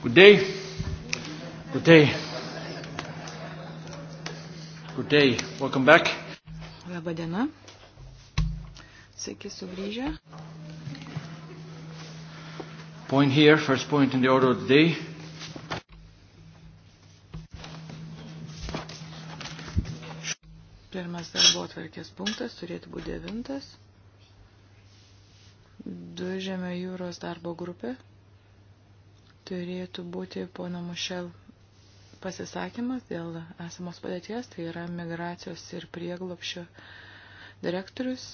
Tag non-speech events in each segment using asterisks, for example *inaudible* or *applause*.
Good day. Good day. Good day. Welcome back. Labą dieną. Sveiki sugrįžę. Point here, first point in the order of the day. Pirmas darbo atvarkės punktas turėtų būti devintas. Dužėmio jūros darbo grupė turėtų būti pono Mušel pasisakymas dėl esamos padėties, tai yra migracijos ir prieglopšio direktorius,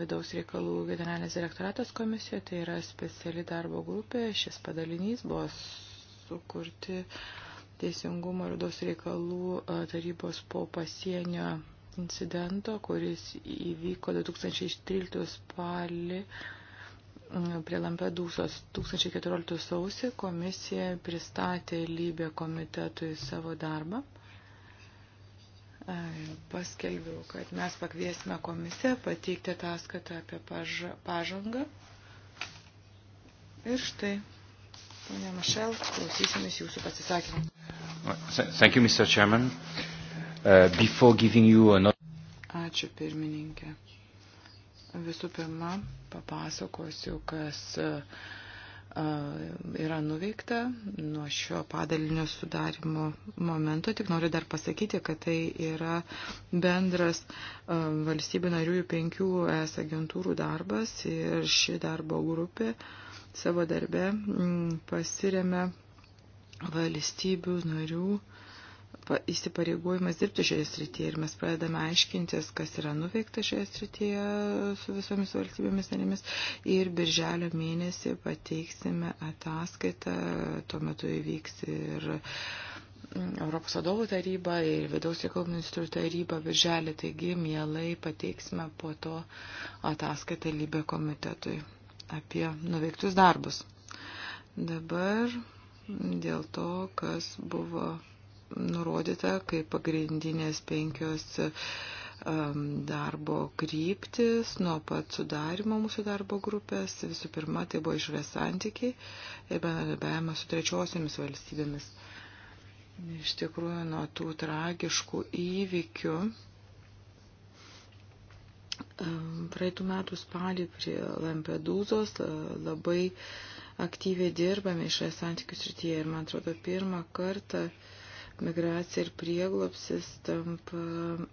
vidaus reikalų generalinis direktoratas komisijoje, tai yra speciali darbo grupė, šis padalinys buvo sukurti Teisingumo ir vidaus reikalų tarybos po pasienio incidento, kuris įvyko 2013 spalį prie Lampedūsos 2014 sausį komisija pristatė Lybė komitetui savo darbą. E, paskelbiau, kad mes pakviesime komisiją pateikti ataskaitą apie pažangą. Ir štai, ponia Mašel, klausysimės jūsų pasisakymą. Thank you, Mr. Chairman. Uh, before giving you another... Ačiū pirmininkė. Visų pirma, papasakosiu, kas e, e, yra nuveikta nuo šio padalinio sudarimo momento. Tik noriu dar pasakyti, kad tai yra bendras e, valstybių narių penkių ES agentūrų darbas ir ši darbo grupė savo darbe pasiremia valstybių narių uh, įsipareigojimas dirbti šioje srityje ir mes pradedame aiškintis, kas yra nuveikta šioje srityje su visomis valstybėmis narėmis ir birželio mėnesį pateiksime ataskaitą, tuo metu įvyks ir mm, Europos vadovų taryba ir vidaus reikalų ministrų taryba birželį, taigi mielai pateiksime po to ataskaitą lybę komitetui apie nuveiktus darbus. Dabar dėl to, kas buvo nurodyta kaip pagrindinės penkios um, darbo kryptis nuo pat sudarimo mūsų darbo grupės. Visų pirma, tai buvo išorės santykiai ir bendradarbiavimas su trečiosiamis valstybėmis. Iš tikrųjų, nuo tų tragiškų įvykių um, praeitų metų spalį prie Lampedūzos uh, labai aktyviai dirbame išorės santykių srityje ir man atrodo pirmą kartą uh, migracija ir prieglopsis tampa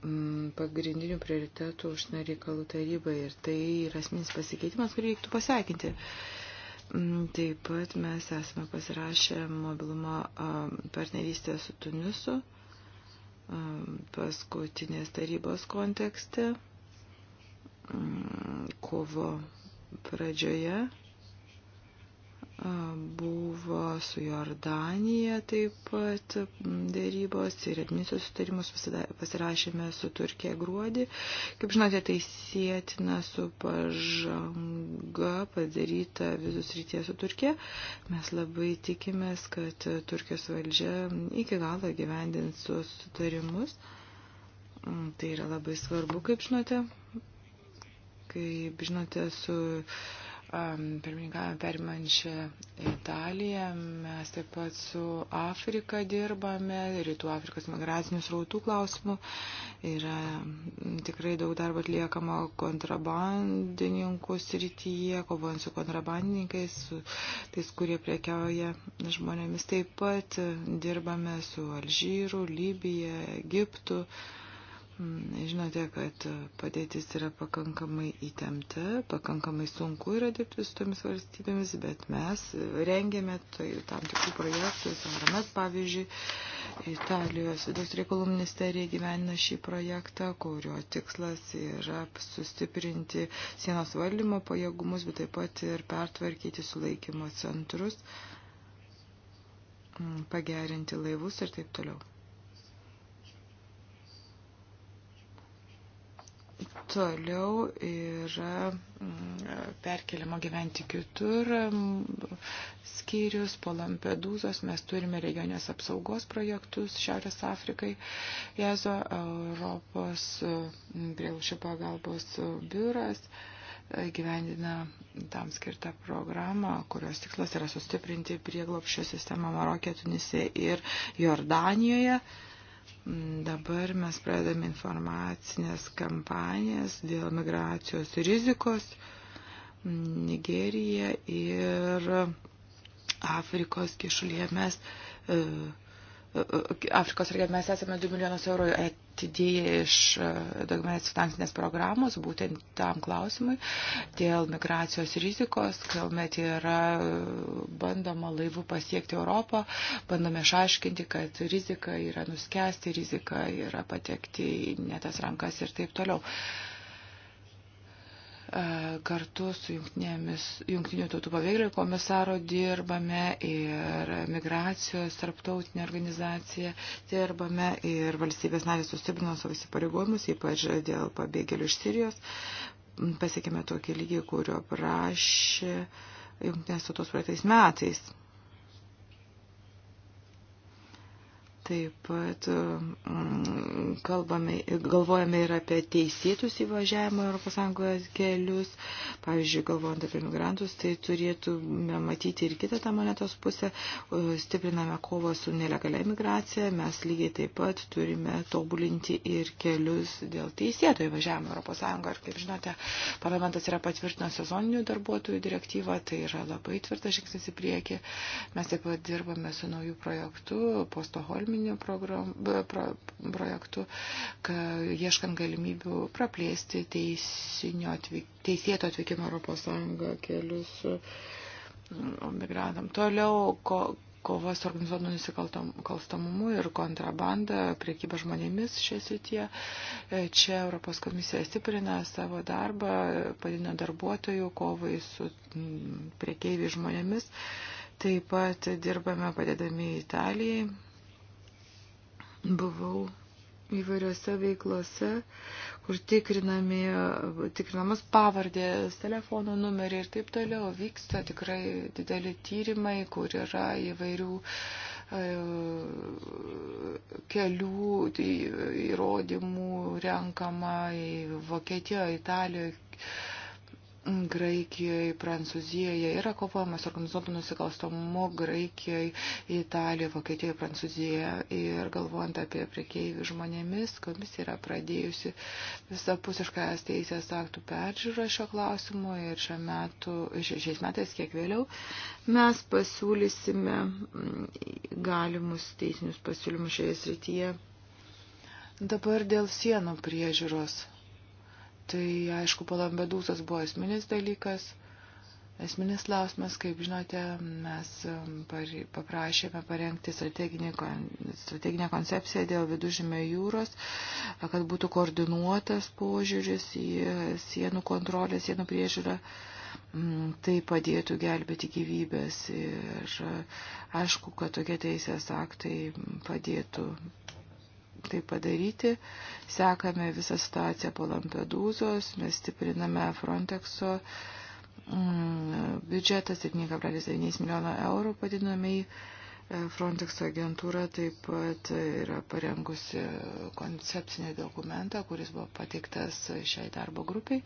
mm, pagrindiniu prioritetu užsienio reikalų tarybai ir tai yra asmeninis pasikeitimas, kurį reiktų pasveikinti. Mm, taip pat mes esame pasirašę mobilumo partnerystę su Tunisu paskutinės tarybos kontekste mm, kovo pradžioje buvo su Jordanija taip pat dėrybos ir admisijos sutarimus pasirašėme su Turkija gruodį. Kaip žinote, tai sėtina su pažanga padaryta vizus rytie su Turkija. Mes labai tikimės, kad Turkijos valdžia iki galo gyvendins su sutarimus. Tai yra labai svarbu, kaip žinote. Kaip žinote, su pirmininkavimą perimančią Italiją. Mes taip pat su Afrika dirbame, rytų Afrikos migracinių srautų klausimų. Yra tikrai daug darbo atliekama kontrabandininkų srityje, kovojant su kontrabandininkais, su tais, kurie priekiauja žmonėmis. Taip pat dirbame su Alžyru, Libija, Egiptu. Uh, Žinote, kad padėtis yra pakankamai įtempta, pakankamai sunku yra dirbti su tomis valstybėmis, bet mes rengėme tai, tam tikrų projektų, Saramet pavyzdžiui, Italijos vidaus reikalų ministerija gyvenina šį projektą, kurio tikslas yra sustiprinti sienos valdymo pajėgumus, bet taip pat ir pertvarkyti sulaikymo centrus, pagerinti laivus ir taip toliau. Toliau yra mm, perkeliamo gyventi kitur mm, skyrius po Lampedūzos. Mes turime regionės apsaugos projektus Šiaurės Afrikai, Jezo, Europos mm, prielušio pagalbos biuras e, gyvendina tam skirtą programą, kurios tiklas yra sustiprinti prieglopščio sistemą Marokė, Tunise ir Jordanijoje. Uh, Dabar mes pradame informacinės kampanijas dėl migracijos rizikos Nigerija ir Afrikos kišulėje mes e, Afrikos regione mes esame 2 milijonus eurų atidėję iš e, daugiametės finansinės programos būtent tam klausimui dėl migracijos rizikos, kuomet yra bandoma laivų pasiekti Europą, bandome išaiškinti, kad rizika yra nuskesti, rizika yra patekti į netas rankas ir taip toliau. Uh, E, kartu su jungtinių tautų pavėgrė komisaro dirbame ir migracijos tarptautinė organizacija dirbame ir valstybės narės sustiprino savo įsipareigojimus, ypač dėl pabėgėlių iš Sirijos. Pasiekime tokį lygį, kurio prašė jungtinės tautos praeitais metais. Taip pat mm, kalbame, galvojame ir apie teisėtus įvažiavimo ES kelius. Pavyzdžiui, galvojant apie migrantus, tai turėtume matyti ir kitą tą monetos pusę. Stipriname kovą su nelegalia migracija. Mes lygiai taip pat turime tobulinti ir kelius dėl teisėto įvažiavimo ES. Ir kaip žinote, parlamentas yra patvirtinęs sezoninių darbuotojų direktyvą. Tai yra labai tvirtas žingsnis į priekį. Mes taip pat dirbame su naujų projektu po Stoholmį programinių program, pro, projektų, ka, ieškant galimybių praplėsti atvyk, teisėto atvykimo Europos Sąjungą kelius mm, migrantam. Toliau, ko, kova su organizuotu nusikalstamumu ir kontrabanda, priekyba žmonėmis šią sityje. E, čia Europos komisija stiprina savo darbą, padina darbuotojų kovai su mm, priekeiviai žmonėmis. Taip pat dirbame padėdami Italijai buvau įvairiose veiklose, kur tikrinami, tikrinamas pavardės, telefono numeriai ir taip toliau. Vyksta tikrai dideli tyrimai, kur yra įvairių e, kelių tai įrodymų renkama į Vokietiją, Italiją, Graikijoje, Prancūzijoje yra kovojamas organizuotų nusikalstamų Graikijoje, Italijoje, Vokietijoje, Prancūzijoje ir galvojant apie priekeivių žmonėmis, komisija yra pradėjusi visapusišką teisės aktų peržiūrą šio klausimu ir šia metu, šiais metais, kiek vėliau, mes pasiūlysime mm, galimus teisinius pasiūlymus šioje srityje. Dabar dėl sienų priežiūros Tai aišku, palambedūzas buvo esminis dalykas. Esminis klausimas, kaip žinote, mes um, paprašėme parengti strateginę, strateginę koncepciją dėl vidužymio jūros, kad būtų koordinuotas požiūris į sienų kontrolę, sienų priežiūrą. Mm, tai padėtų gelbėti gyvybės ir aišku, kad tokie teisės aktai padėtų tai padaryti. Sekame visą situaciją po Lampedūzos, mes stipriname Frontexo mm, biudžetą 7,9 milijono eurų padinamai. E, Frontex agentūra taip pat yra parengusi koncepcinį dokumentą, kuris buvo pateiktas šiai darbo grupiai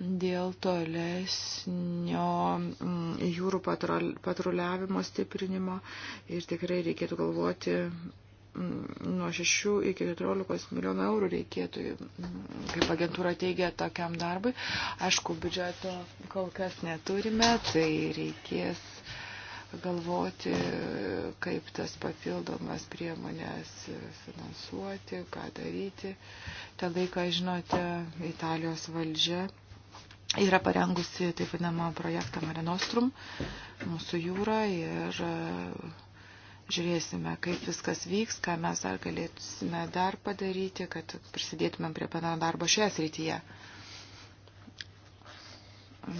dėl tolesnio mm, jūrų patruliavimo stiprinimo ir tikrai reikėtų galvoti Mm, nuo 6 iki 14 milijonų eurų reikėtų, mm, kaip agentūra teigia, tokiam darbui. Aišku, biudžeto kol kas neturime, tai reikės galvoti, kaip tas papildomas priemonės finansuoti, ką daryti. Ta laika, žinote, Italijos valdžia yra parengusi taip vadinamą projektą Marenostrum, mūsų jūra ir žiūrėsime, kaip viskas vyks, ką mes dar galėtume dar padaryti, kad prisidėtumėm prie bendro darbo šioje srityje.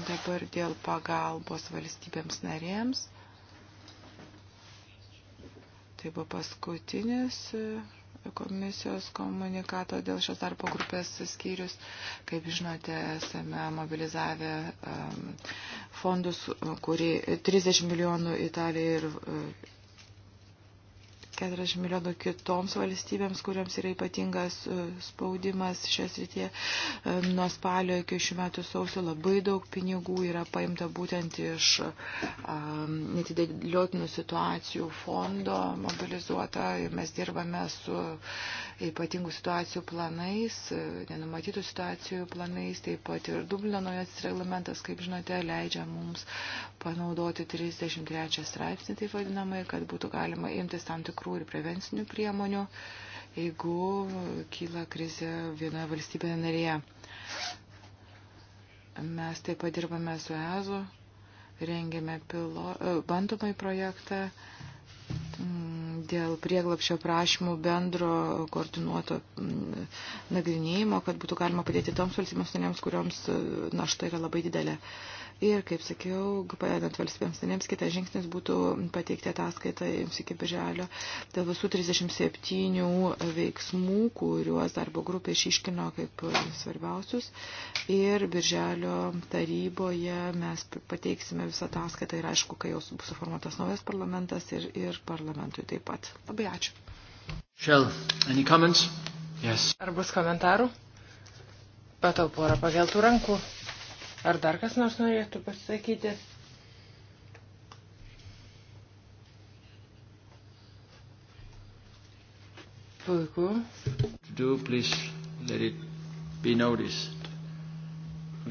Dabar dėl pagalbos valstybėms narėms. Tai buvo paskutinis e, komisijos komunikato dėl šios darbo grupės skyrius. Kaip žinote, esame mobilizavę um, fondus, e, kurį 30 milijonų Italijai ir uh, 140 milijonų kitoms valstybėms, kuriams yra ypatingas e, spaudimas šias rytie. E, nuo spalio iki šių metų sausio labai daug pinigų yra paimta būtent iš netidėliotinų situacijų fondo mobilizuota ir mes dirbame su ypatingų situacijų planais, e, nenumatytų situacijų planais, taip pat ir Dublino naujas reglamentas, kaip žinote, leidžia mums panaudoti 33 straipsnį, taip vadinamai, kad būtų galima imtis tam tikrų paskatų ir prevencinių priemonių, jeigu kyla krizė vienoje valstybėje narėje. Mes taip pat dirbame su EZO, rengėme pilo, e, bandomai projektą mm, dėl prieglapšio prašymų bendro koordinuoto mm, nagrinėjimo, kad būtų galima padėti toms valstybėms narėms, kurioms e, našta yra labai didelė. Ir, kaip sakiau, padedant valstybėms narėms, kitas žingsnis būtų pateikti ataskaitą jums iki birželio dėl visų 37 veiksmų, kuriuos darbo grupė išiškino kaip svarbiausius. Ir birželio taryboje mes pateiksime visą ataskaitą ir, aišku, kai jau bus suformuotas naujas parlamentas ir, ir parlamentui taip pat. Labai ačiū. Shell, any comments? Yes. Ar bus komentarų? Patau porą pageltų rankų. Ar dar kas nors norėtų pasakyti? Puiku. Do please let it be noticed.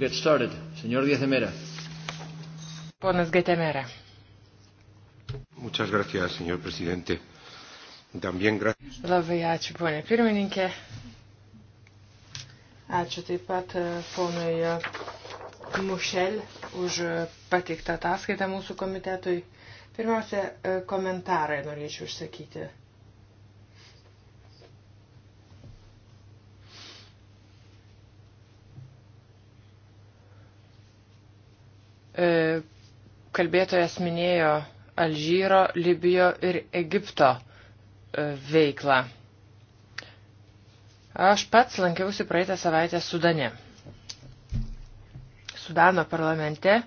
Get started. Señor Díaz de Mera. Ponas Getemera. Muchas gracias, señor presidente. También gracias. Labai ačiū, ponė pirmininkė. Ačiū taip pat e, ponui Mušel už pateiktą ataskaitą mūsų komitetui. Pirmiausia, e, komentarai norėčiau išsakyti. E, kalbėtojas minėjo Alžyro, Libijo ir Egipto e, veiklą. Aš pats lankiausi praeitą savaitę Sudane. Sudano parlamente.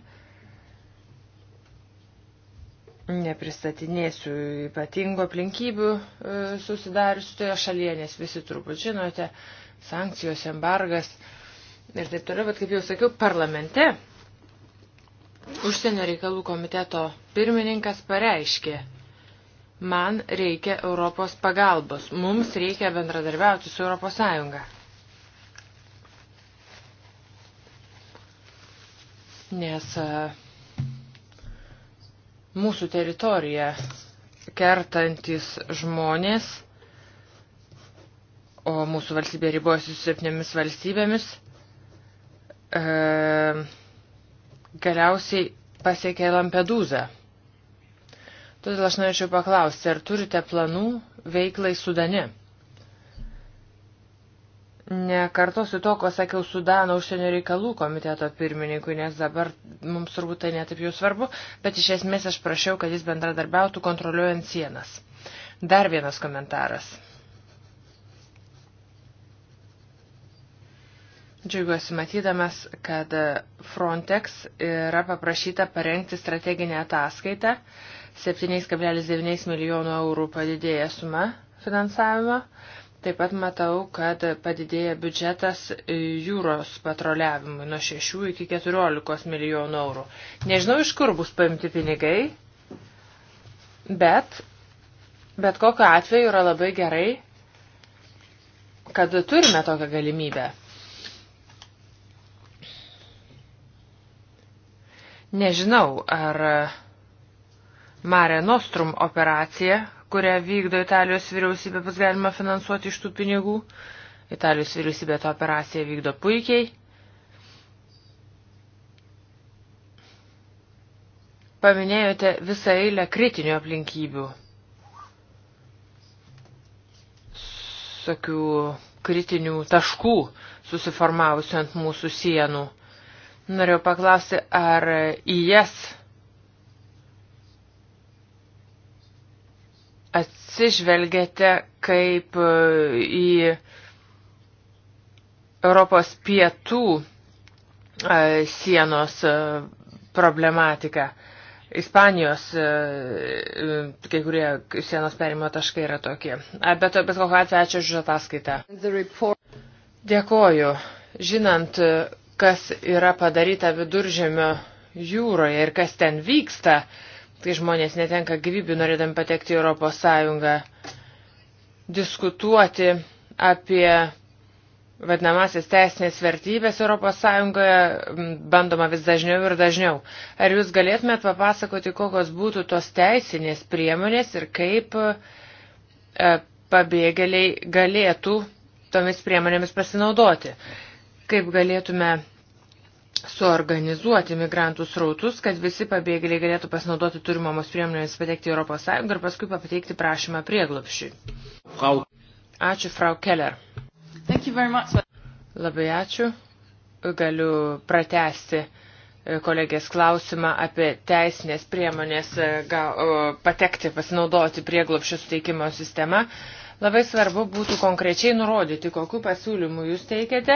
Nepristatinėsiu ypatingo aplinkybių e, susidariusių toje šalyje, nes visi turbūt žinote, sankcijos, embargas ir taip toliau, bet kaip jau sakiau, parlamente užsienio reikalų komiteto pirmininkas pareiškė, man reikia Europos pagalbos, mums reikia bendradarbiauti su Europos Sąjunga. nes e, mūsų teritoriją kertantis žmonės, o mūsų valstybė ribojasi su septynėmis valstybėmis, e, galiausiai pasiekė Lampedūzą. Todėl aš norėčiau paklausti, ar turite planų veiklai Sudane? Nekartosiu to, ko sakiau Sudano užsienio reikalų komiteto pirmininkui, nes dabar mums turbūt tai netaip jau svarbu, bet iš esmės aš prašiau, kad jis bendradarbiautų kontroliuojant sienas. Dar vienas komentaras. Džiaugiuosi matydamas, kad Frontex yra paprašyta parengti strateginę ataskaitą 7,9 milijonų eurų padidėję suma finansavimo. Taip pat matau, kad padidėja biudžetas jūros patroliavimui nuo 6 iki 14 milijonų eurų. Nežinau, iš kur bus paimti pinigai, bet, bet kokiu atveju yra labai gerai, kad turime tokią galimybę. Nežinau, ar Mare Nostrum operacija, kurią vykdo Italijos vyriausybė, bus galima finansuoti iš tų pinigų. Italijos vyriausybė tą operaciją vykdo puikiai. Paminėjote visą eilę kritinių aplinkybių. Tokių kritinių taškų susiformavusių ant mūsų sienų. Norėjau paklausti, ar į jas atsižvelgiate kaip e, į Europos pietų e, sienos e, problematiką. Ispanijos kai kurie sienos perimo taškai yra tokie. Bet, bet kokiu atveju ačiū už ataskaitą. Dėkoju. Žinant, kas yra padaryta viduržėmio jūroje ir kas ten vyksta, uh, kai žmonės netenka gyvybių norėdami patekti į Europos Sąjungą, diskutuoti apie vadinamasis teisinės vertybės Europos Sąjungoje bandoma vis dažniau ir dažniau. Ar jūs galėtumėt papasakoti, kokios būtų tos teisinės priemonės ir kaip e, pabėgėliai galėtų tomis priemonėmis pasinaudoti? Kaip galėtume suorganizuoti migrantų srautus, kad visi pabėgėliai galėtų pasinaudoti turimamos priemonėmis patekti į ES ir paskui pateikti prašymą prieglopšiui. Frau. Ačiū, Frau Keller. Thank you very much. Labai ačiū. Galiu pratesti e, kolegės klausimą apie teisinės priemonės e, patekti, pasinaudoti prieglopšio suteikimo sistemą. Labai svarbu būtų konkrečiai nurodyti, kokiu pasiūlymu jūs teikiate,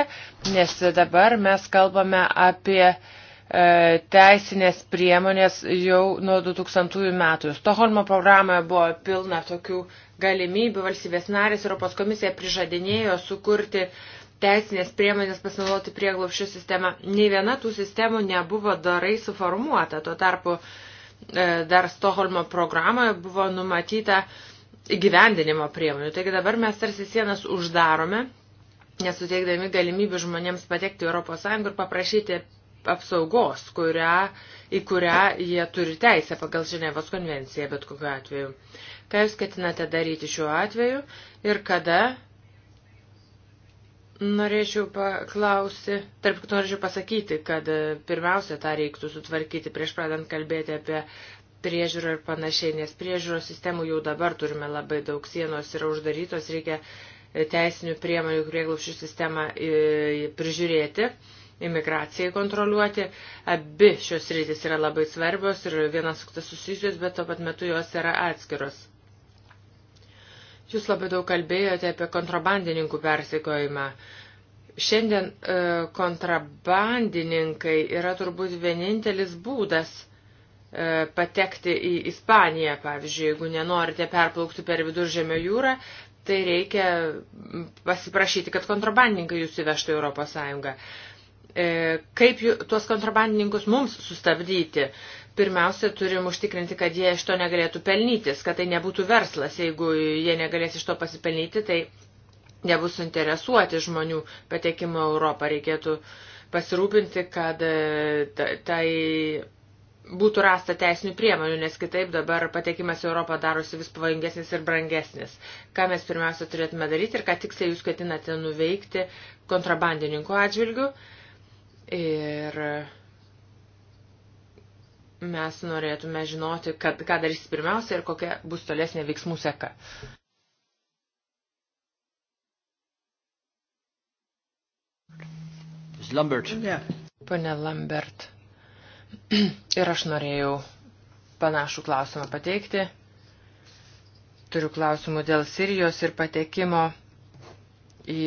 nes dabar mes kalbame apie e, teisinės priemonės jau nuo 2000 metų. Stoholmo programoje buvo pilna tokių galimybių. Valstybės narės Europos komisija prižadinėjo sukurti teisinės priemonės pasinaudoti prieglopščių sistemą. Nei viena tų sistemų nebuvo darai suformuota. Tuo tarpu e, dar Stoholmo programoje buvo numatyta e, įgyvendinimo priemonių. Taigi dabar mes tarsi sienas uždarome, nesuteikdami galimybių žmonėms patekti Europos Sąjungą ir paprašyti apsaugos, kurią, į kurią jie turi teisę pagal Ženevos konvenciją, bet kokiu atveju. Ką jūs ketinate daryti šiuo atveju ir kada Norėčiau paklausti, tarp norėčiau pasakyti, kad e, pirmiausia tą reiktų sutvarkyti prieš pradant kalbėti apie priežiūrą ir panašiai, nes priežiūros sistemų jau dabar turime labai daug, sienos yra uždarytos, reikia e, teisinių priemonių prieglaušių sistemą e, prižiūrėti, imigracijai kontroliuoti. Abi šios rytis yra labai svarbios ir vienas su kitas susijusios, bet tuo pat metu jos yra atskiros. Jūs labai daug kalbėjote apie kontrabandininkų persikojimą. Šiandien e, kontrabandininkai yra turbūt vienintelis būdas E, patekti į Ispaniją, pavyzdžiui, jeigu nenorite perplaukti per viduržėmio jūrą, tai reikia pasiprašyti, kad kontrabandininkai jūs įvežtų Europos Sąjungą. E, kaip tuos kontrabandininkus mums sustabdyti? Pirmiausia, turim užtikrinti, kad jie iš to negalėtų pelnytis, kad tai nebūtų verslas. Jeigu jie negalės iš to pasipelnyti, tai nebus suinteresuoti žmonių patekimo Europą. Reikėtų pasirūpinti, kad e, tai būtų rasta teisinių priemonių, nes kitaip dabar patekimas į Europą darosi vis pavojingesnis ir brangesnis. Ką mes pirmiausia turėtume daryti ir ką tiksliai jūs ketinate nuveikti kontrabandininkų atžvilgių. Ir mes norėtume žinoti, kad, ką darys pirmiausia ir kokia bus tolesnė veiksmų seka. Lambert. Yeah. Pane Lambert. Ir aš norėjau panašų klausimą pateikti. Turiu klausimų dėl Sirijos ir patekimo į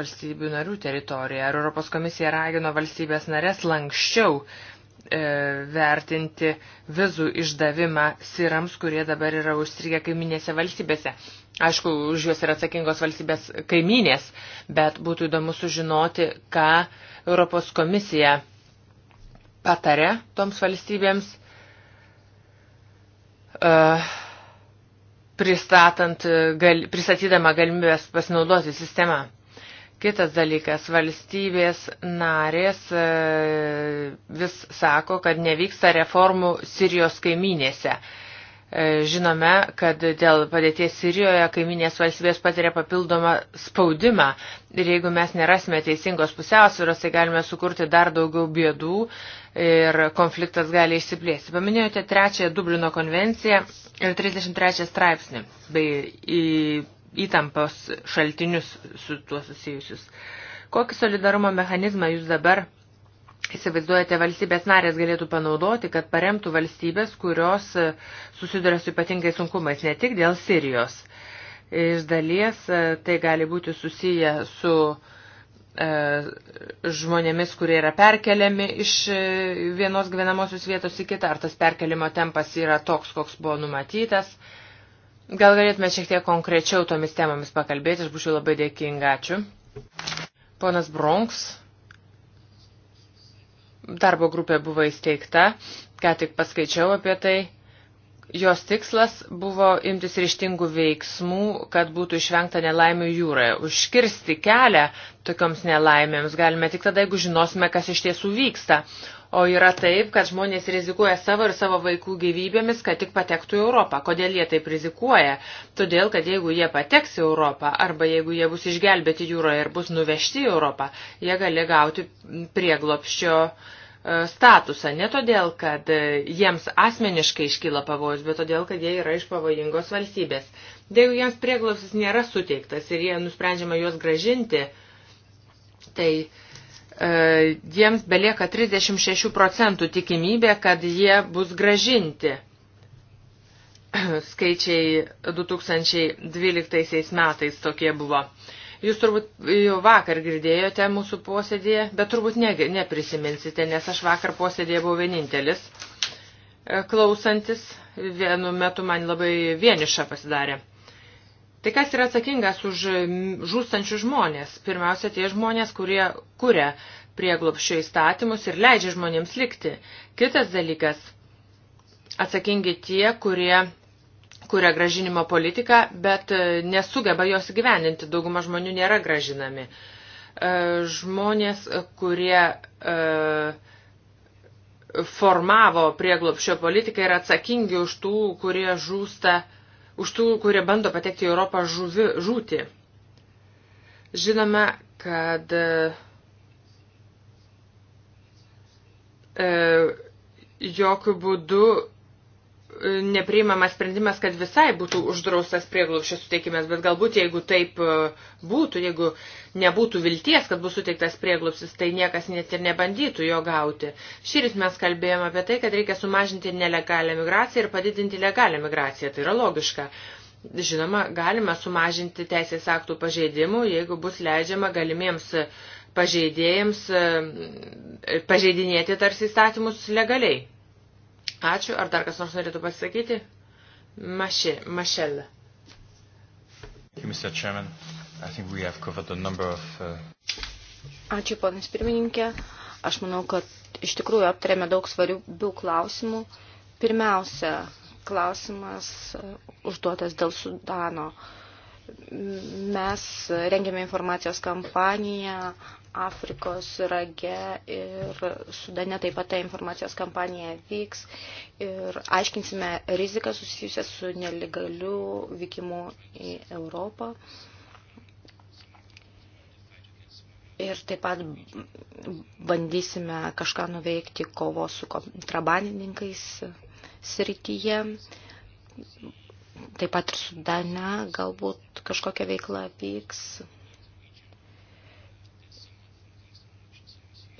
valstybių narių teritoriją. Ar Europos komisija ragino valstybės narės lankščiau e, vertinti vizų išdavimą sirams, kurie dabar yra užstrigę kaiminėse valstybėse. Aišku, už juos yra atsakingos valstybės kaiminės, bet būtų įdomu sužinoti, ką Europos komisija patare toms valstybėms, e, pristatant, e, gal, pristatydama galimybės pasinaudoti sistemą. Kitas dalykas, valstybės narės e, vis sako, kad nevyksta reformų Sirijos kaiminėse. E, žinome, kad dėl padėties Sirijoje kaiminės valstybės patiria papildomą spaudimą ir jeigu mes nerasime teisingos pusiausvėros, tai galime sukurti dar daugiau bėdų ir konfliktas gali išsiplėsti. Paminėjote trečiąją Dublino konvenciją ir 33 straipsnį bei įtampos šaltinius su tuo susijusius. Kokį solidarumo mechanizmą jūs dabar įsivaizduojate, valstybės narės galėtų panaudoti, kad paremtų valstybės, kurios e, susiduria su ypatingai sunkumais, ne tik dėl Sirijos. Iš dalies e, tai gali būti susiję su e, žmonėmis, kurie yra perkeliami iš e, vienos gyvenamosios vietos į kitą, ar tas perkelimo tempas yra toks, koks buvo numatytas. Gal galėtume šiek tiek konkrečiau tomis temomis pakalbėti, aš būčiau labai dėkinga, ačiū. Ponas Bronks. Darbo grupė buvo įsteigta, ką tik paskaičiau apie tai. Jos tikslas buvo imtis ryštingų veiksmų, kad būtų išvengta nelaimių jūroje. Užkirsti kelią tokioms nelaimėms galime tik tada, jeigu žinosime, kas iš tiesų vyksta. O yra taip, kad žmonės rizikuoja savo ir savo vaikų gyvybėmis, kad tik patektų į Europą. Kodėl jie taip rizikuoja? Todėl, kad jeigu jie pateks į Europą arba jeigu jie bus išgelbėti jūroje ir bus nuvežti į Europą, jie gali gauti prieglopščio uh, E, statusą, ne todėl, kad jiems asmeniškai iškyla pavojus, bet todėl, kad jie yra iš pavojingos valstybės. Jeigu jiems prieglausis nėra suteiktas ir jie nusprendžiama juos gražinti, tai e, jiems belieka 36 procentų tikimybė, kad jie bus gražinti. *clears throat* Skaičiai 2012 metais tokie buvo. E, Jūs turbūt jau vakar girdėjote mūsų posėdėje, bet turbūt ne, neprisiminsite, nes aš vakar posėdėje buvau vienintelis e, klausantis. Vienu metu man labai vieniša pasidarė. Tai kas yra atsakingas už žūstančių žmonės? Pirmiausia, tie žmonės, kurie kuria prieglopščio įstatymus ir leidžia žmonėms likti. Kitas dalykas - atsakingi tie, kurie kuria gražinimo politiką, bet e, nesugeba jos gyveninti. Dauguma žmonių nėra gražinami. E, žmonės, kurie e, formavo prieglopšio politiką, yra atsakingi už tų, kurie žūsta, už tų, kurie bando patekti į Europą žuvi, žūti. Žinome, kad e, jokių būdų nepriimamas sprendimas, kad visai būtų uždraustas prieglobščio suteikimas, bet galbūt jeigu taip e, būtų, jeigu nebūtų vilties, kad bus suteiktas prieglobsis, tai niekas net ir nebandytų jo gauti. Šįryt mes kalbėjome apie tai, kad reikia sumažinti nelegalią migraciją ir padidinti legalią migraciją. Tai yra logiška. Žinoma, galime sumažinti teisės aktų pažeidimų, jeigu bus leidžiama galimiems pažeidėjams e, pažeidinėti tarsi įstatymus legaliai. Ačiū. Ar dar kas nors norėtų pasakyti? Maši, Mašel. Uh, Ačiū, ponas pirmininkė. Aš manau, kad iš tikrųjų aptarėme daug svarių klausimų. Pirmiausia, klausimas uh, užduotas dėl Sudano. Mes rengėme informacijos kampaniją Afrikos rage ir Sudane taip pat ta informacijos kampanija vyks ir aiškinsime riziką susijusią su nelegaliu vykimu į Europą. Ir taip pat bandysime kažką nuveikti kovos su kontrabandininkais srityje. Taip pat ir Sudane galbūt kažkokia veikla vyks.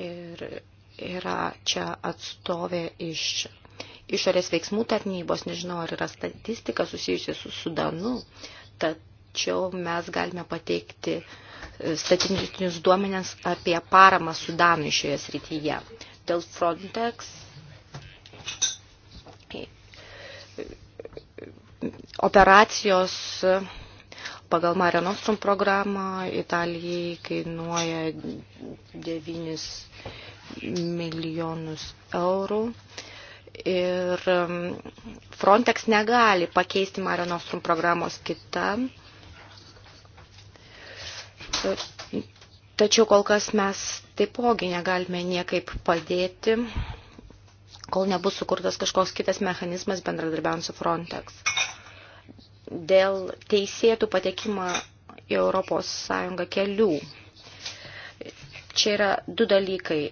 Ir yra čia atstovė iš išorės veiksmų tarnybos, nežinau, ar yra statistika susijusi su Sudanu, tačiau mes galime pateikti e, statistinius duomenės apie paramą Sudanui šioje srityje. Dėl Frontex e, e, operacijos pagal Mare Nostrum programą Italijai kainuoja 9 milijonus eurų. Ir um, Frontex negali pakeisti Mare Nostrum programos kitą. Tačiau kol kas mes taipogi negalime niekaip padėti, kol nebus sukurtas kažkoks kitas mechanizmas bendradarbiavant su Frontex dėl teisėtų patekimą į Europos Sąjungą kelių. Čia yra du dalykai.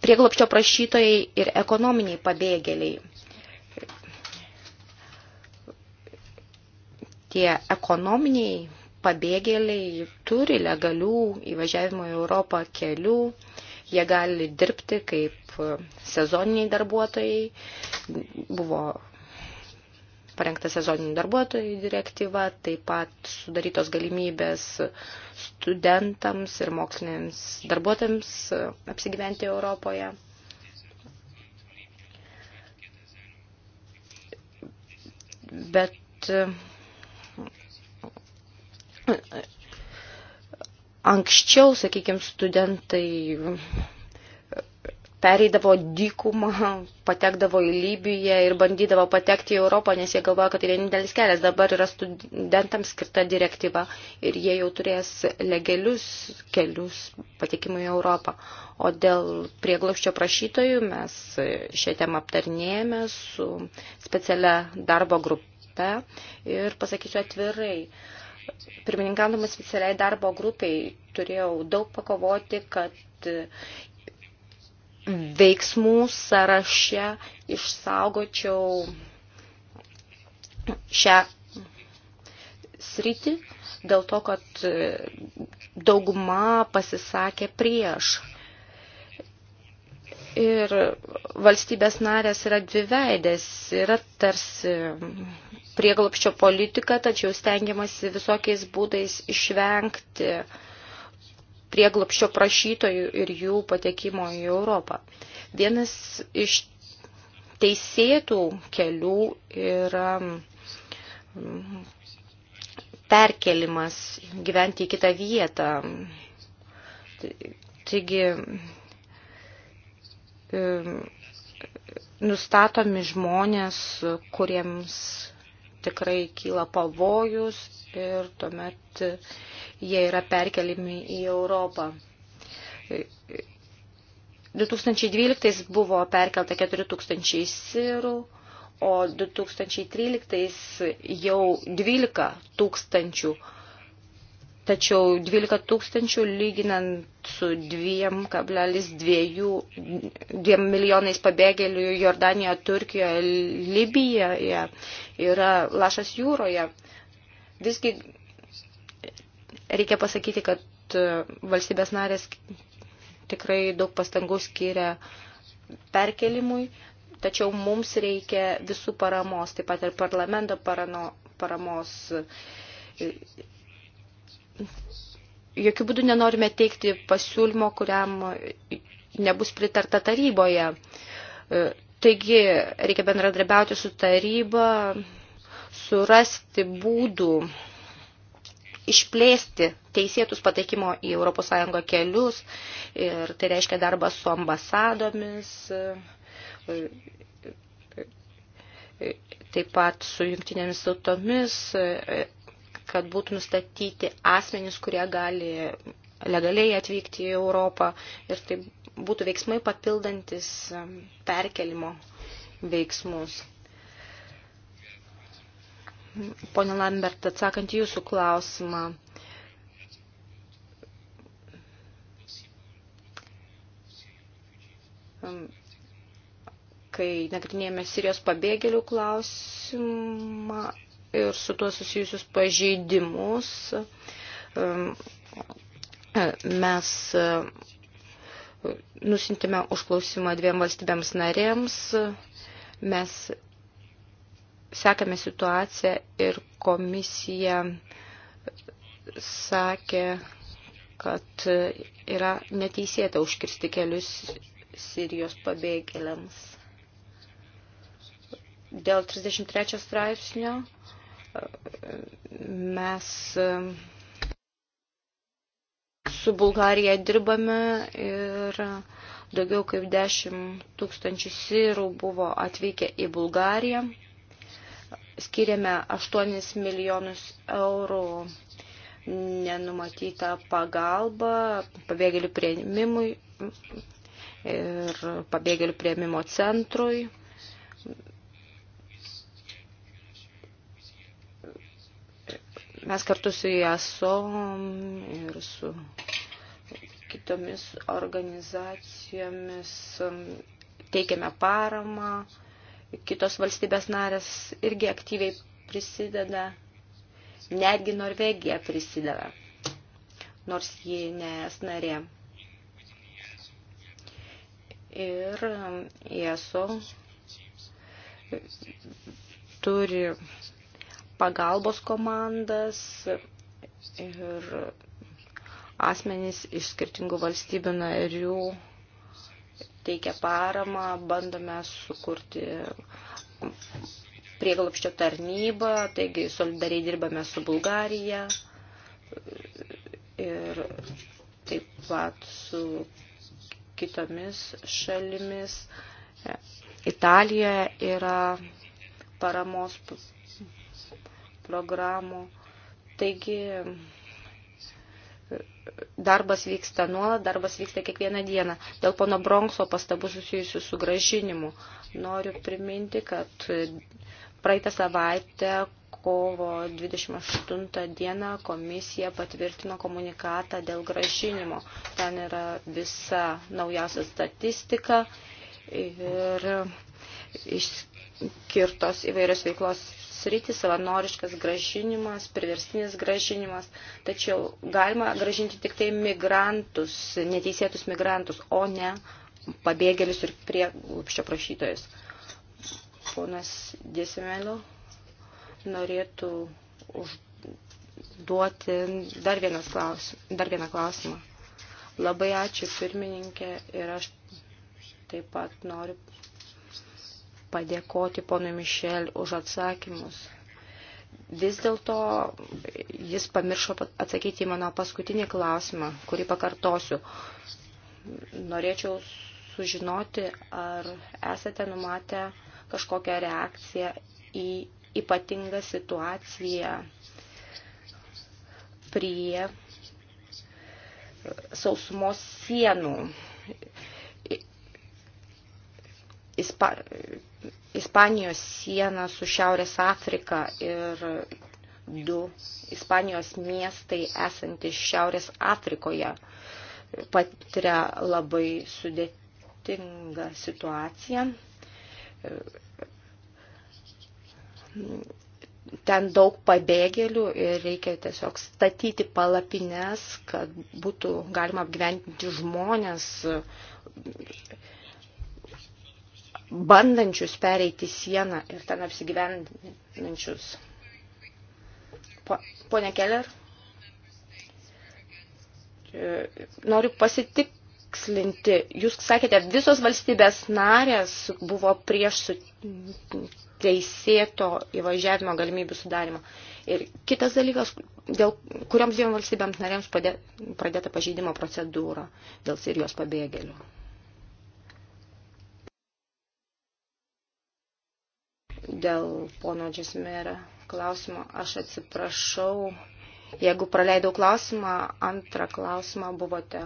Prieglopščio prašytojai ir ekonominiai pabėgėliai. Tie ekonominiai pabėgėliai turi legalių įvažiavimo į Europą kelių, jie gali dirbti kaip sezoniniai darbuotojai, buvo parengta sezoninių darbuotojų direktyva, taip pat sudarytos galimybės studentams ir moksliniams darbuotojams apsigyventi Europoje. Bet e, anksčiau, sakykime, studentai pereidavo dykumą, patekdavo į Libiją ir bandydavo patekti į Europą, nes jie galvoja, kad tai vienintelis kelias. Dabar yra studentams skirta direktyva ir jie jau turės legalius kelius patekimui į Europą. O dėl prieglauščio prašytojų mes šią temą aptarnėjame su specialia darbo grupe ir pasakysiu atvirai. Pirmininkandamas specialiai darbo grupiai turėjau daug pakovoti, kad veiksmų sąraše išsaugočiau šią sritį dėl to, kad dauguma pasisakė prieš. Ir valstybės narės yra dviveidės, yra tarsi prieglopščio politika, tačiau stengiamasi visokiais būdais išvengti uh, prieglapščio prašytojų ir jų patekimo į Europą. Vienas iš teisėtų kelių yra mm, perkelimas gyventi į kitą vietą. Taigi mm, nustatomi žmonės, kuriems tikrai kyla pavojus ir tuomet jie yra perkelimi į Europą. 2012 buvo perkelta 4000 sirų, o 2013 jau 12 tūkstančių. Tačiau 12 tūkstančių lyginant su 2,2 milijonais pabėgėlių Jordanijoje, Turkijoje, Libijoje yra lašas jūroje. Visgi Reikia pasakyti, kad e, valstybės narės tikrai daug pastangų skiria perkelimui, tačiau mums reikia visų paramos, taip pat ir parlamento parano, paramos. Jokių būdų nenorime teikti pasiūlymo, kuriam nebus pritarta taryboje. E, taigi reikia bendradarbiauti su taryba, surasti būdų išplėsti teisėtus patekimo į ES kelius ir tai reiškia darbą su ambasadomis, taip pat su jungtinėmis tautomis, kad būtų nustatyti asmenys, kurie gali legaliai atvykti į Europą ir tai būtų veiksmai papildantis perkelimo veiksmus. Pone Lambert, atsakant jūsų klausimą. Um, kai nagrinėjame Sirijos pabėgėlių klausimą ir su tuo susijusius pažeidimus, um, mes uh, nusintėme užklausimą dviem valstybėms narėms. Mes sekame situaciją ir komisija sakė, kad yra neteisėta užkirsti kelius Sirijos pabėgėliams. Dėl 33 straipsnio mes su Bulgarija dirbame ir daugiau kaip 10 tūkstančių sirų buvo atvykę į Bulgariją skiriame 8 milijonus eurų nenumatytą pagalbą pabėgėlių prieimimui ir pabėgėlių prieimimo centrui. Mes kartu su JASO e ir su kitomis organizacijomis teikiame paramą kitos valstybės narės irgi aktyviai prisideda, netgi Norvegija prisideda, nors ji nes narė. Ir um, ESO turi pagalbos komandas ir asmenys iš skirtingų valstybių narių teikia paramą, bandome sukurti prieglopščio tarnybą, taigi solidariai dirbame su Bulgarija ir taip pat su kitomis šalimis. Italijoje yra paramos programų. Taigi Darbas vyksta nuolat, darbas vyksta kiekvieną dieną. Dėl pono Bronkso pastabų susijusių su gražinimu noriu priminti, kad praeitą savaitę kovo 28 dieną komisija patvirtino komunikatą dėl gražinimo. Ten yra visa naujausia statistika ir išskirtos įvairios veiklos sritis, savanoriškas gražinimas, priverstinis gražinimas, tačiau galima gražinti tik tai migrantus, neteisėtus migrantus, o ne pabėgėlius ir prieglupščio prašytojus. Ponas Dėsimėlio norėtų užduoti dar, klausim, dar vieną klausimą. Labai ačiū pirmininkė ir aš taip pat noriu padėkoti ponui Mišel už atsakymus. Vis dėlto jis pamiršo atsakyti į mano paskutinį klausimą, kurį pakartosiu. Norėčiau sužinoti, ar esate numatę kažkokią reakciją į ypatingą situaciją prie sausumos sienų. Ispa Ispanijos sieną su Šiaurės Afrika ir du Ispanijos miestai esantis Šiaurės Afrikoje patiria labai sudėtingą situaciją. Ten daug pabėgėlių ir reikia tiesiog statyti palapines, kad būtų galima apgyventinti žmonės bandančius pereiti sieną ir ten apsigyvenančius. Po, Pone Keller, noriu pasitikslinti, jūs sakėte, visos valstybės narės buvo prieš teisėto įvažiavimo galimybių sudarimo. Ir kitas dalykas, dėl kurioms dviem valstybėms narėms padė, pradėta pažeidimo procedūra dėl Sirijos pabėgėlių. dėl pono Džesmėra klausimo. Aš atsiprašau, jeigu praleidau klausimą, antrą klausimą buvote,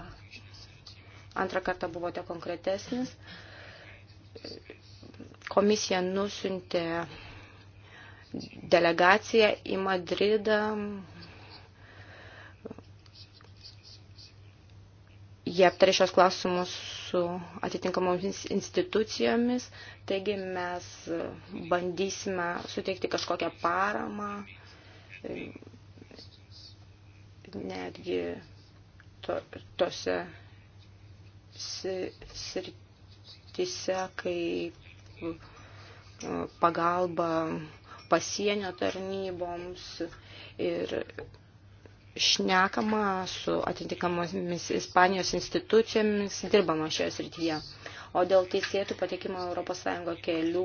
antrą kartą buvote konkretesnis. Komisija nusintė delegaciją į Madridą Jie aptarė šios klausimus su atitinkamomis institucijomis, taigi mes bandysime suteikti kažkokią paramą, netgi to, tose sritise, kai uh, pagalba pasienio tarnyboms ir šnekama su atitinkamomis Ispanijos institucijomis, dirbama šioje srityje. O dėl teisėtų patekimo ES kelių,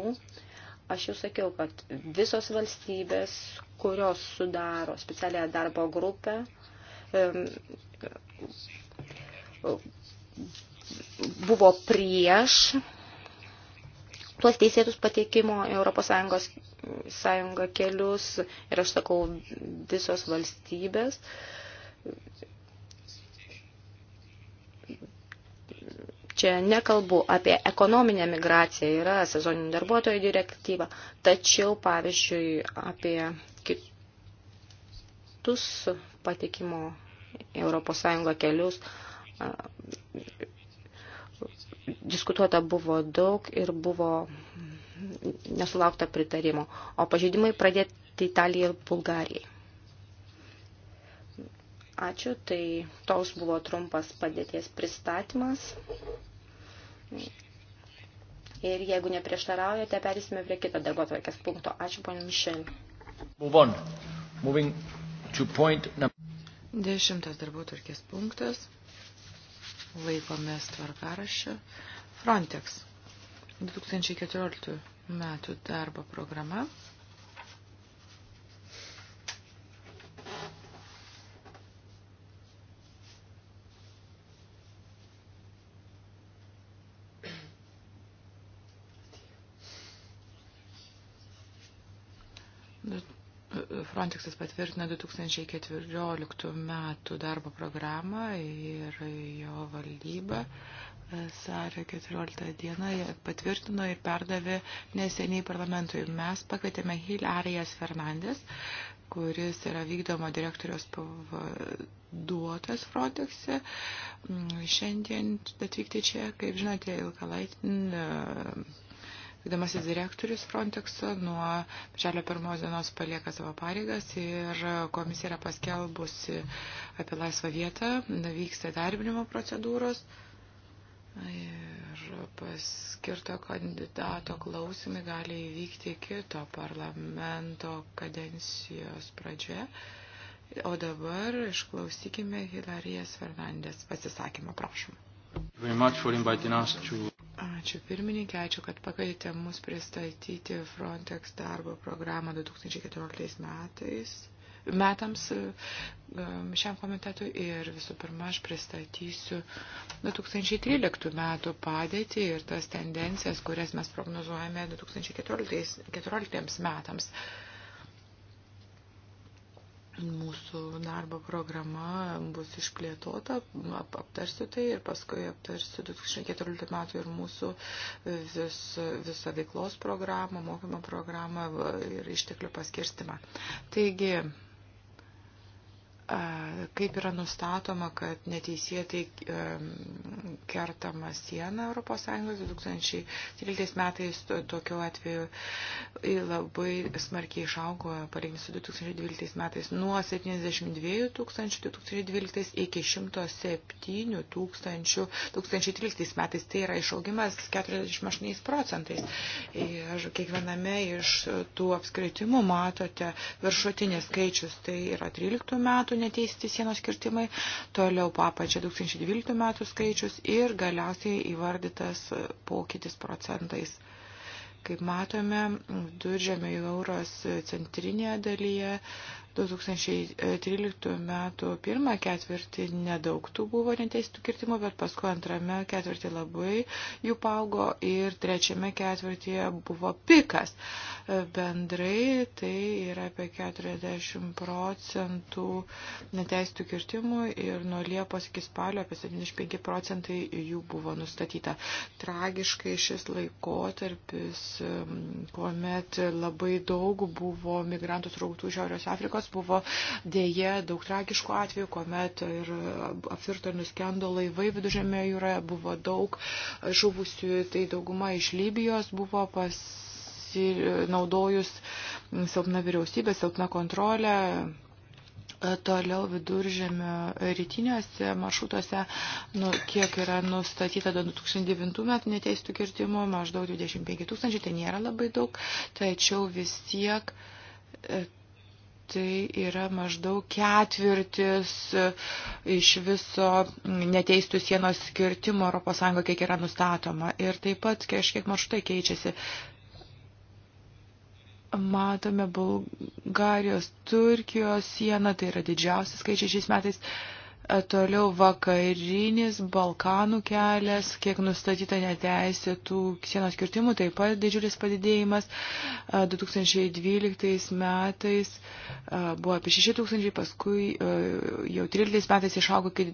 aš jau sakiau, kad visos valstybės, kurios sudaro specialią darbo grupę, buvo prieš tuos teisėtus pateikimo ES sąjunga kelius ir aš sakau visos valstybės. Čia nekalbu apie ekonominę migraciją, yra sezoninių darbuotojų direktyva, tačiau pavyzdžiui apie kitus patikimo ES kelius diskutuota buvo daug ir buvo nesulaukta pritarimo, o pažeidimai pradėti Italijai ir Bulgarijai. Ačiū, tai toks buvo trumpas padėties pristatymas. Ir jeigu neprieštaraujate, perėsime prie kitą darbo tvarkės punkto. Ačiū, ponė Mišel. Move on. Moving to point number. Dešimtas darbo tvarkės punktas laikomės tvarkaraščio. Frontex 2014 metų darbo programa. Frontexas patvirtino 2014 metų darbo programą ir jo valdyba vasario e, 14 dieną patvirtino ir perdavė neseniai parlamentui. Mes pakvietėme Hil Arijas Fernandės, kuris yra vykdomo direktoriaus pavaduotas Frontex'e. Šiandien atvykti čia, kaip žinote, Ilkalaitin Vydamasis direktorius Frontexo nuo birželio pirmos dienos palieka savo pareigas ir komisija yra paskelbusi apie laisvą vietą, vyksta darbinimo procedūros. Ir paskirto kandidato klausimai gali įvykti kito parlamento kadencijos pradžioje. O dabar išklausykime Hilarijas Fernandės pasisakymą, prašom. To... Ačiū pirmininkė, ačiū, kad pakvietė mus pristatyti Frontex darbo programą 2014 metais, metams um, šiam komitetui ir visų pirma aš pristatysiu 2013 metų padėtį ir tas tendencijas, kurias mes prognozuojame 2014 metams mūsų darbo programa bus išplėtota, aptarsiu tai ir paskui aptarsiu 2014 metų ir mūsų vis, visą veiklos programą, mokymo programą ir išteklių paskirstimą. Taigi, kaip yra nustatoma, kad neteisėtai kertama siena ES 2013 metais tokiu atveju labai smarkiai išaugo, palyginti su 2012 metais, nuo 72 tūkstančių 2012 iki 107 tūkstančių 2013 metais. Tai yra išaugimas 48 procentais. Ir kiekviename iš tų apskritimų matote viršutinės skaičius. Tai yra 13 metų metų neteisti sienos kirtimai, toliau papačia 2012 metų skaičius ir galiausiai įvardytas pokytis procentais. Kaip matome, duržėmio jūros centrinėje dalyje 2013 metų pirmą ketvirtį nedaug tų buvo neteisėtų kirtimų, bet paskui antrame ketvirtį labai jų paaugo ir trečiame ketvirtyje buvo pikas. Bendrai tai yra apie 40 procentų neteisėtų kirtimų ir nuo Liepos iki spalio apie 75 procentai jų buvo nustatyta. Tragiškai šis laikotarpis, kuomet labai daug buvo migrantų srautų Šiaurės Afrikos, nes buvo dėje daug tragiškų atvejų, kuomet ir apvirto ir nuskendo laivai viduržėmė jūroje, buvo daug žuvusių, tai dauguma iš Libijos buvo pasinaudojus silpna vyriausybė, silpna kontrolė, toliau viduržėmio rytiniuose maršrutuose, nu, kiek yra nustatyta 2009 metų neteistų kirtimų, maždaug 25 tūkstančių, tai nėra labai daug, tačiau vis tiek e, tai yra maždaug ketvirtis e, iš viso neteistų sienos skirtimo ES, kiek yra nustatoma. Ir taip pat kažkiek maršrutai keičiasi. Matome Bulgarijos, Turkijos sieną, tai yra didžiausi skaičiai šiais metais. Uh, E, toliau vakarinis Balkanų kelias, kiek nustatyta neteisėtų sienos kirtimų, taip pat didžiulis padidėjimas. 2012 e, metais e, buvo apie 6 tūkstančiai, paskui jau 13 metais išaugo iki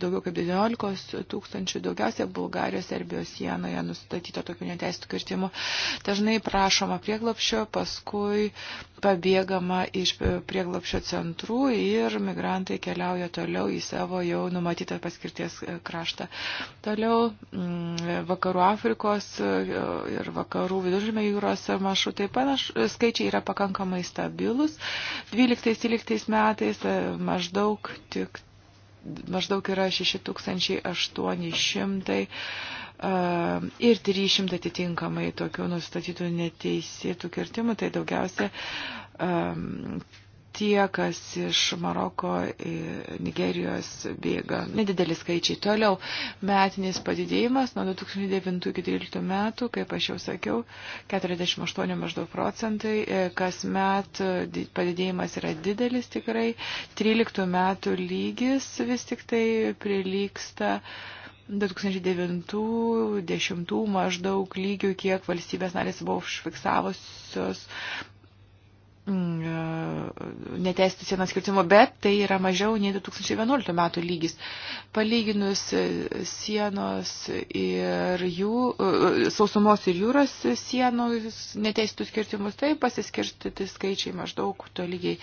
daugiau kaip 19 tūkstančių, daugiausia Bulgarijos, Serbijos sienoje nustatyta tokių neteisėtų kirtimų. Dažnai prašoma prieglapšio, paskui pabėgama iš prieglapšio centrų ir migrantai keliauja toliau į savo jau numatytą paskirties e, kraštą. Toliau mm, vakarų Afrikos e, ir vakarų viduržymė jūros maršrutai panaš, skaičiai yra pakankamai stabilus. 12-13 metais e, maždaug, tik, maždaug yra 6800 ir 300 atitinkamai tokių nustatytų neteisėtų kirtimų, tai daugiausia tie, kas iš Maroko, Nigerijos bėga. Nedideli skaičiai. Toliau metinis padidėjimas nuo 2009 iki 2013 metų, kaip aš jau sakiau, 48 maždaug procentai. E, kas met e, padidėjimas yra didelis tikrai. 13 metų lygis vis tik tai prilyksta. 2009-2010 maždaug lygių, kiek valstybės narės buvo užfiksavusios Mm, e, netesti sienos skirtimo, bet tai yra mažiau nei 2011 metų lygis. Palyginus e, sienos ir jų, e, sausumos ir jūros sienos neteistų skirtimus, tai pasiskirstyti skaičiai maždaug tolygiai.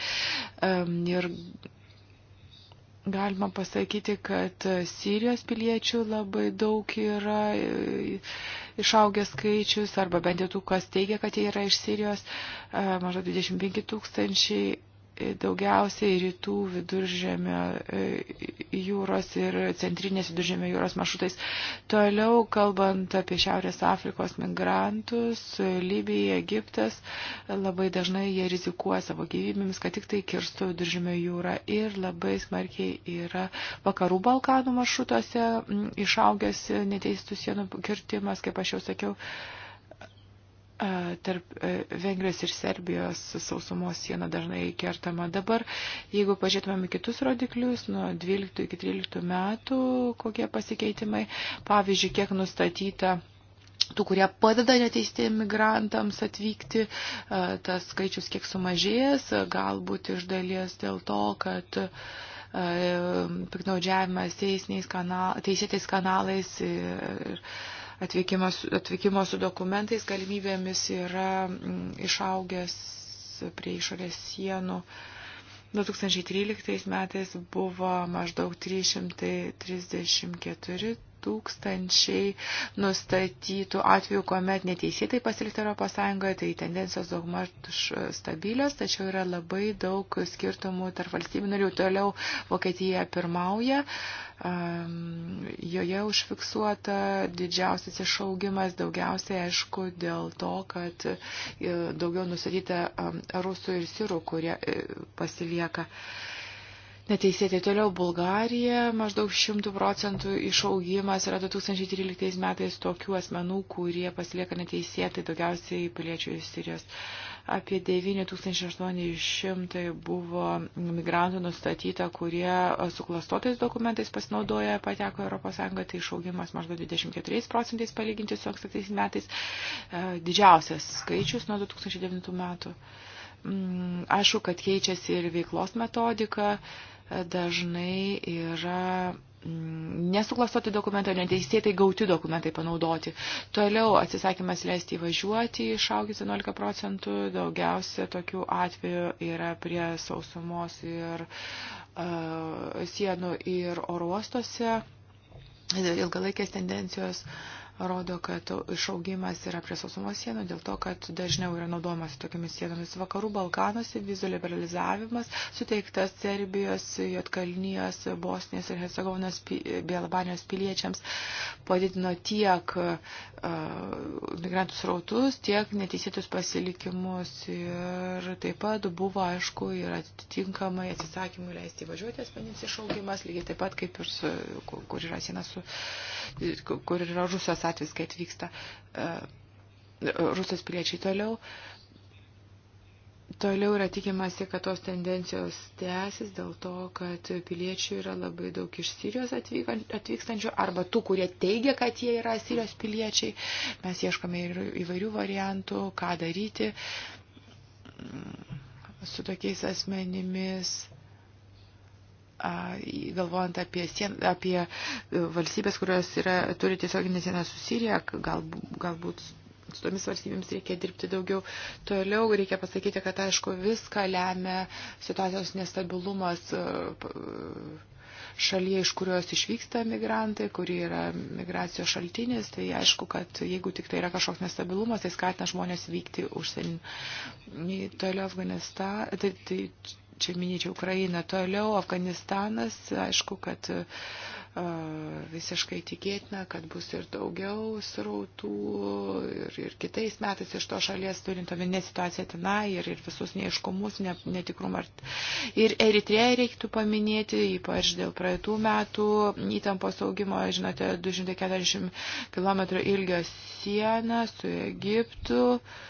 Ir Galima pasakyti, kad Sirijos piliečių labai daug yra e, išaugęs skaičius, arba bent jau tų, kas teigia, kad jie yra iš Sirijos, e, maždaug 25 tūkstančiai daugiausiai rytų viduržėmio e, jūros ir centrinės viduržėmio jūros maršrutais. Toliau, kalbant apie Šiaurės Afrikos migrantus, Libija, Egiptas, labai dažnai jie rizikuoja savo gyvybėmis, kad tik tai kirstų viduržėmio jūrą ir labai smarkiai yra vakarų Balkanų maršrutuose išaugęs neteistų sienų kirtimas, kaip aš jau sakiau tarp e, Vengrijos ir Serbijos sausumos siena dažnai kertama. Dabar, jeigu pažiūrėtumėm kitus rodiklius, nuo 12 iki 13 metų, kokie pasikeitimai, pavyzdžiui, kiek nustatyta tų, kurie padeda neteisti imigrantams atvykti, tas skaičius kiek sumažėjęs, galbūt iš dalies dėl to, kad piknaudžiavimas teisėtais kanalais ir atvykimo su dokumentais galimybėmis yra mm, išaugęs prie išorės sienų. 2013 metais buvo maždaug 334 tūkstančiai nustatytų atvejų, kuomet neteisėtai pasilikti ES, tai tendencijos daugmaž stabilios, tačiau yra labai daug skirtumų tarp valstybių narių. Toliau Vokietija pirmauja, joje užfiksuota didžiausias išaugimas, daugiausiai aišku dėl to, kad e, daugiau nustatyta rusų ir sirų, kurie e, pasilieka neteisėtai. Toliau Bulgarija, maždaug 100 procentų išaugimas yra 2013 metais tokių asmenų, kurie pasilieka neteisėtai, daugiausiai piliečių iš Sirijos. Apie 9800 buvo migrantų nustatyta, kurie su klastotais dokumentais pasinaudoja, pateko ES, tai išaugimas maždaug 24 procentais palyginti su ankstatais metais. E, didžiausias skaičius nuo 2009 metų mm, aišku, kad keičiasi ir veiklos metodika, dažnai yra mm, nesuklastoti dokumentai, neteisėtai gauti dokumentai panaudoti. Toliau atsisakymas leisti įvažiuoti išaugęs 11 procentų, daugiausia tokių atvejų yra prie sausumos ir uh, sienų ir oro uostuose. Ilgalaikės tendencijos uh, rodo, kad išaugimas yra prie sausumos sienų dėl to, kad dažniau yra naudojamas tokiamis sienomis. Vakarų Balkanuose vizų liberalizavimas suteiktas Serbijos, Jotkalnijos, Bosnijos ir Hercegovinos Bielabanijos piliečiams padidino tiek uh, migrantų srautus, tiek neteisėtus pasilikimus ir taip pat buvo, aišku, ir atitinkamai atsisakymų leisti važiuoti asmenims išaugimas, lygiai taip pat kaip ir su, kur yra siena su, kur yra Rusijos atvejais, kai atvyksta e, Rusijos piliečiai toliau. Toliau yra tikimasi, kad tos tendencijos tęsis dėl to, kad piliečių yra labai daug iš Sirijos atvykstančių arba tų, kurie teigia, kad jie yra Sirijos piliečiai. Mes ieškome ir įvairių variantų, ką daryti mm, su tokiais asmenimis galvojant apie, sien, apie e, valstybės, kurios yra, turi tiesioginę sieną su Sirija, galbūt, galbūt su tomis valstybėms reikia dirbti daugiau. Toliau reikia pasakyti, kad aišku viską lemia situacijos nestabilumas e, e, šalyje, iš kurios išvyksta migrantai, kuri yra migracijos šaltinis, tai aišku, kad jeigu tik tai yra kažkoks nestabilumas, tai skatina žmonės vykti užsienį. Toliau Afganistą, tai, tai čia minėčiau Ukrainą, toliau Afganistanas, aišku, kad e, visiškai tikėtina, kad bus ir daugiau srautų ir, ir kitais metais iš to šalies turint omenyje situaciją tenai ir, ir visus neiškumus, ne, netikrumą. Ir Eritreja reiktų paminėti, ypač dėl praeitų metų įtampos augimo, žinote, 240 km ilgio sieną su Egiptu. Uh,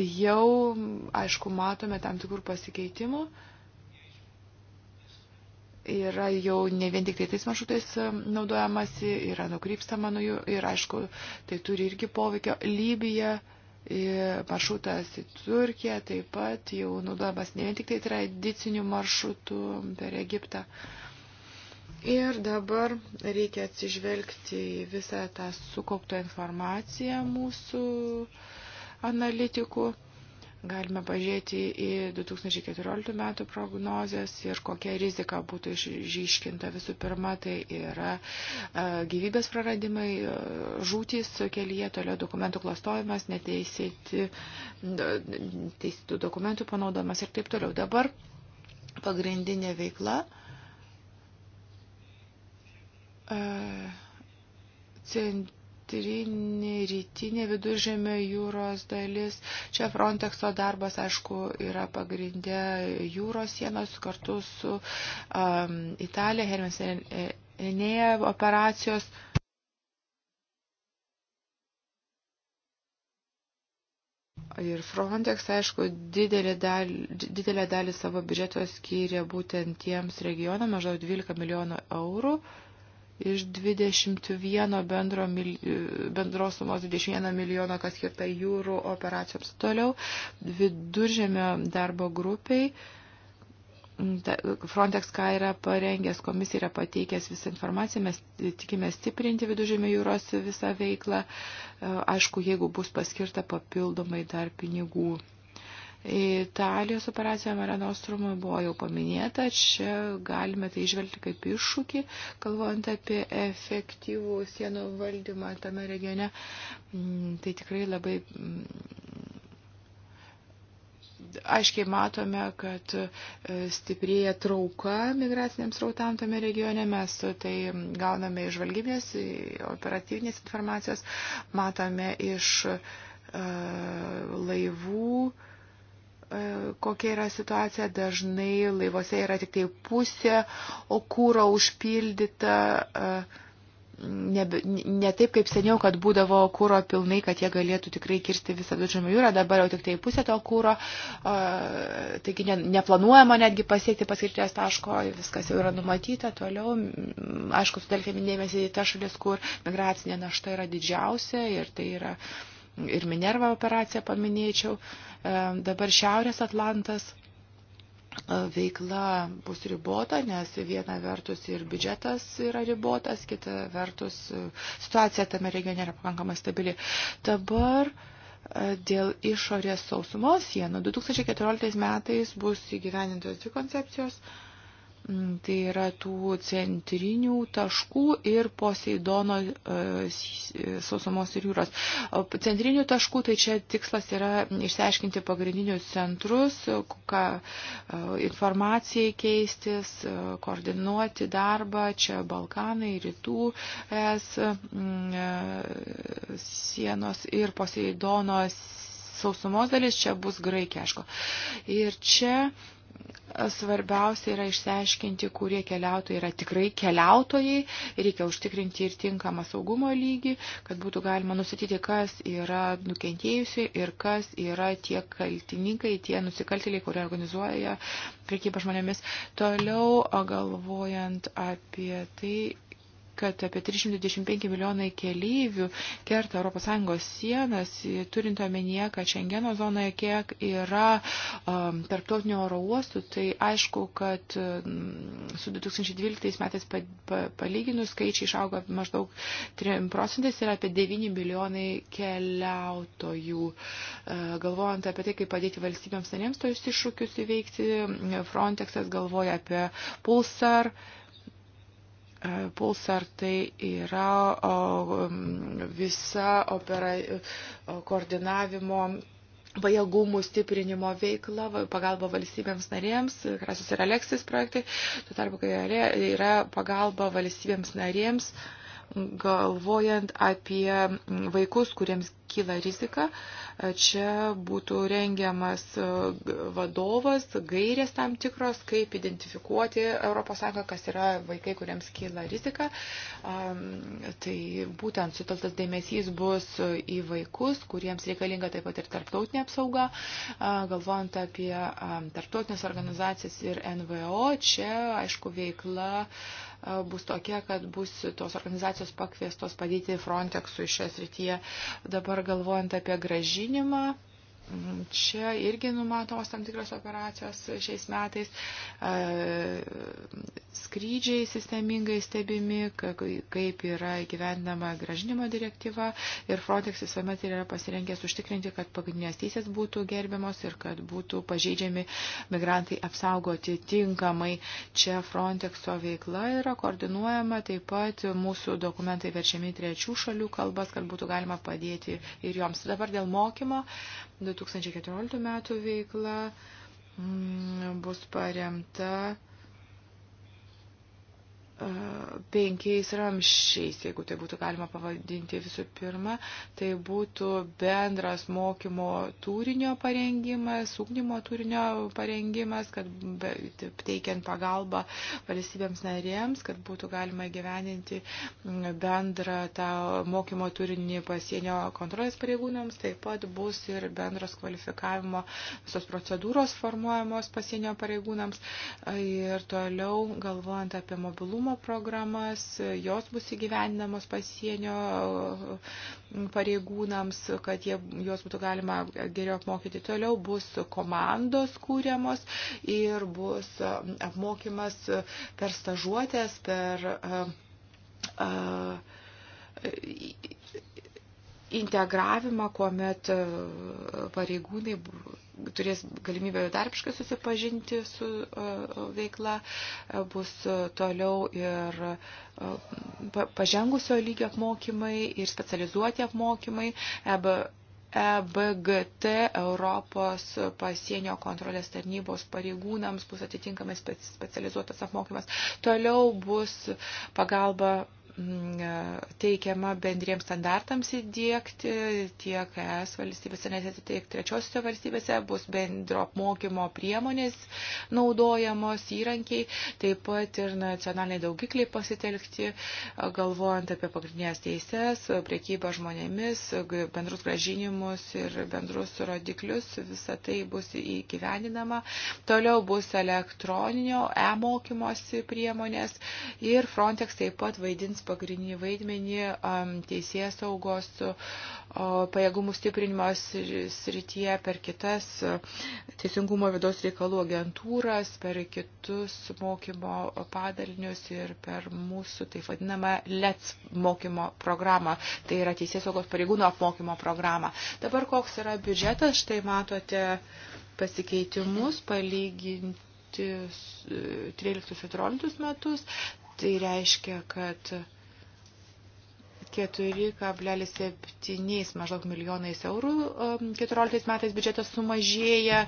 jau, aišku, matome tam tikrų pasikeitimų. Yra jau ne vien tik tai tais maršrutais um, naudojamasi, yra nukrypstama nuo jų ir, aišku, tai turi irgi poveikio. Libija maršrutas į Turkiją taip pat jau naudojamas ne vien tik tai tradicinių maršrutų per Egiptą. Ir dabar reikia atsižvelgti į visą tą sukauptą informaciją mūsų uh, analitikų. Galime pažiūrėti į 2014 metų prognozes ir kokia rizika būtų išiškinta. Visų pirma, tai yra e, gyvybės praradimai, e, žūtys kelyje, toliau dokumentų klastojimas, neteisėti teisėtų dokumentų panaudojimas ir taip toliau. Dabar pagrindinė veikla. E, Cent centrinė, rytinė viduržėmio jūros dalis. Čia Frontexo darbas, aišku, yra pagrindė jūros sienos kartu su um, Italija, Hermes Enėja operacijos. ir Frontex, aišku, didelį dal, didelę dalį savo biudžeto skyrė būtent tiems regionams, maždaug 12 milijonų eurų. Uh, iš 21 bendro, bendros sumos 21 milijono, kas skirta jūrų operacijoms. Toliau viduržėmio darbo grupiai. Frontex, ką yra parengęs, komisija yra pateikęs visą informaciją, mes tikime stiprinti vidužėmio jūros visą veiklą, aišku, jeigu bus paskirta papildomai dar pinigų. Italijos operacija Marenostrumui buvo jau paminėta, čia galime tai išvelgti kaip iššūkį, kalbant apie efektyvų sienų valdymą tame regione. Mm, tai tikrai labai mm, aiškiai matome, kad e, stiprėja trauka migraciniams rautam tame regione, mes tai gauname iš žvalgybės, operatyvinės informacijos, matome iš e, laivų, E, kokia yra situacija. Dažnai laivuose yra tik tai pusė, o kūro užpildyta. E, ne, ne taip kaip seniau, kad būdavo kūro pilnai, kad jie galėtų tikrai kirsti visą Viduržemio jūrą, dabar jau tik tai pusė to kūro, a, e, taigi ne, neplanuojama netgi pasiekti paskirties taško, viskas jau yra numatyta, toliau, aišku, sutelkėme dėmesį į tą šalis, kur migracinė našta yra didžiausia ir tai yra. A, ir Minerva operaciją paminėčiau. E, dabar Šiaurės Atlantas e, veikla bus ribota, nes viena vertus ir biudžetas yra ribotas, kita vertus e, situacija tame regione yra pakankamai stabili. Dabar dėl išorės sausumos sienų 2014 metais bus įgyvenintos dvi koncepcijos. Uh, Mm, tai yra tų centrinių taškų ir Poseidono e, e, sausumos ir jūros. Centrinių taškų, tai čia tikslas yra išsiaiškinti pagrindinius centrus, ką e, informacijai keistis, koordinuoti darbą, čia Balkanai, rytų es mm, sienos ir Poseidonos sausumos dalis, čia bus Graikija, aišku. Ir čia svarbiausia yra išsiaiškinti, kurie keliautojai yra tikrai keliautojai, reikia užtikrinti ir tinkamą saugumo lygį, kad būtų galima nusatyti, kas yra nukentėjusi ir kas yra tie kaltininkai, tie nusikaltėliai, kurie organizuoja prekybą žmonėmis. Toliau galvojant apie tai, kad apie 325 milijonai keleivių kerta ES sienas, turint omenyje, kad Šengeno zonoje kiek yra um, tarptautinių oro uostų, tai aišku, kad um, su 2012 metais pa, pa, palyginus skaičiai išaugo maždaug 3 procentais ir apie 9 milijonai keliautojų. Uh, galvojant apie tai, kaip padėti valstybėms narėms tojus iššūkius įveikti, Frontexas galvoja apie Pulsar E, Pulsar tai yra visa opera koordinavimo pajėgumų stiprinimo veikla, pagalba valstybėms narėms, krasis ir Aleksis projektai, tuo tarpu, kai yra pagalba valstybėms narėms, galvojant apie vaikus, kuriems kyla rizika. Čia būtų rengiamas e, vadovas, gairės tam tikros, kaip identifikuoti ES, kas yra vaikai, kuriems kyla rizika. Tai būtent suteltas dėmesys bus į vaikus, kuriems reikalinga taip pat ir tarptautinė apsauga. Galvojant apie tarptautinės organizacijas ir NVO, čia, aišku, veikla bus tokia, kad bus tos organizacijos pakviestos padėti Frontexui šią srityje. Dabar dabar galvojant apie gražinimą, Mhm. Čia irgi numatomos tam tikros operacijos šiais metais. E, skrydžiai sistemingai stebimi, kaip yra gyvendama gražinimo direktyva ir Frontex visuomet yra pasirengęs užtikrinti, kad pagrindinės teisės būtų gerbiamos ir kad būtų pažeidžiami migrantai apsaugoti tinkamai. Čia Frontexo veikla yra koordinuojama, taip pat mūsų dokumentai verčiami trečių šalių kalbas, kad būtų galima padėti ir joms. Dabar dėl mokymo. 2014 metų veikla mm, bus paremta penkiais ramščiais, jeigu tai būtų galima pavadinti visų pirma, tai būtų bendras mokymo turinio parengimas, ugdymo turinio parengimas, kad teikiant pagalbą valstybėms narėms, kad būtų galima gyveninti bendrą tą mokymo turinį pasienio kontrolės pareigūnams, taip pat bus ir bendros kvalifikavimo visos procedūros formuojamos pasienio pareigūnams ir toliau galvojant apie mobilumą mobilumo programas, jos bus įgyvendinamos pasienio uh, pareigūnams, kad jie, jos būtų galima geriau apmokyti. Toliau bus komandos kūriamos ir bus um, apmokymas per stažuotės, per uh, uh, integravimą, kuomet e, pareigūnai turės galimybę betarpiškai susipažinti su e, veikla, e, bus toliau ir pažengusio lygio apmokymai ir specializuoti apmokymai. Eba, EBGT Europos pasienio kontrolės tarnybos pareigūnams bus atitinkamai specializuotas apmokymas. Toliau bus pagalba Mm, e, teikiama bendriems standartams įdėkti tiek ES valstybėse, nes tiek trečiosiuose valstybėse bus bendro apmokymo priemonės naudojamos įrankiai, taip pat ir nacionaliniai daugikliai pasitelkti, e, galvojant apie pagrindinės teises, priekybą žmonėmis, bendrus gražinimus ir bendrus rodiklius, visa tai bus įgyvendinama. Toliau bus elektroninio e-mokymosi priemonės ir Frontex taip pat vaidins pagrindinį vaidmenį teisės saugos pajėgumų stiprinimo srityje per kitas teisingumo vidaus reikalų agentūras, per kitus mokymo padalinius ir per mūsų taip vadinamą LETS mokymo programą, tai yra teisės saugos pareigūnų apmokymo programą. Dabar koks yra biudžetas, štai matote pasikeitimus palyginti 13-14 e, metus. Tai reiškia, kad 4,7 maždaug milijonais eurų 14 um, metais biudžetas sumažėja,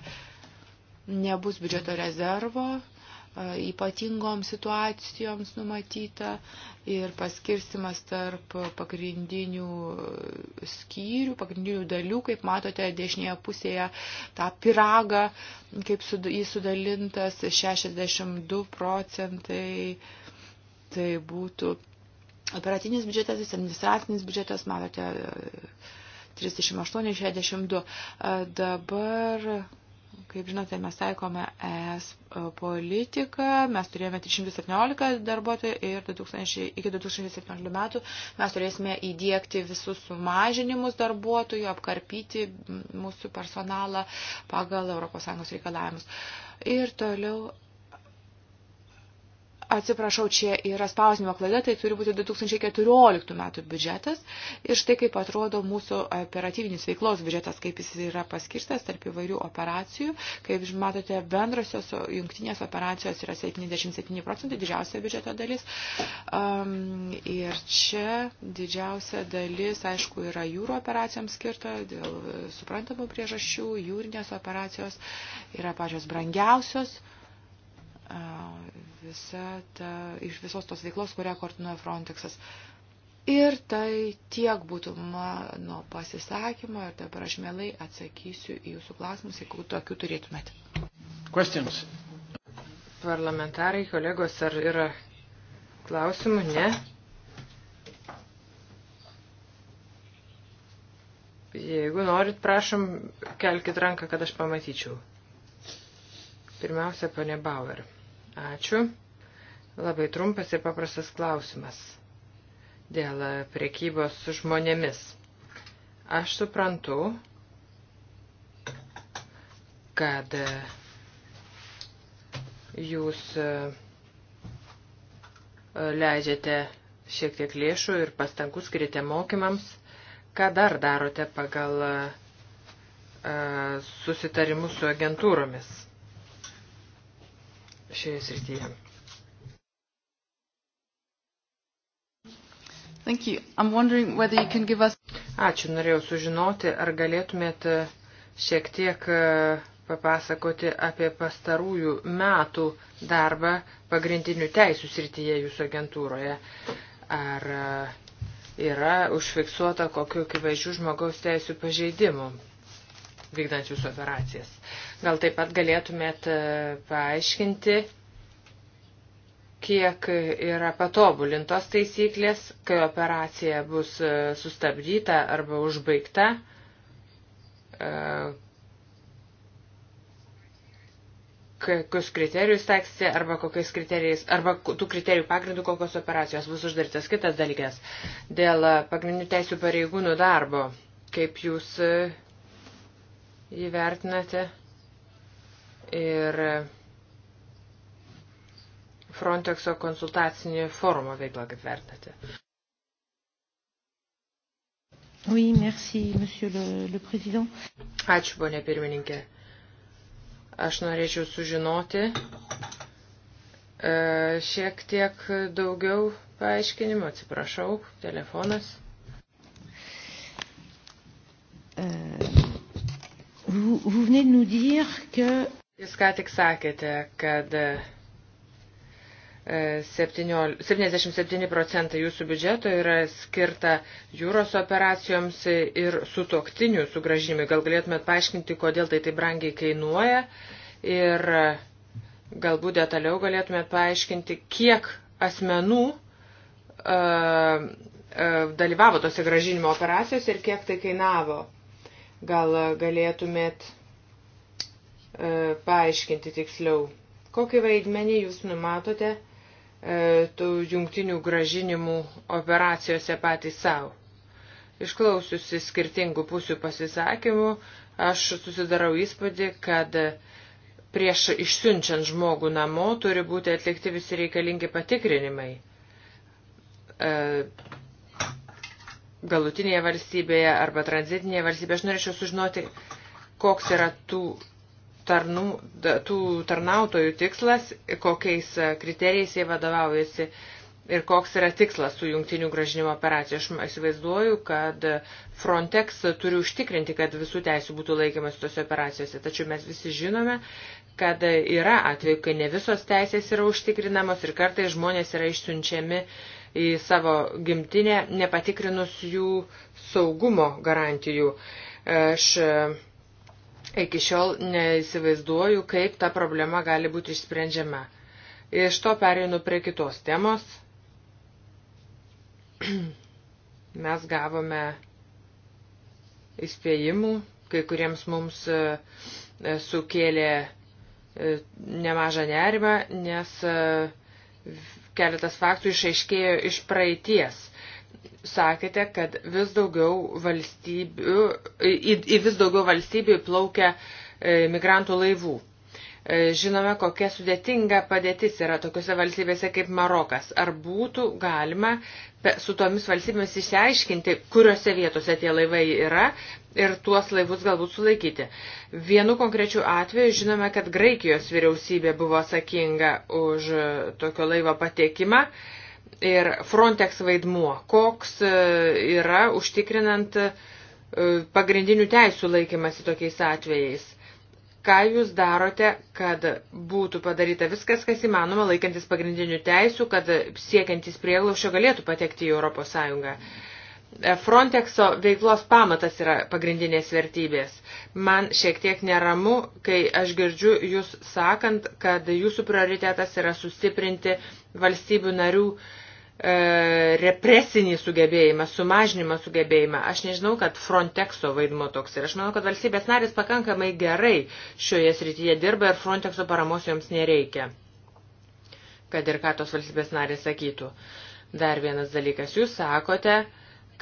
nebus biudžeto rezervo, uh, ypatingom situacijoms numatyta ir paskirstimas tarp pagrindinių skyrių, pagrindinių dalių, kaip matote dešinėje pusėje tą piragą, kaip jis sudalintas 62 procentai, tai būtų Operatinis biudžetas, administracinis biudžetas, matote, 38-62. E, e, dabar Kaip žinote, mes taikome ES politiką, mes turėjome 317 darbuotojų ir 2000, iki 2017 metų mes turėsime įdėkti visus sumažinimus darbuotojų, apkarpyti mūsų personalą pagal ES reikalavimus. Ir toliau Atsiprašau, čia yra spausimo klaida, tai turi būti 2014 metų biudžetas. Ir štai kaip atrodo mūsų operatyvinis veiklos biudžetas, kaip jis yra paskirstas tarp įvairių operacijų. Kaip matote, bendrosios jungtinės operacijos yra 77 procentai, didžiausia biudžeto dalis. Um, ir čia didžiausia dalis, aišku, yra jūrų operacijoms skirta dėl suprantamų priežasčių. Jūrinės operacijos yra pačios brangiausios. Uh, visa ta, iš visos tos veiklos, kurią koordinuoja Frontexas. Ir tai tiek būtų mano pasisakymo ir dabar aš mielai atsakysiu į jūsų klausimus, jeigu tokių turėtumėte. Questions. Parlamentarai, kolegos, ar yra klausimų? Ne. Jeigu norit, prašom, kelkit ranką, kad aš pamatyčiau. Pirmiausia, pane Bauer. Ačiū. Labai trumpas ir paprastas klausimas dėl priekybos su žmonėmis. Aš suprantu, kad jūs e, leidžiate šiek tiek lėšų ir pastangų skirite mokymams. Ką dar darote pagal e, susitarimus su agentūromis? šioje srityje. Thank you. I'm wondering whether you can give us... Ačiū, norėjau sužinoti, ar galėtumėt e, šiek tiek e, papasakoti apie pastarųjų metų darbą pagrindinių teisų srityje jūsų agentūroje. Ar e, yra užfiksuota kokiu akivaizdžiu žmogaus teisų pažeidimu? vykdant jūsų operacijas. Gal taip pat galėtumėt e, paaiškinti, kiek yra patobulintos taisyklės, kai operacija bus e, sustabdyta arba užbaigta. E, kokius kriterijus taiksite, arba kokiais kriterijais, arba tų kriterijų pagrindų, kokios operacijos bus uždarytas. Kitas dalykas, dėl pagrindinių teisų pareigūnų darbo, kaip jūs įvertinate ir Frontexo konsultacinį forumo veiklą, kaip vertinate. Oui, merci, monsieur le, le président. Ačiū, ponė pirmininkė. Aš norėčiau sužinoti e, šiek tiek daugiau paaiškinimo. Atsiprašau, telefonas. Euh, vous, vous venez de nous dire que... Jūs ką tik sakėte, kad 77 e, procentai jūsų biudžeto yra skirta jūros operacijoms ir sutoktinių sugražymui. Gal galėtumėt paaiškinti, kodėl tai tai brangiai kainuoja ir e, galbūt detaliau galėtumėt paaiškinti, kiek asmenų uh, uh, dalyvavo tose gražinimo operacijose ir kiek tai kainavo. Gal e, galėtumėt e, paaiškinti tiksliau, kokį vaidmenį jūs numatote e, tų jungtinių gražinimų operacijose patys savo. Išklausiusi skirtingų pusių pasisakymų, aš susidarau įspūdį, kad prieš išsiunčiant žmogų namo turi būti atlikti visi reikalingi patikrinimai. E, galutinėje valstybėje arba tranzitinėje valstybėje. Aš norėčiau sužinoti, koks yra tų, tarnų, tų tarnautojų tikslas, kokiais e, kriterijais jie vadovaujasi ir koks yra tikslas tų jungtinių gražinimo operacijų. Aš įsivaizduoju, kad Frontex turi užtikrinti, kad visų teisų būtų laikimas tose operacijose. Tačiau mes visi žinome, kad yra atveju, kai ne visos teisės yra užtikrinamos ir kartai žmonės yra išsiunčiami į savo gimtinę, nepatikrinus jų saugumo garantijų. Aš e, iki šiol neįsivaizduoju, kaip ta problema gali būti išsprendžiama. Iš to pereinu prie kitos temos *clears throat* Mes gavome įspėjimų, kai kuriems mums e, e, sukėlė e, nemažą nerimą, nes keletas faktų išaiškėjo iš praeities. Sakėte, kad vis daugiau valstybių, į, į vis daugiau valstybių plaukia migrantų laivų. E, žinome, kokia sudėtinga padėtis yra tokiuose valstybėse kaip Marokas. Ar būtų galima su tomis valstybėmis išsiaiškinti, kuriuose vietose tie laivai yra ir tuos laivus galbūt sulaikyti? Vienu konkrečiu atveju žinome, kad Graikijos vyriausybė buvo atsakinga už tokio laivo patekimą ir Frontex vaidmuo, koks e, yra užtikrinant e, pagrindinių teisų laikymasi tokiais atvejais. Ką jūs darote, kad būtų padaryta viskas, kas įmanoma, laikantis pagrindinių teisų, kad siekiantis prieglaušio galėtų patekti į Europos Sąjungą? Frontexo veiklos pamatas yra pagrindinės vertybės. Man šiek tiek neramu, kai aš girdžiu jūs sakant, kad jūsų prioritetas yra sustiprinti valstybių narių uh, E, represinį sugebėjimą, sumažinimą sugebėjimą. Aš nežinau, kad Frontexo vaidmo toks ir aš manau, kad valstybės narės pakankamai gerai šioje srityje dirba ir Frontexo paramos joms nereikia, kad ir ką tos valstybės narės sakytų. Dar vienas dalykas, jūs sakote,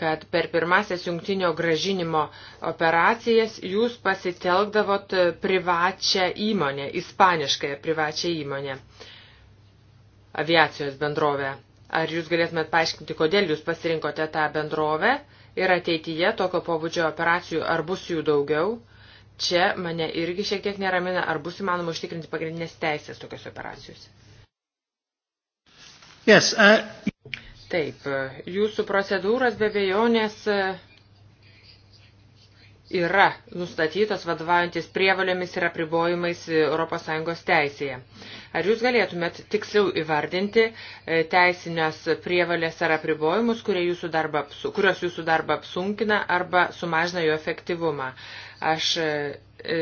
kad per pirmasias jungtinio gražinimo operacijas jūs pasitelkdavot privačią įmonę, ispaniškąją privačią įmonę, aviacijos bendrovę. Ar jūs galėtumėt paaiškinti, kodėl jūs pasirinkote tą bendrovę ir ateityje tokio pobūdžio operacijų, ar bus jų daugiau? Čia mane irgi šiek tiek neramina, ar bus įmanoma užtikrinti pagrindinės teisės tokios operacijos. Yes, uh... Taip, jūsų procedūras be bejonės. Uh yra nustatytos vadovaujantis prievalėmis ir apribojimais ES teisėje. Ar jūs galėtumėt tiksliau įvardinti e, teisinės prievalės ar apribojimus, jūsų darbą, kurios jūsų darbą apsunkina arba sumažina jo efektyvumą? Aš e, e,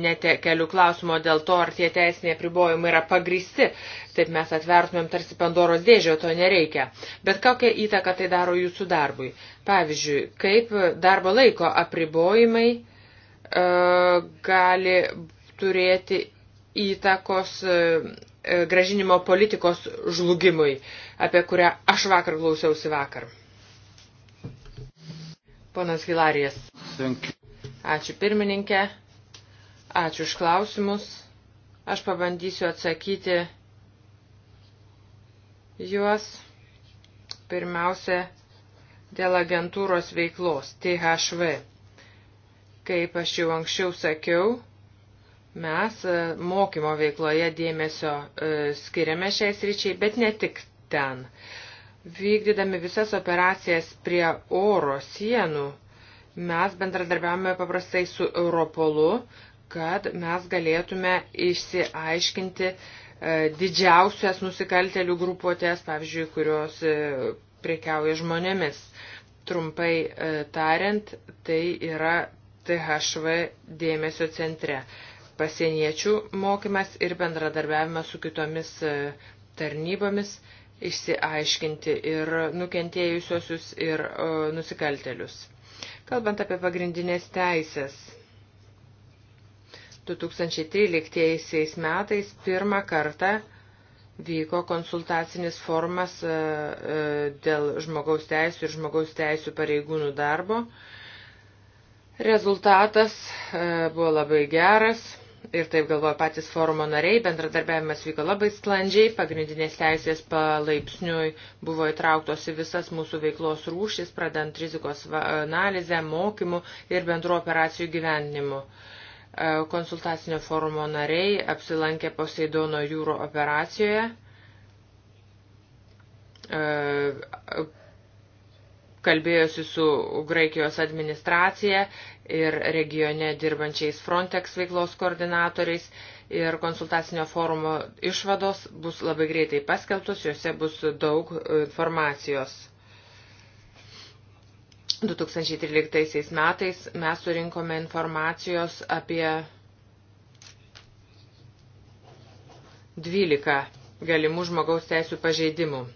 netekeliu klausimo dėl to, ar tie teisiniai apribojimai yra pagristi. Taip mes atvertumėm tarsi Pandoros dėžio, to nereikia. Bet kokią įtaką tai daro jūsų darbui? Pavyzdžiui, kaip darbo laiko apribojimai e, gali turėti įtakos e, e gražinimo politikos žlugimui, apie kurią aš vakar klausiausi vakar. Ponas Hilarijas. Thank you. Ačiū pirmininkė, ačiū už klausimus. Aš pabandysiu atsakyti juos pirmiausia dėl agentūros veiklos THV. Kaip aš jau anksčiau sakiau, mes e, mokymo veikloje dėmesio e, skiriame šiais ryčiai, bet ne tik ten. Vykdydami visas operacijas prie oro sienų, Mes bendradarbiavame paprastai su Europolu, kad mes galėtume išsiaiškinti e, didžiausias nusikaltelių grupuotės, pavyzdžiui, kurios e, prekiauja žmonėmis. Trumpai e, tariant, tai yra THV dėmesio centre. Pasieniečių mokymas ir bendradarbiavimas su kitomis tarnybomis išsiaiškinti ir nukentėjusiosius ir nusikaltelius. Kalbant apie pagrindinės teisės, 2013 metais pirmą kartą vyko konsultacinis formas e, e, dėl žmogaus teisų ir žmogaus teisų pareigūnų darbo. Rezultatas e, buvo labai geras ir taip galvoja patys forumo nariai, bendradarbiavimas vyko labai sklandžiai, pagrindinės teisės palaipsniui buvo įtrauktos į visas mūsų veiklos rūšis, pradant rizikos analizę, mokymų ir bendru operacijų gyvenimu. E, konsultacinio forumo nariai apsilankė Poseidono jūro operacijoje, e, kalbėjosi su Graikijos administracija ir regione dirbančiais Frontex veiklos koordinatoriais ir konsultacinio forumo išvados bus labai greitai paskelbtos, juose bus daug informacijos. 2013 metais mes surinkome informacijos apie 12 galimų žmogaus teisų pažeidimų.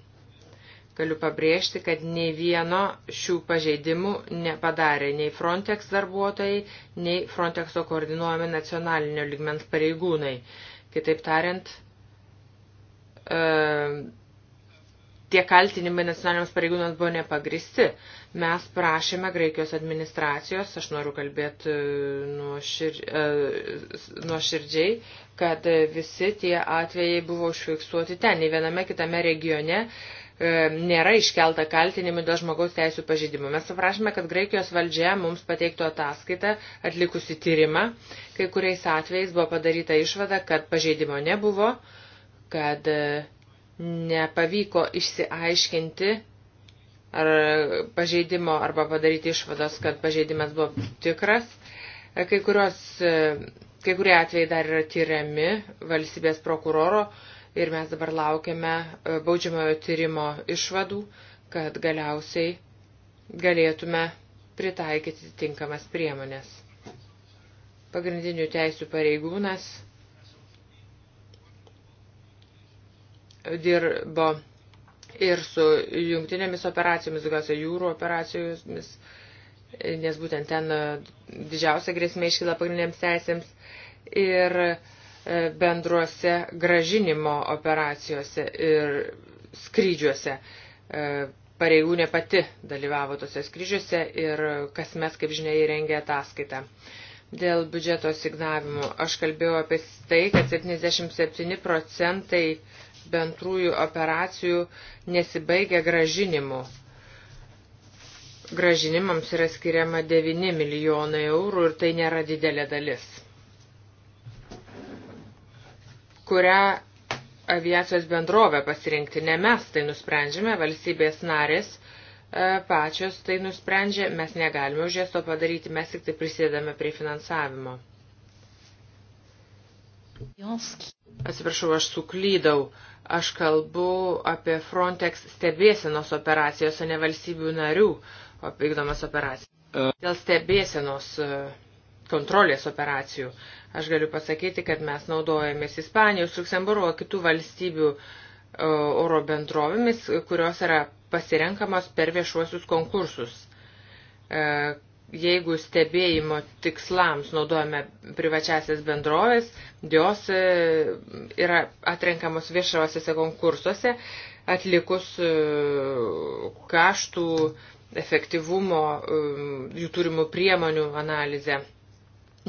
Galiu pabrėžti, kad nei vieno šių pažeidimų nepadarė nei Frontex darbuotojai, nei Frontexo koordinuojami nacionalinio ligmens pareigūnai. Kitaip tariant, e, tie kaltinimai nacionaliniams pareigūnams buvo nepagristi. Mes prašėme Graikijos administracijos, aš noriu kalbėti e, e, nuoširdžiai, nuo kad visi tie atvejai buvo užfiksuoti ten, nei viename kitame regione E, nėra iškelta kaltinimų dėl žmogaus teisų pažydimų. Mes suprašome, kad Graikijos valdžia mums pateiktų ataskaitą atlikusi tyrimą. Kai kuriais atvejais buvo padaryta išvada, kad pažeidimo nebuvo, kad e, nepavyko išsiaiškinti ar pažeidimo arba padaryti išvados, kad pažeidimas buvo tikras. E, kai, kurios, kai kurie atvejai dar yra tyriami valstybės prokuroro, ir mes dabar laukiame e, baudžiamojo tyrimo išvadų, kad galiausiai galėtume pritaikyti tinkamas priemonės. Pagrindinių teisų pareigūnas dirbo ir su jungtinėmis operacijomis, daugiausia jūrų operacijomis, nes būtent ten didžiausia grėsmė iškyla pagrindiniams teisėms. Ir uh, E, bendruose gražinimo operacijose ir skrydžiuose. E, pareigūnė pati dalyvavo tose skrydžiuose ir kasmet, kaip žinia, įrengė ataskaitą. Dėl biudžeto signavimų aš kalbėjau apie tai, kad 77 procentai bendrųjų operacijų nesibaigia gražinimu. Gražinimams yra skiriama 9 milijonai eurų ir tai nėra didelė dalis kurią aviacijos bendrovę pasirinkti. Ne mes tai nusprendžiame, valstybės narės e, pačios tai nusprendžia, mes negalime už jas to padaryti, mes tik tai prisėdame prie finansavimo. Atsiprašau, aš suklydau. Aš kalbu apie Frontex stebėsenos operacijos, o ne valstybių narių vykdomas operacijas. E. Dėl stebėsenos e, kontrolės operacijų. Aš galiu pasakyti, kad mes naudojamės Ispanijos, Luksemburgo, kitų valstybių e, oro bendrovėmis, kurios yra pasirenkamos per viešuosius konkursus. E, jeigu stebėjimo tikslams naudojame privačiasias bendrovės, jos e, yra atrenkamos viešuosiuose konkursuose, atlikus kaštų efektyvumo jų turimų priemonių analizę.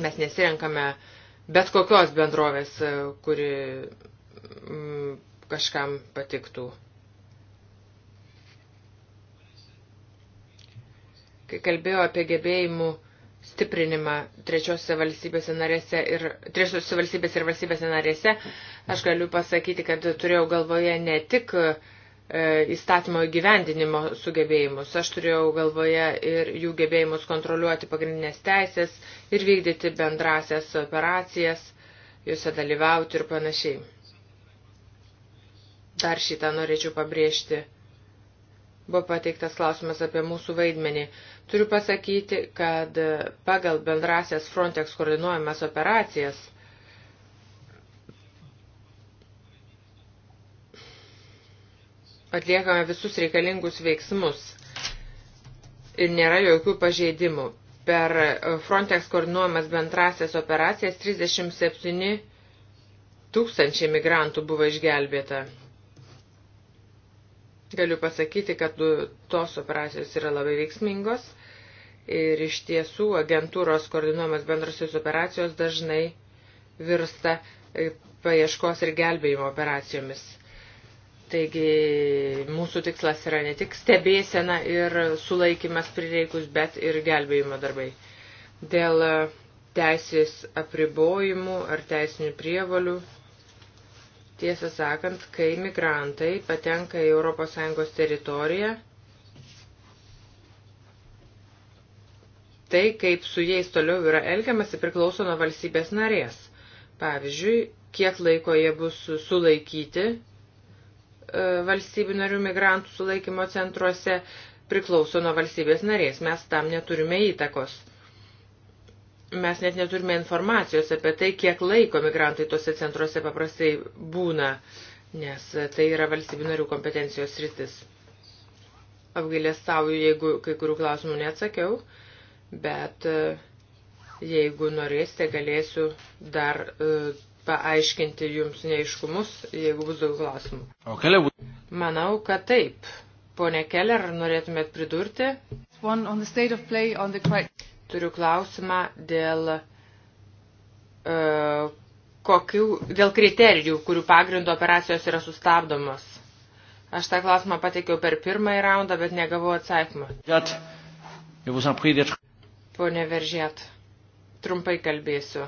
Mes nesirenkame uh, bet kokios bendrovės, e, kuri mm, kažkam patiktų. Kai kalbėjau apie gebėjimų stiprinimą trečiosiose valstybėse narėse ir trečiosiose valstybėse ir valstybėse narėse, aš galiu pasakyti, kad turėjau galvoje ne tik uh, E, įstatymo įgyvendinimo sugebėjimus. Aš turėjau galvoje ir jų gebėjimus kontroliuoti pagrindinės teisės ir vykdyti bendrasias operacijas, juose dalyvauti ir panašiai. Dar šitą norėčiau pabrėžti. Buvo pateiktas klausimas apie mūsų vaidmenį. Turiu pasakyti, kad pagal bendrasias Frontex koordinuojamas operacijas – atliekame visus reikalingus veiksmus ir nėra jokių pažeidimų. Per e, Frontex koordinuojamas bendrasias operacijas 37 tūkstančiai migrantų buvo išgelbėta. Galiu pasakyti, kad tos operacijos yra labai veiksmingos ir iš tiesų agentūros koordinuojamas bendrasios operacijos dažnai virsta e, paieškos ir gelbėjimo operacijomis. Taigi mūsų tikslas yra ne tik stebėsena ir sulaikimas prireikus, bet ir gelbėjimo darbai. Dėl e, teisės apribojimų ar teisinių prievalių, tiesą sakant, kai migrantai patenka į ES teritoriją, tai kaip su jais toliau yra elgiamasi priklauso nuo valstybės narės. Pavyzdžiui, kiek laiko jie bus sulaikyti E, valstybių narių migrantų sulaikymo centruose priklauso nuo valstybės narės. Mes tam neturime įtakos. Mes net neturime informacijos apie tai, kiek laiko migrantai tose centruose paprastai būna, nes tai yra valstybių narių kompetencijos rytis. Apgailės savo, jeigu kai kurių klausimų neatsakiau, bet e, jeigu norėsite, galėsiu dar e, paaiškinti jums neiškumus, jeigu bus daug klausimų. O keliau? Manau, kad taip. Pone Keller, norėtumėt pridurti? The... Turiu klausimą dėl, uh, kokių, dėl kriterijų, kurių pagrindų operacijos yra sustabdomos. Aš tą klausimą pateikiau per pirmąjį raundą, bet negavau atsakymą. Pone Veržėt, trumpai kalbėsiu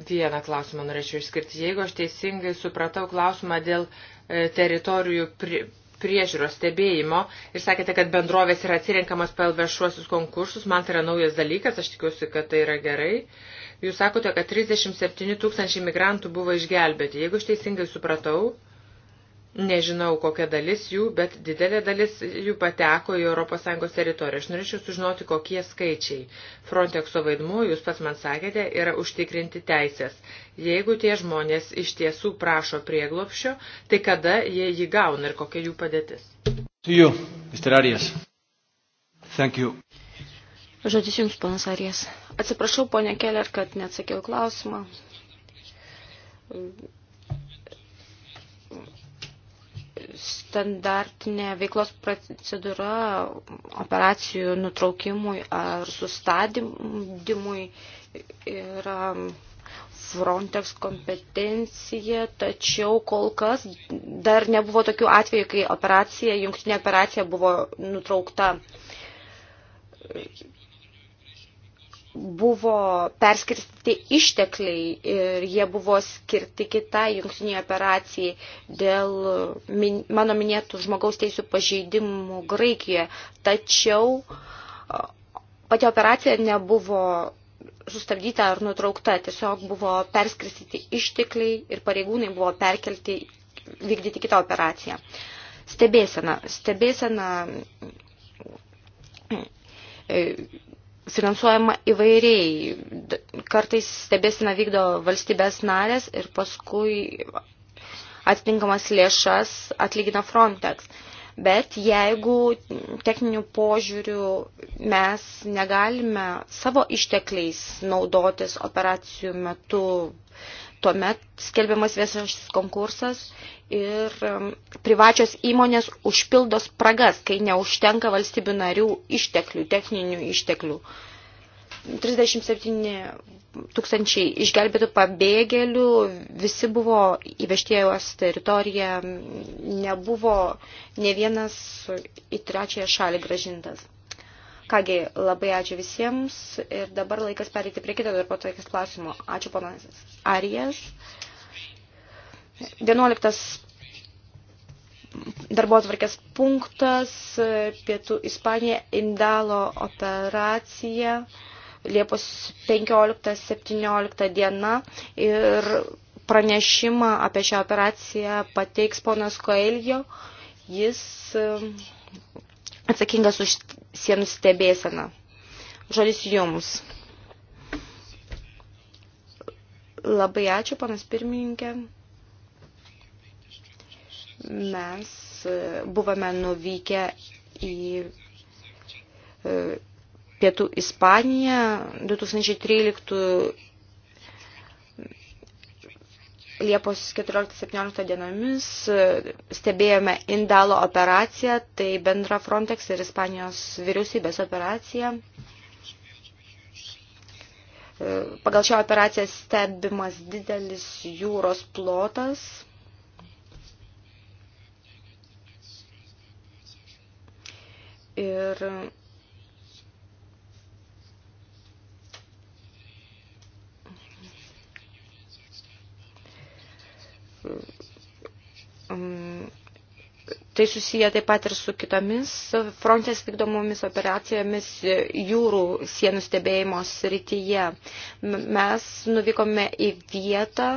vieną klausimą norėčiau išskirti. Jeigu aš teisingai supratau klausimą dėl e, teritorijų pri, priežiūros stebėjimo ir sakėte, kad bendrovės yra atsirinkamas pagal viešuosius konkursus, man tai yra naujas dalykas, aš tikiuosi, kad tai yra gerai. Jūs sakote, kad 37 tūkstančiai migrantų buvo išgelbėti. Jeigu aš teisingai supratau, Nežinau, kokia dalis jų, bet didelė dalis jų pateko į ES teritoriją. Aš norėčiau sužinoti, kokie skaičiai. Frontexo vaidmuo, jūs pats man sakėte, yra užtikrinti teisės. Jeigu tie žmonės iš tiesų prašo prieglopščio, tai kada jie jį gauna ir kokia jų padėtis? To you, Mr. Arias. Thank you. Žodis jums, ponas Arijas. Atsiprašau, ponė Keller, kad neatsakiau klausimą standartinė veiklos procedūra operacijų nutraukimui ar sustadymui yra Frontex kompetencija, tačiau kol kas dar nebuvo tokių atvejų, kai operacija, jungtinė operacija buvo nutraukta buvo perskirstyti ištekliai ir jie buvo skirti kitai jungtiniai operacijai dėl min, mano minėtų žmogaus teisų pažeidimų Graikijoje. Tačiau pati operacija nebuvo sustabdyta ar nutraukta, tiesiog buvo perskirstyti ištekliai ir pareigūnai buvo perkelti vykdyti kitą operaciją. Stebėsena. Stebėsena e, finansuojama įvairiai. Kartais stebėsina vykdo valstybės narės ir paskui atitinkamas lėšas atlygina Frontex. Bet jeigu techninių požiūrių mes negalime savo ištekliais naudotis operacijų metu uh, tuomet skelbiamas viešas konkursas ir privačios įmonės užpildo spragas, kai neužtenka valstybių narių išteklių, techninių išteklių. 37 tūkstančiai išgelbėtų pabėgėlių, visi buvo įvežtėjos teritorija, nebuvo ne vienas į trečiąją šalį gražintas. Kągi, labai ačiū visiems ir dabar laikas pereiti prie kito darbo tokias klausimo. Ačiū ponas Arijas. 11 darbo atvarkės punktas, pietų Ispanija, Indalo operacija, Liepos 15-17 diena ir pranešimą apie šią operaciją pateiks ponas Koelgio. Jis um, atsakingas už sienų stebėseną. Žodis jums. Labai ačiū, panas pirmininkė. Mes e, buvome nuvykę į e, Pietų Ispaniją 2013 Liepos 14-17 dienomis e, stebėjome Indalo operaciją, tai bendra Frontex ir Ispanijos vyriausybės operacija. E, pagal šią operaciją stebimas didelis jūros plotas. Ir Tai susiję taip pat ir su kitomis frontės vykdomomis operacijomis jūrų sienų stebėjimo srityje. Mes nuvykome į vietą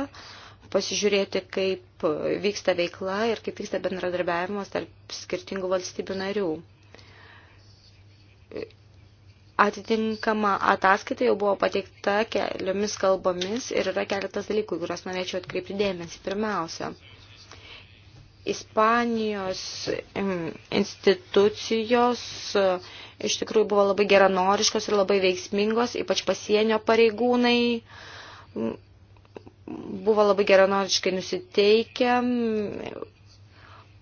pasižiūrėti, kaip vyksta veikla ir kaip vyksta bendradarbiavimas tarp skirtingų valstybių narių. Atitinkama ataskaita jau buvo pateikta keliomis kalbomis ir yra keletas dalykų, kuriuos norėčiau atkreipti dėmesį. Pirmiausia, Ispanijos institucijos e, iš tikrųjų buvo labai geranoriškos ir labai veiksmingos, ypač pasienio pareigūnai buvo labai geranoriškai nusiteikę,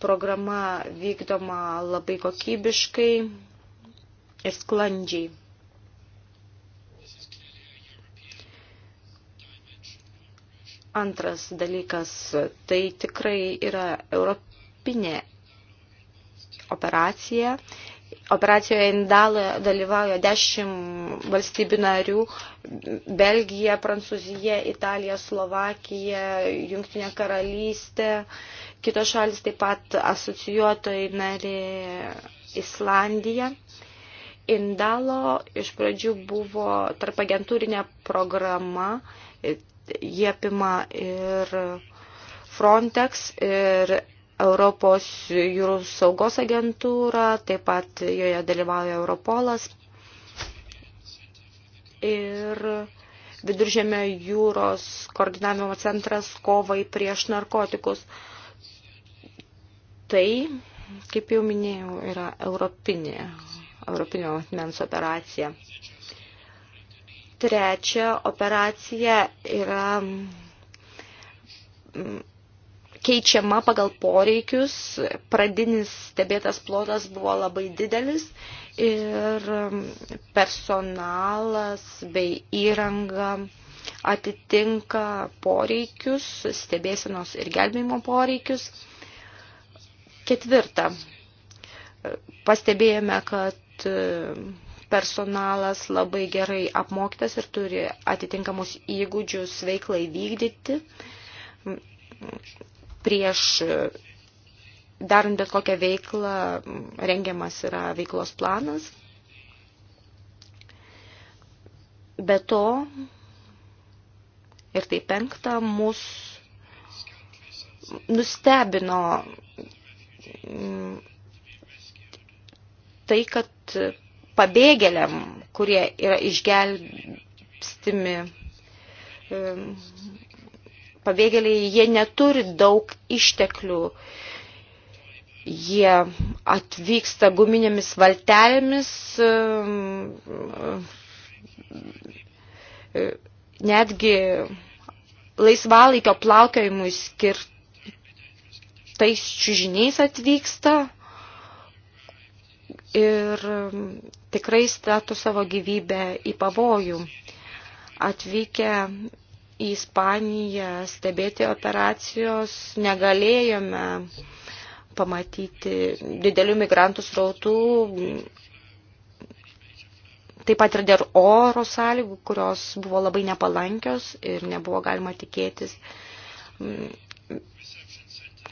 programa vykdoma labai kokybiškai ir sklandžiai. Antras dalykas, tai tikrai yra europinė operacija. Operacijoje Indaloje dalyvauja 10 valstybių narių – Belgija, Prancūzija, Italija, Slovakija, Jungtinė karalystė, kitos šalis taip pat asocijuotojai narė Islandija. Indalo iš pradžių buvo tarp agentūrinė programa jie apima ir Frontex, ir Europos jūrų saugos agentūra, taip pat joje dalyvauja Europolas. Ir Viduržėmio jūros koordinavimo centras kovai prieš narkotikus. Tai, kaip jau minėjau, yra europinė, europinio atmens operacija. Trečia operacija yra mm, keičiama pagal poreikius. Pradinis stebėtas plotas buvo labai didelis ir mm, personalas bei įranga atitinka poreikius, stebėsenos ir gelbėjimo poreikius. Ketvirta, pastebėjome, kad personalas labai gerai apmoktas ir turi atitinkamus įgūdžius veiklai vykdyti prieš darant bet kokią veiklą rengiamas yra veiklos planas. Be to, ir tai penkta, mus nustebino tai, kad pabėgėliam, kurie yra išgelbstimi. Pabėgėliai, jie neturi daug išteklių. Jie atvyksta guminėmis valtelėmis, netgi laisvalaikio plaukiojimui skirtais čiužiniais atvyksta ir um, tikrai stato savo gyvybę į pavojų. Atvykę į Ispaniją stebėti operacijos negalėjome pamatyti didelių migrantų srautų, taip pat ir dėl oro sąlygų, kurios buvo labai nepalankios ir nebuvo galima tikėtis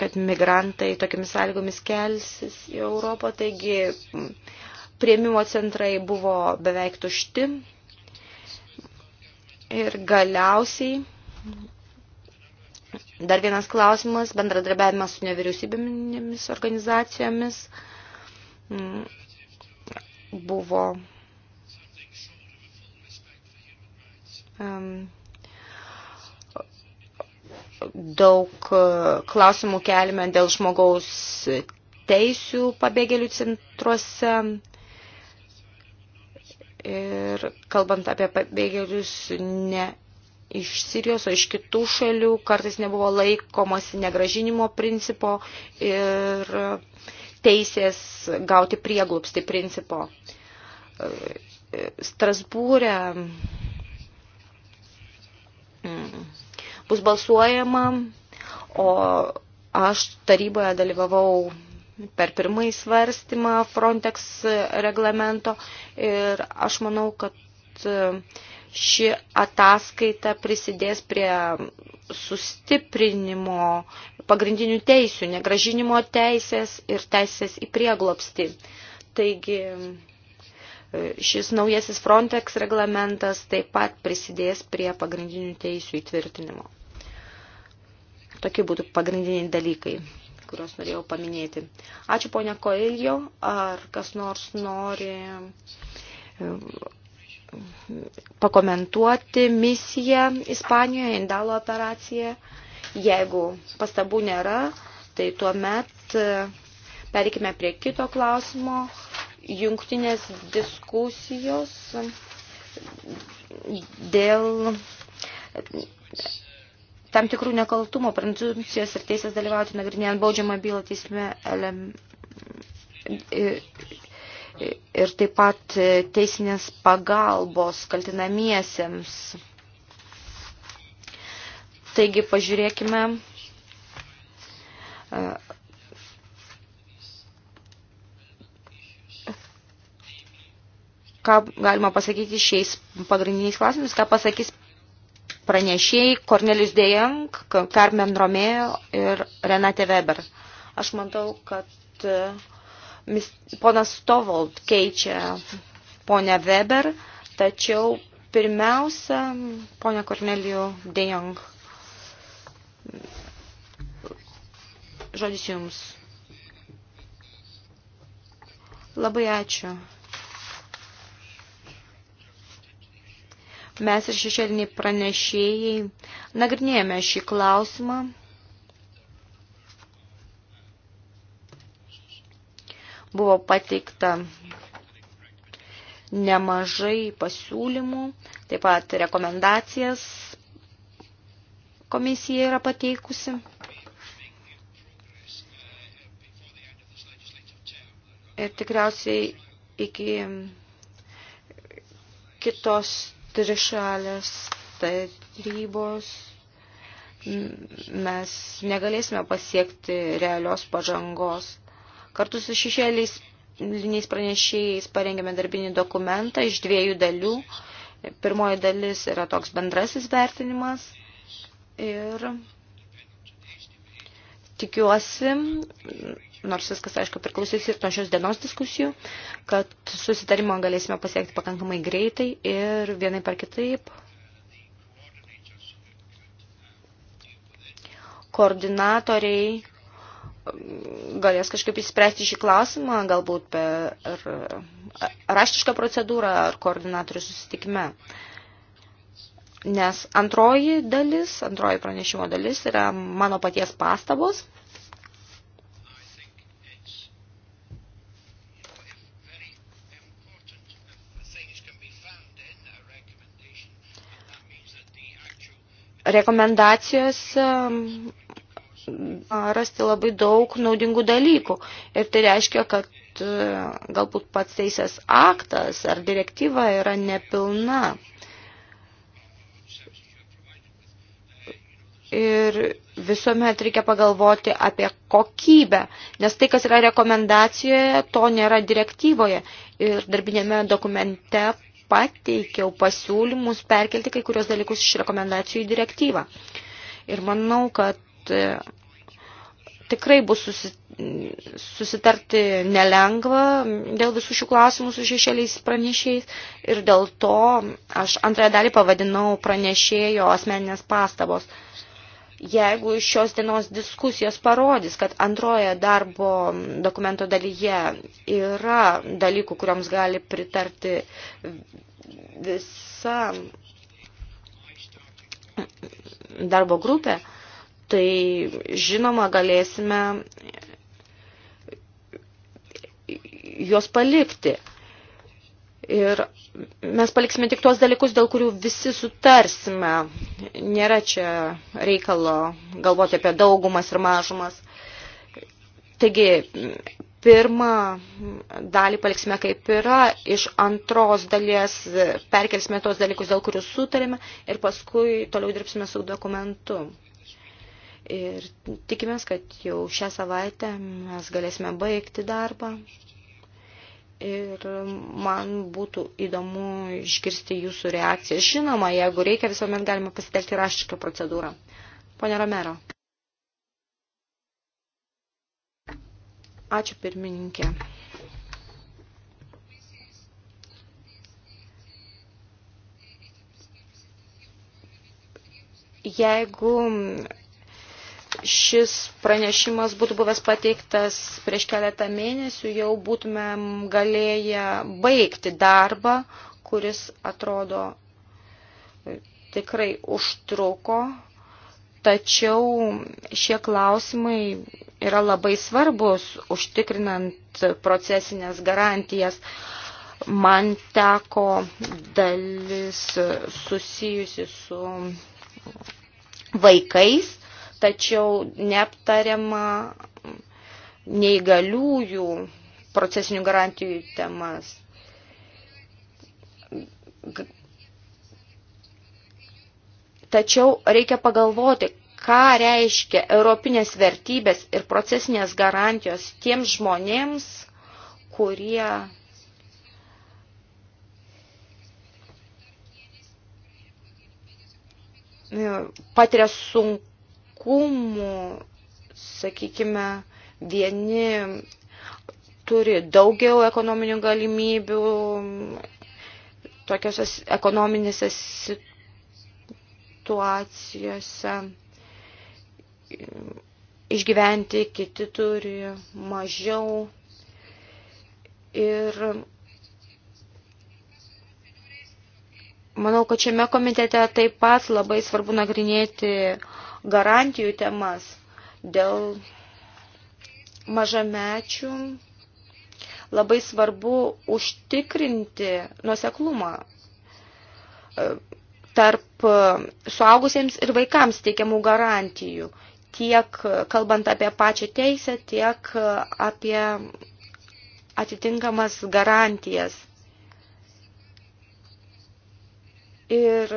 kad migrantai tokiamis sąlygomis kelsis į Europą, taigi prieimimo centrai buvo beveik tušti. Ir galiausiai dar vienas klausimas, bendradarbiavimas su nevyriausybėmis organizacijomis buvo um, daug e, klausimų kelime dėl žmogaus teisių pabėgėlių centruose. Ir kalbant apie pabėgėlius ne iš Sirijos, o iš kitų šalių, kartais nebuvo laikomasi negražinimo principo ir teisės gauti prieglupsti principo. E, Strasbūrė bus balsuojama, o aš taryboje dalyvavau per pirmąjį svarstymą Frontex reglamento ir aš manau, kad e, ši ataskaita prisidės prie sustiprinimo pagrindinių teisių, negražinimo teisės ir teisės į prieglopstį. Taigi e, šis naujasis Frontex reglamentas taip pat prisidės prie pagrindinių teisių įtvirtinimo. Tokie būtų pagrindiniai dalykai, kuriuos norėjau paminėti. Ačiū ponia Koiljo, ar kas nors nori pakomentuoti misiją Ispanijoje, Indalo operaciją. Jeigu pastabų nėra, tai tuomet e, perikime prie kito klausimo. Jungtinės diskusijos dėl tam tikrų nekaltumo prezumpcijos ir teisės dalyvauti nagrinėjant baudžiamą bylą teisme elem, ir taip pat teisinės pagalbos kaltinamiesiems. Taigi pažiūrėkime, e, ką galima pasakyti šiais pagrindiniais klausimais, ką pasakys pranešėjai Kornelis Dejang, Carmen Romeo ir Renate Weber. Aš matau, kad e, ponas Stovold keičia ponę Weber, tačiau pirmiausia, ponė Kornelijų Dejong. Žodis jums. Labai ačiū. Mes ir šešėliniai pranešėjai nagrinėjame šį klausimą. Buvo pateikta nemažai pasiūlymų, taip pat rekomendacijas komisija yra pateikusi. Ir tikriausiai iki kitos trišalės tarybos mes negalėsime pasiekti realios pažangos. Kartu su šešėliais liniais pranešėjais parengėme darbinį dokumentą iš dviejų dalių. Pirmoji dalis yra toks bendrasis vertinimas ir tikiuosi nors viskas, aišku, priklausys ir nuo šios dienos diskusijų, kad susitarimą galėsime pasiekti pakankamai greitai ir vienai par kitaip koordinatoriai mm, galės kažkaip įspręsti šį klausimą, galbūt per raštišką procedūrą ar koordinatorių susitikime. Nes antroji dalis, antroji pranešimo dalis yra mano paties pastabos. rekomendacijose rasti labai daug naudingų dalykų. Ir tai reiškia, kad e, galbūt pats teisės aktas ar direktyva yra nepilna. ir visuomet reikia pagalvoti apie kokybę, nes tai, kas yra rekomendacijoje, to nėra direktyvoje. Ir darbinėme dokumente pateikiau pasiūlymus perkelti kai kurios dalykus iš rekomendacijų į direktyvą. Ir manau, kad e, tikrai bus susitarti nelengva dėl visų šių klausimų su šešėliais pranešėjais ir dėl to aš antrąją dalį pavadinau pranešėjo asmeninės pastabos. Uh, Jeigu šios dienos diskusijos parodys, kad antroje darbo dokumento dalyje yra dalykų, kuriuoms gali pritarti visa darbo grupė, tai žinoma galėsime juos palikti. Ir mes paliksime tik tuos dalykus, dėl kurių visi sutarsime. Nėra čia reikalo galvoti apie daugumas ir mažumas. Taigi, pirmą dalį paliksime kaip yra, iš antros dalies perkelsime tos dalykus, dėl kurių sutarėme ir paskui toliau dirbsime su dokumentu. Ir tikimės, kad jau šią savaitę mes galėsime baigti darbą Ir man būtų įdomu išgirsti jūsų reakciją. Žinoma, jeigu reikia, visuomet galima pasitelkti raštišką procedūrą. Pone Romero. Ačiū pirmininkė. Jeigu šis pranešimas būtų buvęs pateiktas prieš keletą mėnesių, jau būtumėm galėję baigti darbą, kuris atrodo e, tikrai užtruko, tačiau šie klausimai yra labai svarbus užtikrinant procesinės garantijas. Man teko dalis susijusi su vaikais tačiau neaptariama neįgaliųjų procesinių garantijų temas. Tačiau reikia pagalvoti, ką reiškia europinės vertybės ir procesinės garantijos tiems žmonėms, kurie patiria sunku sunkumų, sakykime, vieni turi daugiau ekonominių galimybių tokiuose ekonominėse situacijose išgyventi, kiti turi mažiau. Ir manau, kad šiame komitete taip pat labai svarbu nagrinėti uh, garantijų temas, dėl mažamečių labai svarbu užtikrinti nuoseklumą e, tarp e, suaugusiems ir vaikams teikiamų garantijų, tiek e, kalbant apie pačią teisę, tiek apie atitinkamas garantijas. Ir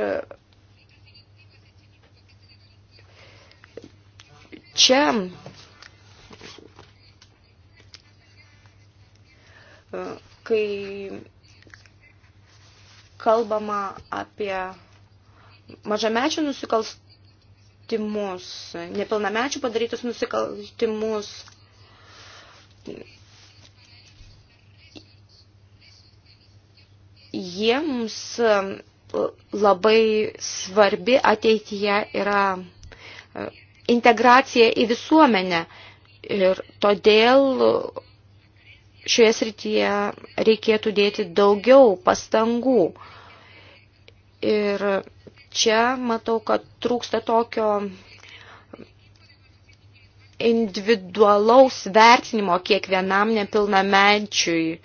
Čia kai kalbama apie mažamečių nusikaltimus, nepilnamečių padarytus nusikaltimus, jiems labai svarbi ateityje yra integraciją į visuomenę. Ir todėl šioje srityje reikėtų dėti daugiau pastangų. Ir čia matau, kad trūksta tokio individualaus vertinimo kiekvienam nepilnamečiui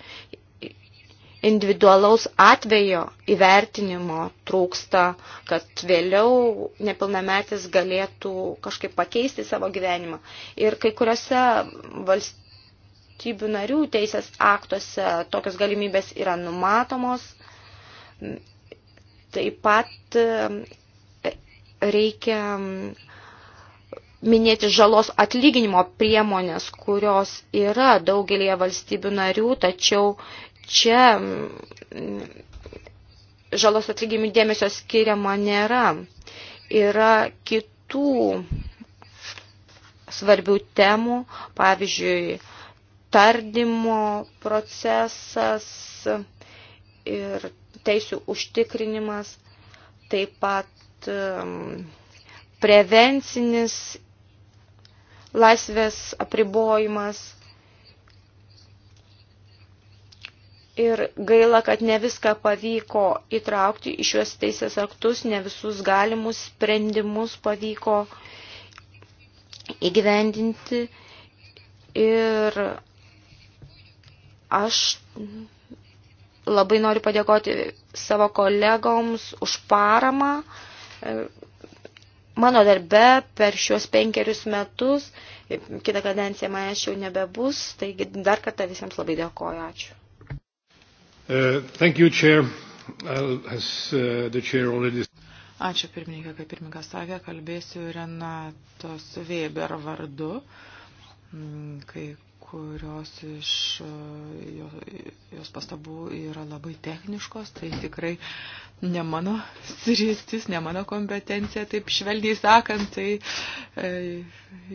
individualaus atvejo įvertinimo trūksta, kad vėliau nepilnametis galėtų kažkaip pakeisti savo gyvenimą. Ir kai kuriuose valstybių narių teisės aktuose tokios galimybės yra numatomos. Taip pat e, reikia mm, minėti žalos atlyginimo priemonės, kurios yra daugelėje valstybių narių, tačiau čia žalos atlygimių dėmesio skiriama nėra. Yra kitų svarbių temų, pavyzdžiui, tardymo procesas ir teisų užtikrinimas, taip pat prevencinis laisvės apribojimas ir gaila, kad ne viską pavyko įtraukti į šiuos teisės aktus, ne visus galimus sprendimus pavyko įgyvendinti. Ir aš labai noriu padėkoti savo kolegoms už paramą e, mano darbe per šiuos penkerius metus. Kita kadencija manęs jau nebebus, taigi dar kartą visiems labai dėkoju. Ačiū. Uh, thank you, Chair. Uh, as uh, the Chair already Ačiū pirmininkė, kaip pirmininkas sakė, kalbėsiu Renatos Weber vardu, mm, kai kurios iš e, jos pastabų yra labai techniškos, tai tikrai ne mano *laughs* sritis, ne mano kompetencija, taip švelniai sakant, tai e,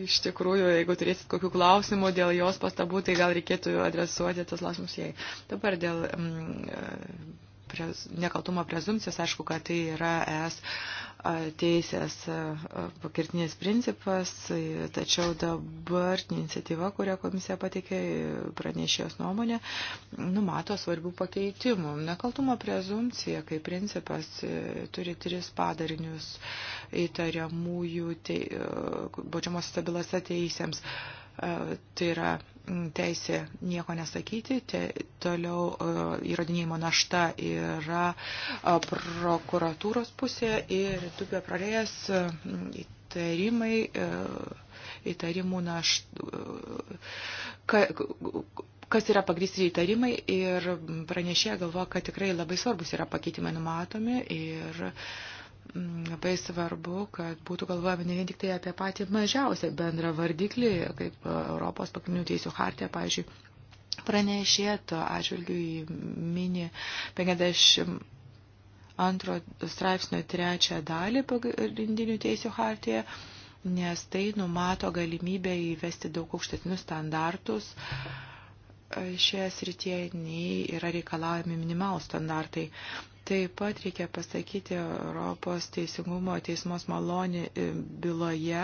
iš tikrųjų, jeigu turėsit kokių klausimų dėl jos pastabų, tai gal reikėtų adresuoti tas klausimus jai. Dabar dėl. Mm, e, prez, nekaltumo prezumcijos, aišku, kad tai yra es teisės pakirtinės principas, e, tačiau dabartinė iniciatyva, kurią komisija pateikė pranešėjos nuomonė, numato svarbių pakeitimų. Nekaltumo prezumcija, kaip principas, e, turi tris padarinius įtariamųjų te... E, baudžiamosios bylose teisėms. E, tai yra teisė nieko nesakyti, te, toliau e, įrodinėjimo našta yra e, prokuratūros pusė ir tupė prarėjęs įtarimai, įtarimų našta. Ka, kas yra pagristi įtarimai ir pranešė galvo, kad tikrai labai svarbus yra pakeitimai numatomi ir uh, labai svarbu, kad būtų galvojama ne vien tik tai apie patį mažiausią bendrą vardiklį, kaip Europos pagrindinių teisų hartė, pavyzdžiui, pranešėto atžvilgių į mini 50 antro straipsnio trečią dalį pagrindinių teisų hartijoje, nes tai numato galimybę įvesti daug aukštesnius standartus šioje srityje nei yra reikalaujami minimalų standartai. Taip pat reikia pasakyti Europos teisingumo teismos malonį e, byloje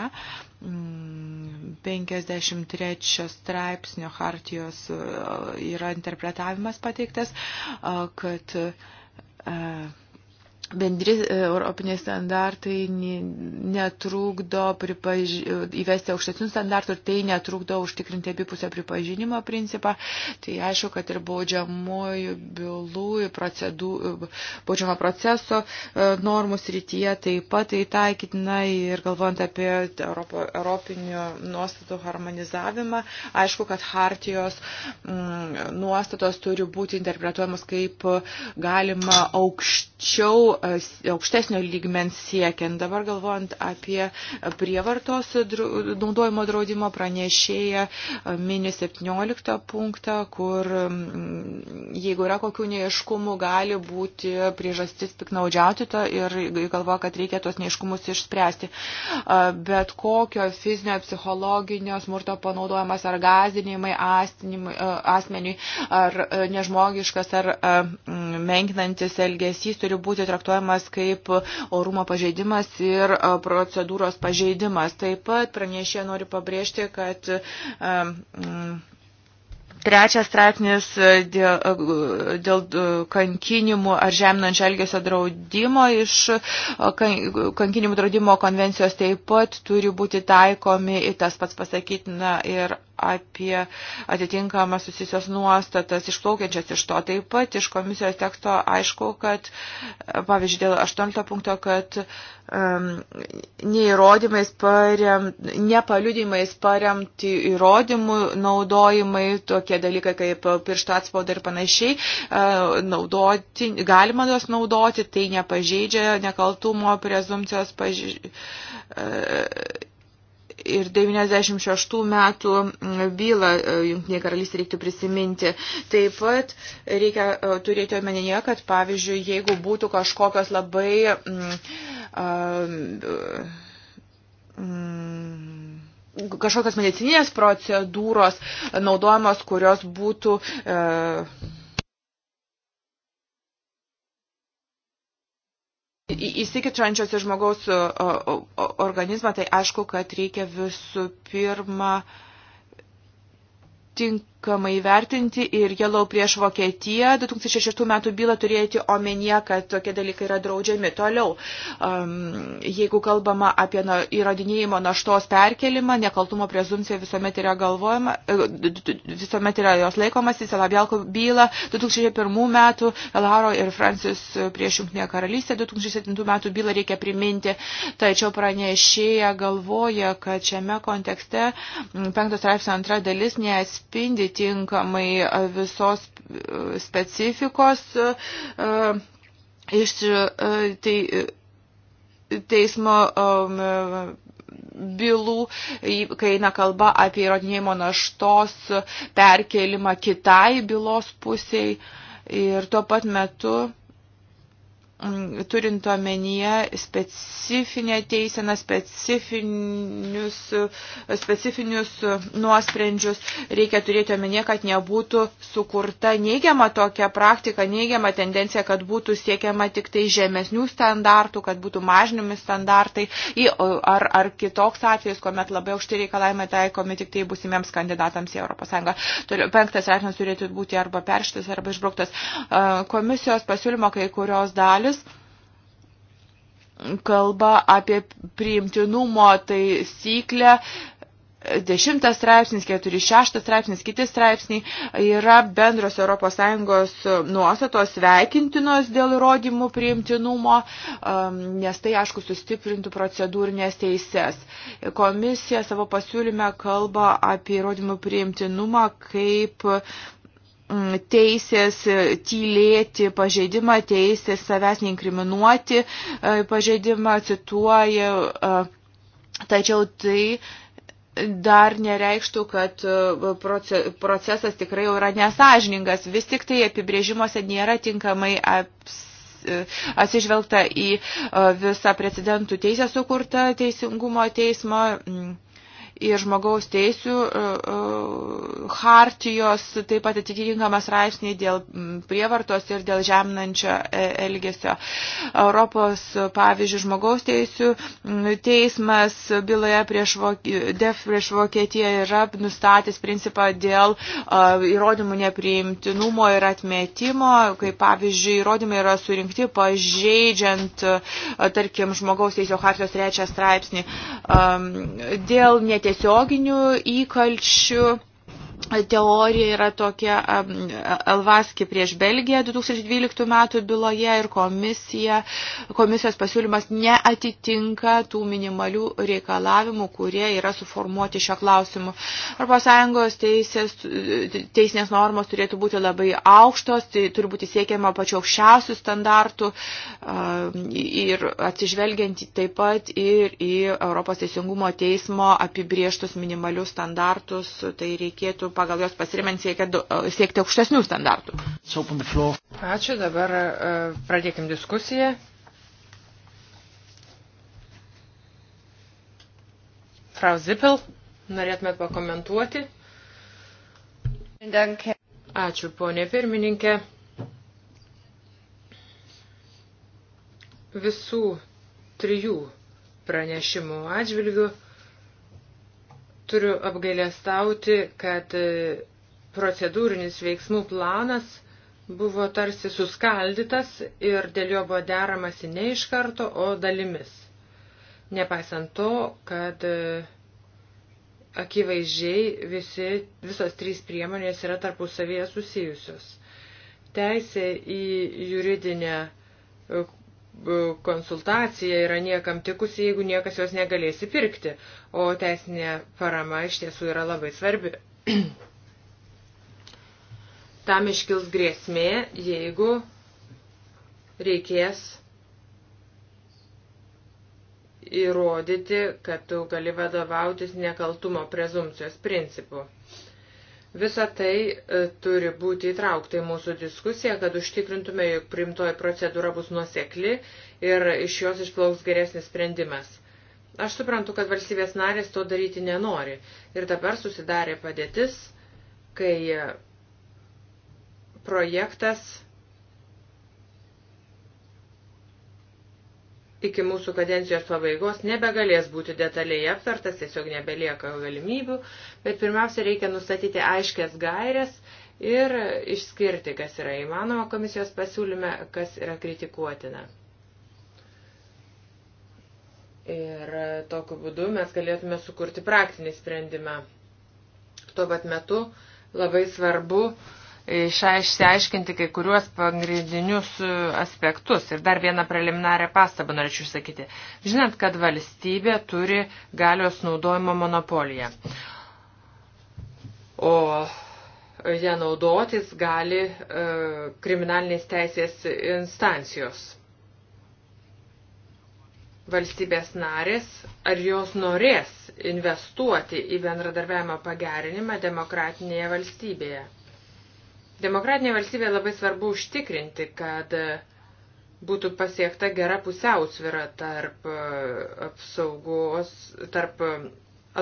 53 mm, straipsnio hartijos e, yra interpretavimas pateiktas, kad e, bendri e, europiniai standartai netrukdo pripaž... įvesti aukštesnių standartų ir tai netrukdo užtikrinti abipusę pripažinimo principą. Tai aišku, kad ir baudžiamųjų bylų, procedų, baudžiamo proceso e, normų srityje taip pat tai taikytina ir galvojant apie Europo, europinių nuostatų harmonizavimą, aišku, kad hartijos m, mm, nuostatos turi būti interpretuojamos kaip galima aukščiau aukštesnio lygmens siekiant. Dabar galvojant apie prievartos naudojimo draudimo pranešėją mini 17 punktą, kur jeigu yra kokių neiškumų, gali būti priežastis piknaudžiauti to ir galvoja, kad reikia tos neiškumus išspręsti. Bet kokio fizinio, psichologinio smurto panaudojimas ar gazdinimai asmeniui ar nežmogiškas ar menkinantis elgesys turi būti traktuojamas traktuojamas kaip orumo pažeidimas ir e, procedūros pažeidimas. Taip pat pranešė noriu pabrėžti, kad um, um, Trečias straipsnis e, dėl, dėl kankinimų ar žeminančio elgesio draudimo iš kankinimų draudimo konvencijos taip pat turi būti taikomi ir tas pats pasakytina ir apie atitinkamas susijusios nuostatas išplaukiančias iš to. Taip pat iš komisijos teksto aišku, kad, pavyzdžiui, dėl 18 punkto, kad um, neįrodymais parem, nepaliudimais paremti įrodymų naudojimai, tokie dalykai kaip piršto atspauda ir panašiai, uh, naudoti, galima juos naudoti, tai nepažeidžia nekaltumo prezumcijos paž... Uh, ir 96 metų mm, bylą e, Junktinėje karalystėje reiktų prisiminti. Taip pat reikia e, turėti omenyje, kad pavyzdžiui, jeigu būtų kažkokios labai mm, e, mm, mm, kažkokios medicininės procedūros naudojamos, kurios būtų mm, įsikitrančios į žmogaus organizmą, tai aišku, kad reikia visų pirma tink, tinkamai vertinti ir Jelau prieš Vokietiją 2006 metų bylą turėti omenyje, kad tokie dalykai yra draudžiami. Toliau, um, jeigu kalbama apie na, įrodinėjimo naštos perkelimą, nekaltumo prezumcija visuomet yra galvojama, e, visuomet yra jos laikomasi, Selabielko byla 2001 metų, Elaro ir Francis prieš Junktinę karalystę 2007 metų bylą reikia priminti, tačiau pranešėja galvoja, kad šiame kontekste penktos straipsnio antra dalis neatspindi atitinkamai e, visos e, specifikos e, iš tai, teismo bylų, kai eina kalba apie įrodinėjimo naštos perkelimą kitai bylos pusiai ir tuo pat metu turint omenyje specifinę teiseną, specifinius, specifinius nuosprendžius, reikia turėti omenyje, kad nebūtų sukurta neigiama tokia praktika, neigiama tendencija, kad būtų siekiama tik tai žemesnių standartų, kad būtų mažinimi standartai ar, ar kitoks atvejs, kuomet labai aukšti reikalavimai taikomi tik tai būsimiems kandidatams į ES. Penktas straipsnis turėtų būti arba perštas, arba išbrauktas. Komisijos pasiūlymo kai kurios dalis kuris kalba apie priimtinumo taisyklę 10 straipsnis, 46 straipsnis, kiti straipsniai yra bendros ES nuostatos sveikintinos dėl įrodymų priimtinumo, um, nes tai, aišku, sustiprintų procedūrinės teises. Komisija savo pasiūlyme kalba apie įrodymų priimtinumą kaip Mm, teisės e, tylėti pažeidimą, teisės savęs neinkriminuoti e, pažeidimą, cituoja, e, tačiau tai dar nereikštų, kad procesas tikrai jau yra nesažiningas. Vis tik tai apibrėžimuose nėra tinkamai aps atsižvelgta į visą precedentų teisę sukurtą teisingumo teismo mm, ir žmogaus teisių e, e, hartijos, taip pat atitinkamas raipsniai dėl prievartos ir dėl žemnančio e, elgesio. Europos, pavyzdžiui, žmogaus teisių teismas byloje prieš, DEF prieš Vokietiją yra nustatęs principą dėl įrodymų nepriimtinumo ir atmetimo, kaip pavyzdžiui, įrodymai yra surinkti pažeidžiant, tarkim, žmogaus teisų hartijos trečią straipsnį. Dėl netiesioginio tiesioginių įkalčių teorija yra tokia Elvaski prieš Belgiją 2012 metų byloje ir komisija, komisijos pasiūlymas neatitinka tų minimalių reikalavimų, kurie yra suformuoti šio klausimu. Europos Sąjungos teisės, teisinės normos turėtų būti labai aukštos, tai turi būti siekiama pačiu aukščiausių standartų ir atsižvelgiant taip pat ir į Europos teisingumo teismo apibrieštus minimalius standartus, tai reikėtų pagal jos pasirimant e, siekti aukštesnių standartų. Ačiū, dabar e, pradėkim diskusiją. Frau Zippel, norėtumėt pakomentuoti? Ačiū, ponė pirmininkė. Visų trijų pranešimų atžvilgių Turiu apgailėstauti, kad e, procedūrinis veiksmų planas buvo tarsi suskaldytas ir dėl jo buvo deramasi ne iš karto, o dalimis. Nepaisant to, kad e, akivaizdžiai visi, visos trys priemonės yra tarpusavėje susijusios. Teisė į juridinę e, konsultacija yra niekam tikusi, jeigu niekas jos negalės įpirkti, o teisinė parama iš tiesų yra labai svarbi. *clears throat* Tam iškils grėsmė, jeigu reikės įrodyti, kad tu gali vadovautis nekaltumo prezumcijos principu. Visa tai e, turi būti įtraukta į mūsų diskusiją, kad užtikrintume, jog primtoji procedūra bus nuosekli ir iš jos išplauks geresnis sprendimas. Aš suprantu, kad valstybės narės to daryti nenori. Ir dabar susidarė padėtis, kai projektas iki mūsų kadencijos pabaigos nebegalės būti detaliai aptartas, tiesiog nebelieka galimybių, bet pirmiausia reikia nustatyti aiškias gairias ir išskirti, kas yra įmanoma komisijos pasiūlyme, kas yra kritikuotina. Ir tokiu būdu mes galėtume sukurti praktinį sprendimą. Tuo pat metu labai svarbu uh, išsiaiškinti kai kuriuos pagrindinius e, aspektus. Ir dar vieną preliminarę pastabą norėčiau išsakyti. Žinant, kad valstybė turi galios naudojimo monopoliją. O ją naudotis gali e, kriminalinės teisės instancijos. Valstybės narės, ar jos norės investuoti į bendradarbiavimo pagerinimą demokratinėje valstybėje? Demokratinė valstybė labai svarbu užtikrinti, kad e, būtų pasiekta gera pusiausvira tarp e, apsaugos, tarp e,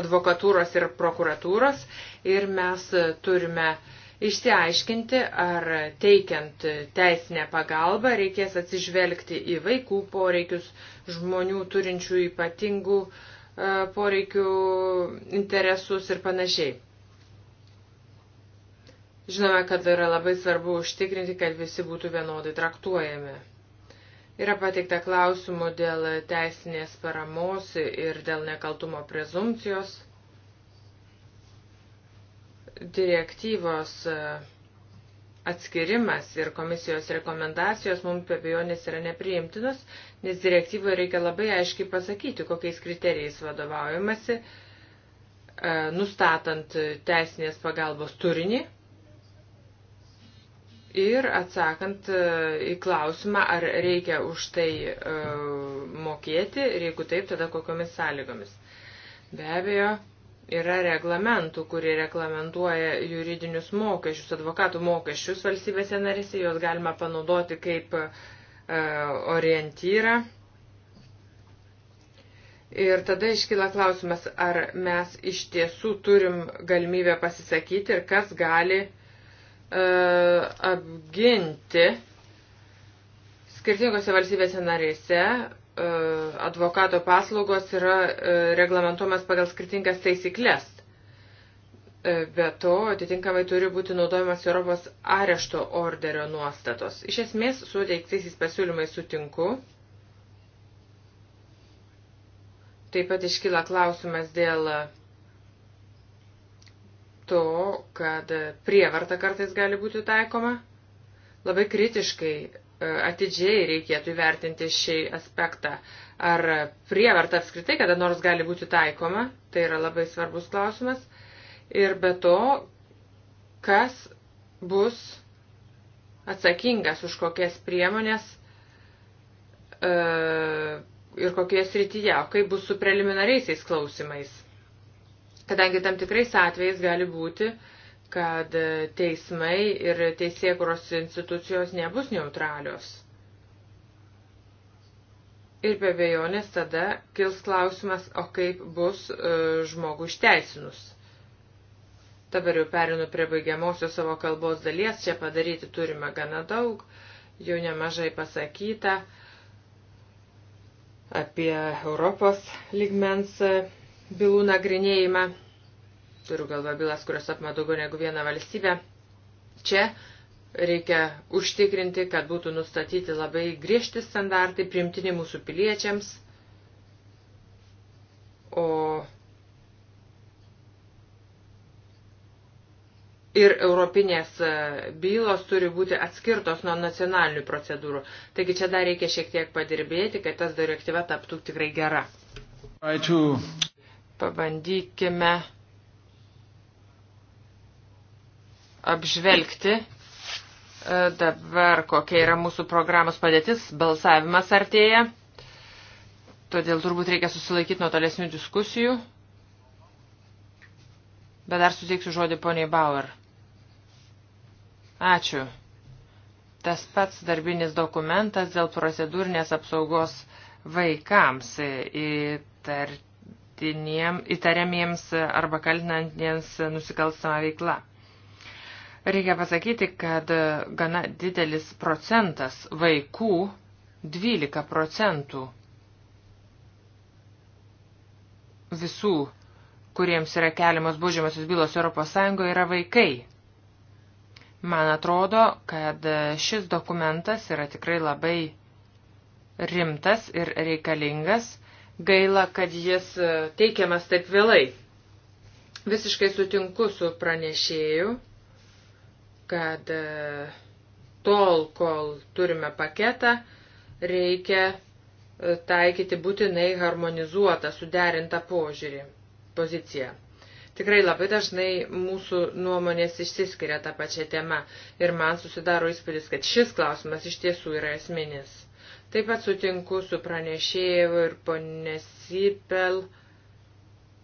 advokatūros ir prokuratūros ir mes turime išsiaiškinti, ar teikiant teisinę pagalbą reikės atsižvelgti į vaikų poreikius, žmonių turinčių ypatingų poreikių interesus ir panašiai. Žinome, kad yra labai svarbu užtikrinti, kad visi būtų vienodai traktuojami. Yra pateikta klausimų dėl teisinės paramos ir dėl nekaltumo prezumcijos. Direktyvos e, atskirimas ir komisijos rekomendacijos mums be abejonės yra nepriimtinos, nes direktyvoje reikia labai aiškiai pasakyti, kokiais kriterijais vadovaujamasi, e, nustatant teisinės pagalbos turinį Ir atsakant e, į klausimą, ar reikia už tai e, mokėti ir jeigu taip, tada kokiomis sąlygomis. Be abejo, yra reglamentų, kurie reglamentuoja juridinius mokesčius, advokatų mokesčius valstybėse narėse, juos galima panaudoti kaip e, orientyrą. Ir tada iškyla klausimas, ar mes iš tiesų turim galimybę pasisakyti ir kas gali uh, E, apginti skirtingose valstybėse narėse e, advokato paslaugos yra e, reglamentuomas pagal skirtingas taisyklės. Be to, atitinkamai turi būti naudojamas Europos arešto orderio nuostatos. Iš esmės, su teiktaisiais pasiūlymais sutinku. Taip pat iškyla klausimas dėl to, kad prievarta kartais gali būti taikoma. Labai kritiškai, e, atidžiai reikėtų įvertinti šį aspektą. Ar prievarta apskritai kada nors gali būti taikoma, tai yra labai svarbus klausimas. Ir be to, kas bus atsakingas už kokias priemonės e, ir kokioje srityje, o kaip bus su preliminariaisiais klausimais kadangi tam tikrais atvejais gali būti, kad teismai ir teisėkuros institucijos nebus neutralios. Ir be vėjonės tada kils klausimas, o kaip bus e, žmogų išteisinus. Dabar jau perinu prie baigiamosios savo kalbos dalies, čia padaryti turime gana daug, jau nemažai pasakyta apie Europos ligmens bylų nagrinėjimą, turiu galvą bylas, kurios apima daugiau negu vieną valstybę, čia reikia užtikrinti, kad būtų nustatyti labai griežti standartai, primtini mūsų piliečiams, o ir europinės e, bylos turi būti atskirtos nuo nacionalinių procedūrų. Taigi čia dar reikia šiek tiek padirbėti, kad tas direktyva taptų tikrai gera. Ačiū. Pabandykime apžvelgti e, dabar, kokia yra mūsų programos padėtis. Balsavimas artėja, todėl turbūt reikia susilaikyti nuo tolesnių diskusijų. Bet dar suteiksiu žodį poniai Bauer. Ačiū. Tas pats darbinis dokumentas dėl procedūrinės apsaugos vaikams įtarti įtariamiems arba kaltinantiems nusikalstamą veiklą. Reikia pasakyti, kad gana didelis procentas vaikų, 12 procentų visų, kuriems yra keliamos būžiamosios bylos ES, yra vaikai. Man atrodo, kad šis dokumentas yra tikrai labai rimtas ir reikalingas Gaila, kad jis e, teikiamas taip vėlai. Visiškai sutinku su pranešėju, kad e, tol, kol turime paketą, reikia e, taikyti būtinai harmonizuotą, suderintą požiūrį, poziciją. Tikrai labai dažnai mūsų nuomonės išsiskiria tą pačią temą ir man susidaro įspūdis, kad šis klausimas iš tiesų yra esminis. Taip pat sutinku su pranešėju ir ponė Sipel,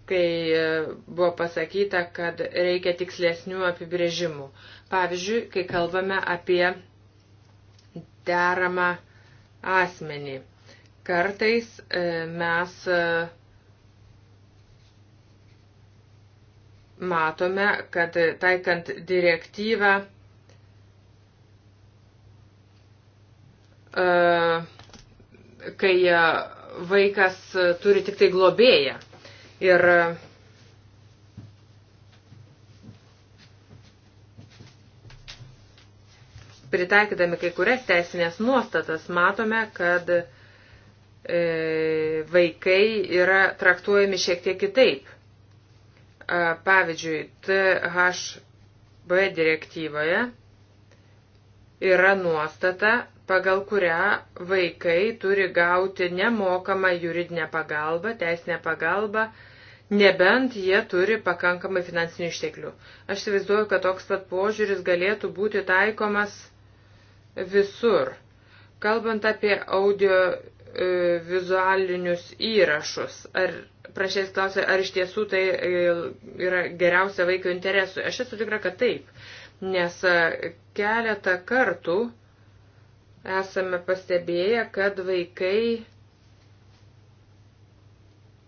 kai e, buvo pasakyta, kad reikia tikslesnių apibrėžimų. Pavyzdžiui, kai kalbame apie deramą asmenį. Kartais e, mes e, matome, kad taikant direktyvą, uh, kai e, vaikas e, turi tik tai globėją. Ir e, pritaikydami kai kurias teisinės nuostatas matome, kad e, vaikai yra traktuojami šiek tiek kitaip. A, pavyzdžiui, THB direktyvoje yra nuostata, pagal kurią vaikai turi gauti nemokamą juridinę pagalbą, teisinę pagalbą, nebent jie turi pakankamai finansinių išteklių. Aš įsivaizduoju, kad toks pat požiūris galėtų būti taikomas visur. Kalbant apie audio e, vizualinius įrašus, ar prašės klausė, ar iš tiesų tai e, yra geriausia vaiko interesui. Aš esu tikra, kad taip, nes e, keletą kartų uh, esame pastebėję, kad vaikai,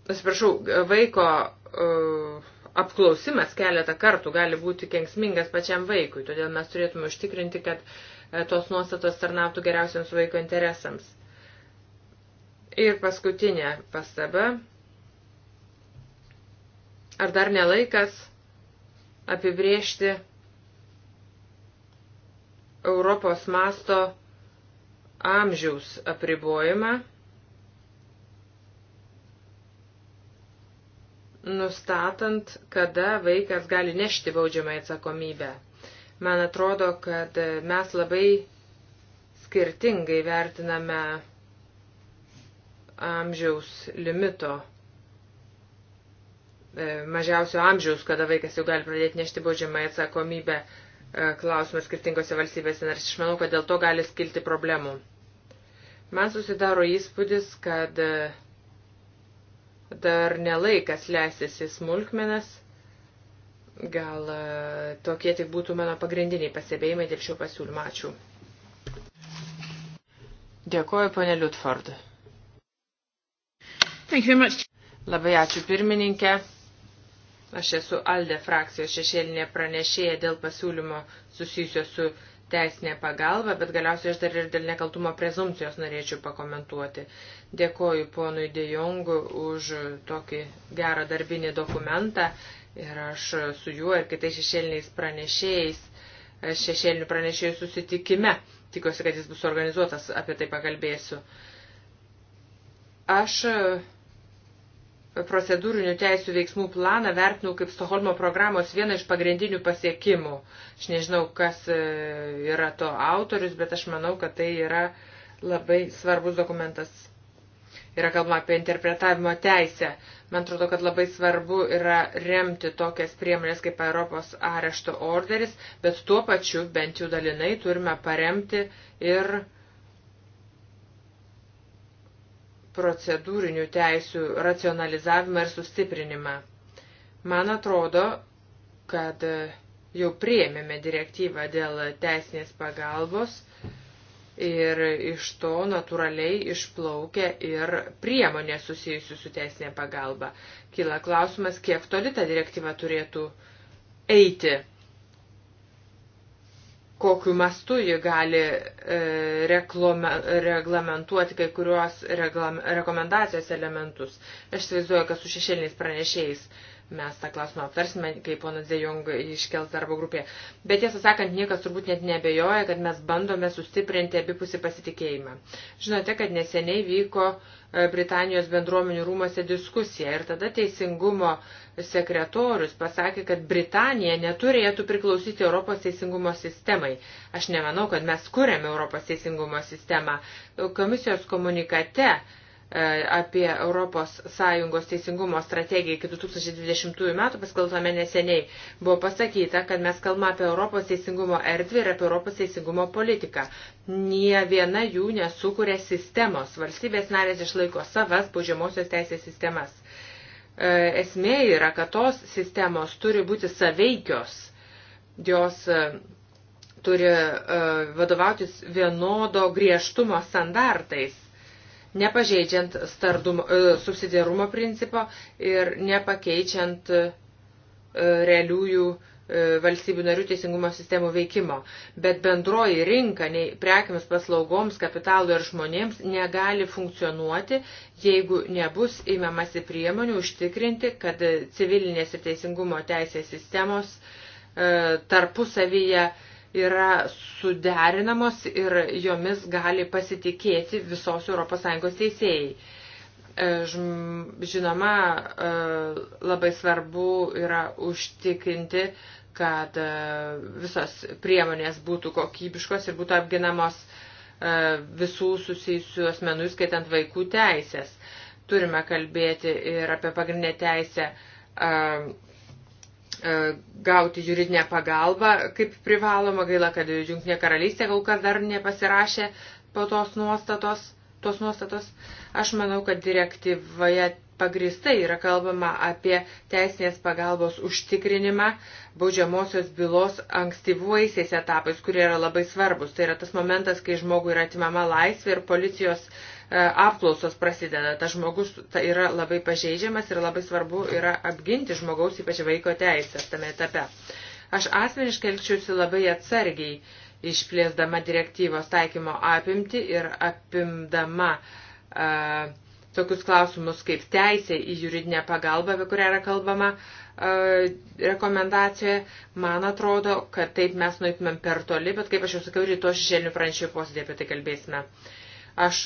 atsiprašau, vaiko uh, apklausimas keletą kartų gali būti kenksmingas pačiam vaikui, todėl mes turėtume užtikrinti, kad e, tos nuostatos tarnautų geriausiams vaiko interesams. Ir paskutinė pastaba. Ar dar nelaikas apibriežti Europos masto amžiaus apribojimą nustatant, kada vaikas gali nešti baudžiamą atsakomybę. Man atrodo, kad mes labai skirtingai vertiname amžiaus limito, e, mažiausio amžiaus, kada vaikas jau gali pradėti nešti baudžiamą atsakomybę E, klausimų skirtingose valstybėse, nors aš manau, kad dėl to gali skilti problemų. Man susidaro įspūdis, kad e, dar nelaikas leistis į smulkmenas. Gal e, tokie tik būtų mano pagrindiniai pasibėjimai dėl šio pasiūlymo. Ačiū. Dėkuoju, ponė Liutford. Labai ačiū pirmininkė. Aš esu Alde frakcijos šešėlinė pranešėja dėl pasiūlymo susijusio su teisinė pagalba, bet galiausiai aš dar ir dėl nekaltumo prezumcijos norėčiau pakomentuoti. Dėkoju ponui Dejongu už tokį gerą darbinį dokumentą ir aš su juo ir kitais šešėliniais pranešėjais, šešėlinių pranešėjų susitikime, tikiuosi, kad jis bus organizuotas, apie tai pakalbėsiu. Aš procedūrinių teisų veiksmų planą vertinau kaip Stoholmo programos vieną iš pagrindinių pasiekimų. Aš nežinau, kas e, yra to autorius, bet aš manau, kad tai yra labai svarbus dokumentas. Yra kalbama apie interpretavimo teisę. Man atrodo, kad labai svarbu yra remti tokias priemonės kaip Europos arešto orderis, bet tuo pačiu bent jau dalinai turime paremti ir uh, procedūrinių teisių racionalizavimą ir sustiprinimą. Man atrodo, kad jau priėmėme direktyvą dėl teisinės pagalbos ir iš to natūraliai išplaukia ir priemonė susijusi su teisinė pagalba. Kila klausimas, kiek toli ta direktyva turėtų eiti kokiu mastu ji gali e, reklame, reglamentuoti kai kuriuos reglame, rekomendacijos elementus. Aš įsivaizduoju, kad su šešėliniais pranešėjais Mes tą klausimą aptarsime, kai ponas Dejong iškels darbo grupėje. Bet tiesą sakant, niekas turbūt net nebejoja, kad mes bandome sustiprinti abipusį pasitikėjimą. Žinote, kad neseniai vyko e, Britanijos bendruomenių rūmose diskusija ir tada teisingumo sekretorius pasakė, kad Britanija neturėtų priklausyti Europos teisingumo sistemai. Aš nemanau, kad mes kuriame Europos teisingumo sistemą. Komisijos komunikate E, apie ES teisingumo strategiją iki 2020 metų, paskaltame neseniai, buvo pasakyta, kad mes kalbame apie Europos teisingumo erdvį ir apie Europos teisingumo politiką. Nie viena jų nesukuria sistemos. Valstybės narės išlaiko savas baudžiamosios teisės sistemas. E, esmė yra, kad tos sistemos turi būti saveikios. Jos e, turi vadovautis vienodo griežtumo standartais nepažeidžiant stardumo, e, subsidiarumo principo ir nepakeičiant e, realiųjų e, valstybių narių teisingumo sistemų veikimo. Bet bendroji rinka nei prekiams, paslaugoms, kapitalui ir žmonėms negali funkcionuoti, jeigu nebus įmamasi priemonių užtikrinti, kad civilinės ir teisingumo teisės sistemos tarpusavyje uh, yra suderinamos ir jomis gali pasitikėti visos ES teisėjai. E, žinoma, e, labai svarbu yra užtikrinti, kad e, visos priemonės būtų kokybiškos ir būtų apginamos visų susijusių asmenų, skaitant vaikų teisės. Turime kalbėti ir apie pagrindinę teisę E, gauti juridinę pagalbą kaip privaloma gaila, kad Junktinė karalystė kol kas dar nepasirašė po tos nuostatos. Tos nuostatos. Aš manau, kad direktyvoje pagristai yra kalbama apie teisinės pagalbos užtikrinimą baudžiamosios bylos ankstyvuaisiais etapais, kurie yra labai svarbus. Tai yra tas momentas, kai žmogui yra atimama laisvė ir policijos uh, E, apklausos prasideda. Ta žmogus ta yra labai pažeidžiamas ir labai svarbu yra apginti žmogaus, ypač vaiko teisės tame etape. Aš asmeniškai elgčiausi labai atsargiai, išplėsdama direktyvos taikymo apimti ir apimdama a, e, tokius klausimus kaip teisė į juridinę pagalbą, apie kurią yra kalbama a, e, rekomendacijoje. Man atrodo, kad taip mes nuėtumėm per toli, bet kaip aš jau sakiau, ryto šešėlinių pranešėjų posėdė apie tai kalbėsime. A, Aš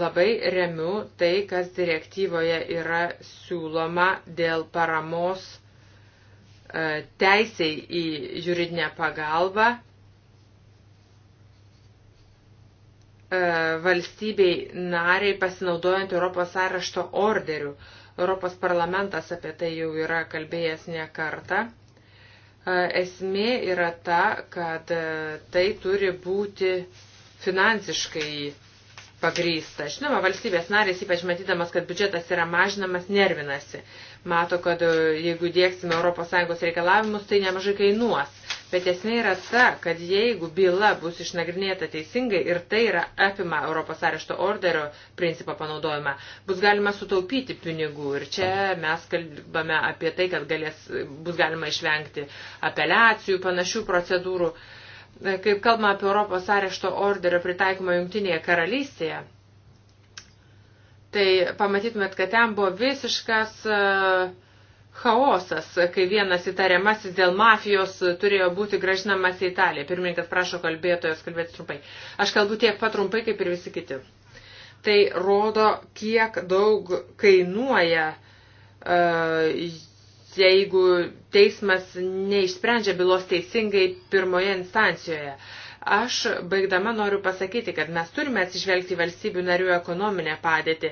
labai remiu tai, kas direktyvoje yra siūloma dėl paramos e, teisiai į juridinę pagalbą e, valstybei nariai pasinaudojant Europos arešto orderių. Europos parlamentas apie tai jau yra kalbėjęs ne kartą. E, esmė yra ta, kad tai turi būti finansiškai pagrysta. Žinoma, valstybės narės, ypač matydamas, kad biudžetas yra mažinamas, nervinasi. Mato, kad e, jeigu dėksime ES reikalavimus, tai nemažai kainuos. Bet esmė yra ta, kad jeigu byla bus išnagrinėta teisingai ir tai yra apima Europos arešto orderio principą panaudojimą, bus galima sutaupyti pinigų. Ir čia mes kalbame apie tai, kad galės, bus galima išvengti apeliacijų, panašių procedūrų. Uh, E, kaip kalbama apie Europos arešto orderio pritaikymą Jungtinėje karalystėje, tai pamatytumėt, kad ten buvo visiškas e, chaosas, kai vienas įtariamasis dėl mafijos turėjo būti gražinamas į Italiją. Pirmininkas prašo kalbėtojos kalbėti trumpai. Aš kalbu tiek pat trumpai, kaip ir visi kiti. Tai rodo, kiek daug kainuoja uh, jeigu teismas neišsprendžia bylos teisingai pirmoje instancijoje. Aš baigdama noriu pasakyti, kad mes turime atsižvelgti valstybių narių ekonominę padėtį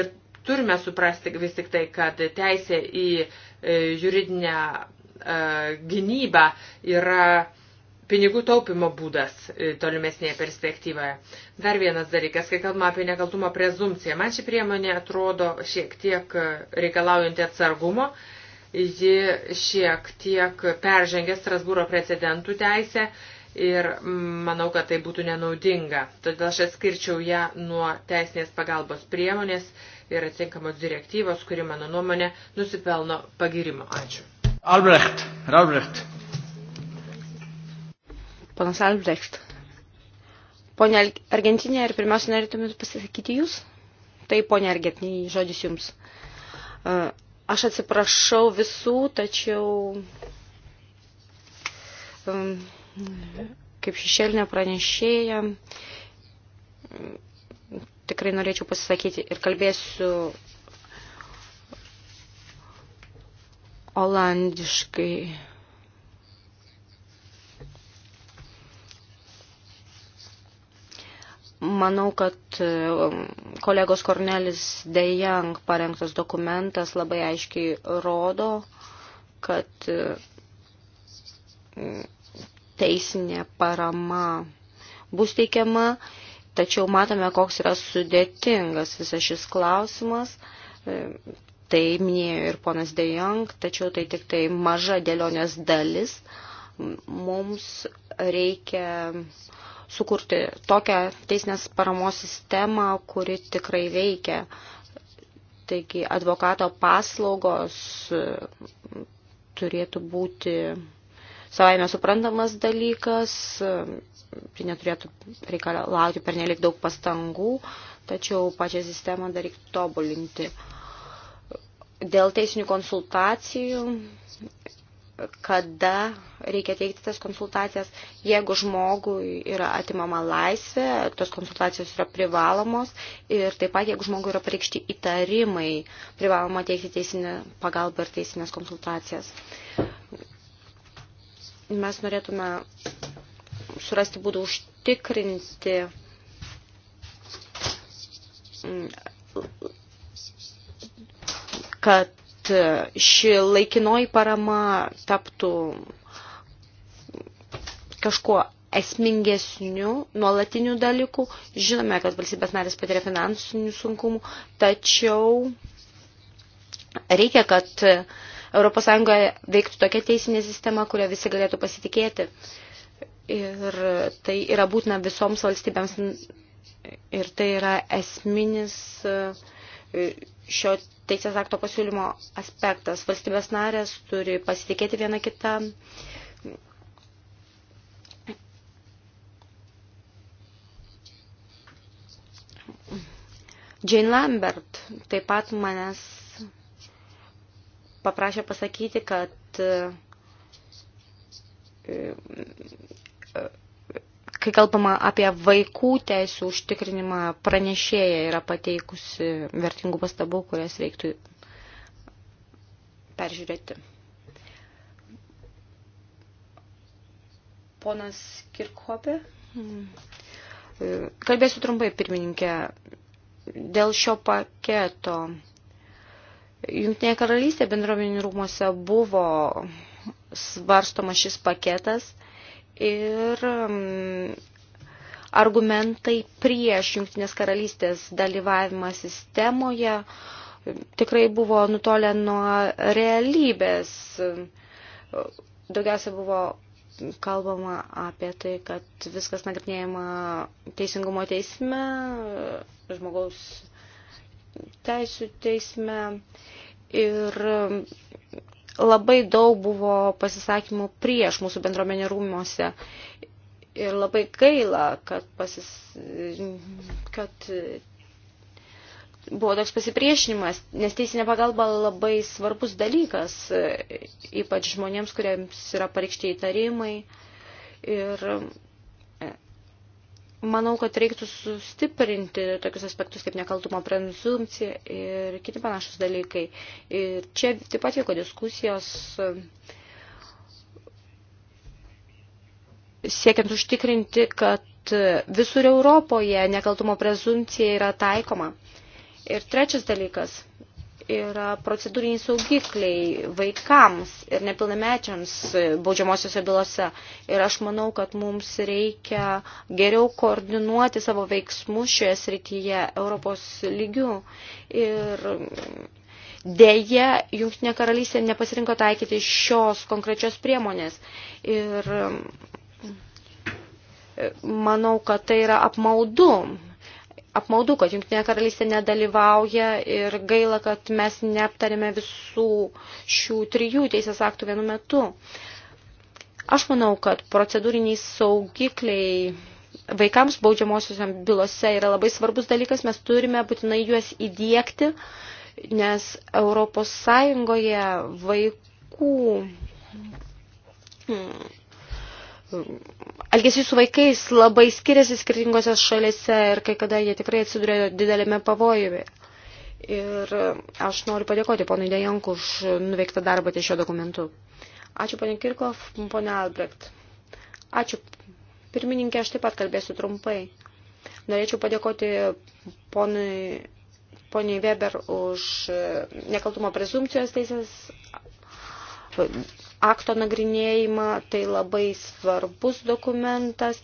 ir turime suprasti vis tik tai, kad teisė į e, juridinę e, gynybą yra pinigų taupimo būdas e, tolimesnėje perspektyvoje. Dar vienas dalykas, kai kalbama apie nekaltumo prezumciją, man ši priemonė atrodo šiek tiek reikalaujanti atsargumo, Ji šiek tiek peržengė Strasbūro precedentų teisę ir manau, kad tai būtų nenaudinga. Todėl aš atskirčiau ją nuo teisinės pagalbos priemonės ir atsinkamos direktyvos, kuri, mano nuomonė, nusipelno pagirimo. Ačiū. Albrecht, Albrecht. Panas Albrecht. Pone Argentinė, ar pirmiausia norėtumėt pasisakyti jūs? Tai, ponė Argentinė, žodis jums. Uh, Aš atsiprašau visų, tačiau um, kaip šešėlinė pranešėja tikrai norėčiau pasisakyti ir kalbėsiu olandiškai. Manau, kad um, kolegos Kornelis Dejang parengtas dokumentas labai aiškiai rodo, kad um, teisinė parama bus teikiama, tačiau matome, koks yra sudėtingas visas šis klausimas. Um, tai minėjo ir ponas Dejang, tačiau tai tik tai maža dėlionės dalis. Mums reikia uh, sukurti tokią teisinės paramos sistemą, kuri tikrai veikia. Taigi advokato paslaugos turėtų būti savaime suprantamas dalykas, tai neturėtų reikalauti per nelik daug pastangų, tačiau pačią sistemą dar reiktų tobulinti. Dėl teisinių konsultacijų kada reikia teikti tas konsultacijas. Jeigu žmogui yra atimama laisvė, tos konsultacijos yra privalomos ir taip pat, jeigu žmogui yra pareikšti įtarimai, privaloma teikti teisinę pagalbą ir teisinės konsultacijas. Mes norėtume surasti būdų užtikrinti kad kad e, ši laikinoji parama taptų kažkuo esmingesnių nuolatinių dalykų. Žinome, kad valstybės narės patiria finansinių sunkumų, tačiau reikia, kad ES veiktų tokia teisinė sistema, kurią visi galėtų pasitikėti. Ir tai yra būtina visoms valstybėms ir tai yra esminis uh, šio teisės akto pasiūlymo aspektas. Valstybės narės turi pasitikėti vieną kitą. Jane Lambert taip pat manęs paprašė pasakyti, kad kai kalbama apie vaikų teisų užtikrinimą, pranešėja yra pateikusi vertingų pastabų, kurias reiktų peržiūrėti. Ponas Kirkhopė. Kalbėsiu trumpai, pirmininkė. Dėl šio paketo. Jungtinėje karalystėje bendruomenių rūmose buvo svarstomas šis paketas – ir um, argumentai prieš Junktinės karalystės dalyvavimą sistemoje um, tikrai buvo nutolę nuo realybės. Daugiausia buvo kalbama apie tai, kad viskas nagrinėjama teisingumo teisme, žmogaus teisų teisme ir um, labai daug buvo pasisakymų prieš mūsų bendruomenė rūmose. Ir labai gaila, kad, pasis, kad buvo toks pasipriešinimas, nes teisinė pagalba labai svarbus dalykas, ypač žmonėms, kuriems yra pareikšti įtarimai. Ir manau, kad reiktų sustiprinti tokius aspektus kaip nekaltumo prezumpcija ir kiti panašus dalykai. Ir čia taip pat vyko diskusijos siekiant užtikrinti, kad visur Europoje nekaltumo prezumpcija yra taikoma. Ir trečias dalykas – yra procedūriniai saugikliai vaikams ir nepilnamečiams baudžiamosiose bylose. Ir aš manau, kad mums reikia geriau koordinuoti savo veiksmus šioje srityje Europos lygių. Ir Deja, Junktinė karalystė nepasirinko taikyti šios konkrečios priemonės. Ir manau, kad tai yra apmaudu apmaudu, kad Junktinė karalystė nedalyvauja ir gaila, kad mes neaptarėme visų šių trijų teisės aktų vienu metu. Aš manau, kad procedūriniai saugikliai vaikams baudžiamosiuose bylose yra labai svarbus dalykas, mes turime būtinai juos įdėkti, nes Europos Sąjungoje vaikų hmm, Elgesys su vaikais labai skiriasi skirtingose šalise ir kai kada jie tikrai atsiduria didelėme pavojuje. Ir aš noriu padėkoti ponui Dejank už nuveiktą darbą ties šio dokumentu. Ačiū ponė Kirkov, ponė Albrecht. Ačiū pirmininkė, aš taip pat kalbėsiu trumpai. Norėčiau padėkoti ponui, poniai Weber už nekaltumo prezumpcijos teisės akto nagrinėjimą, tai labai svarbus dokumentas,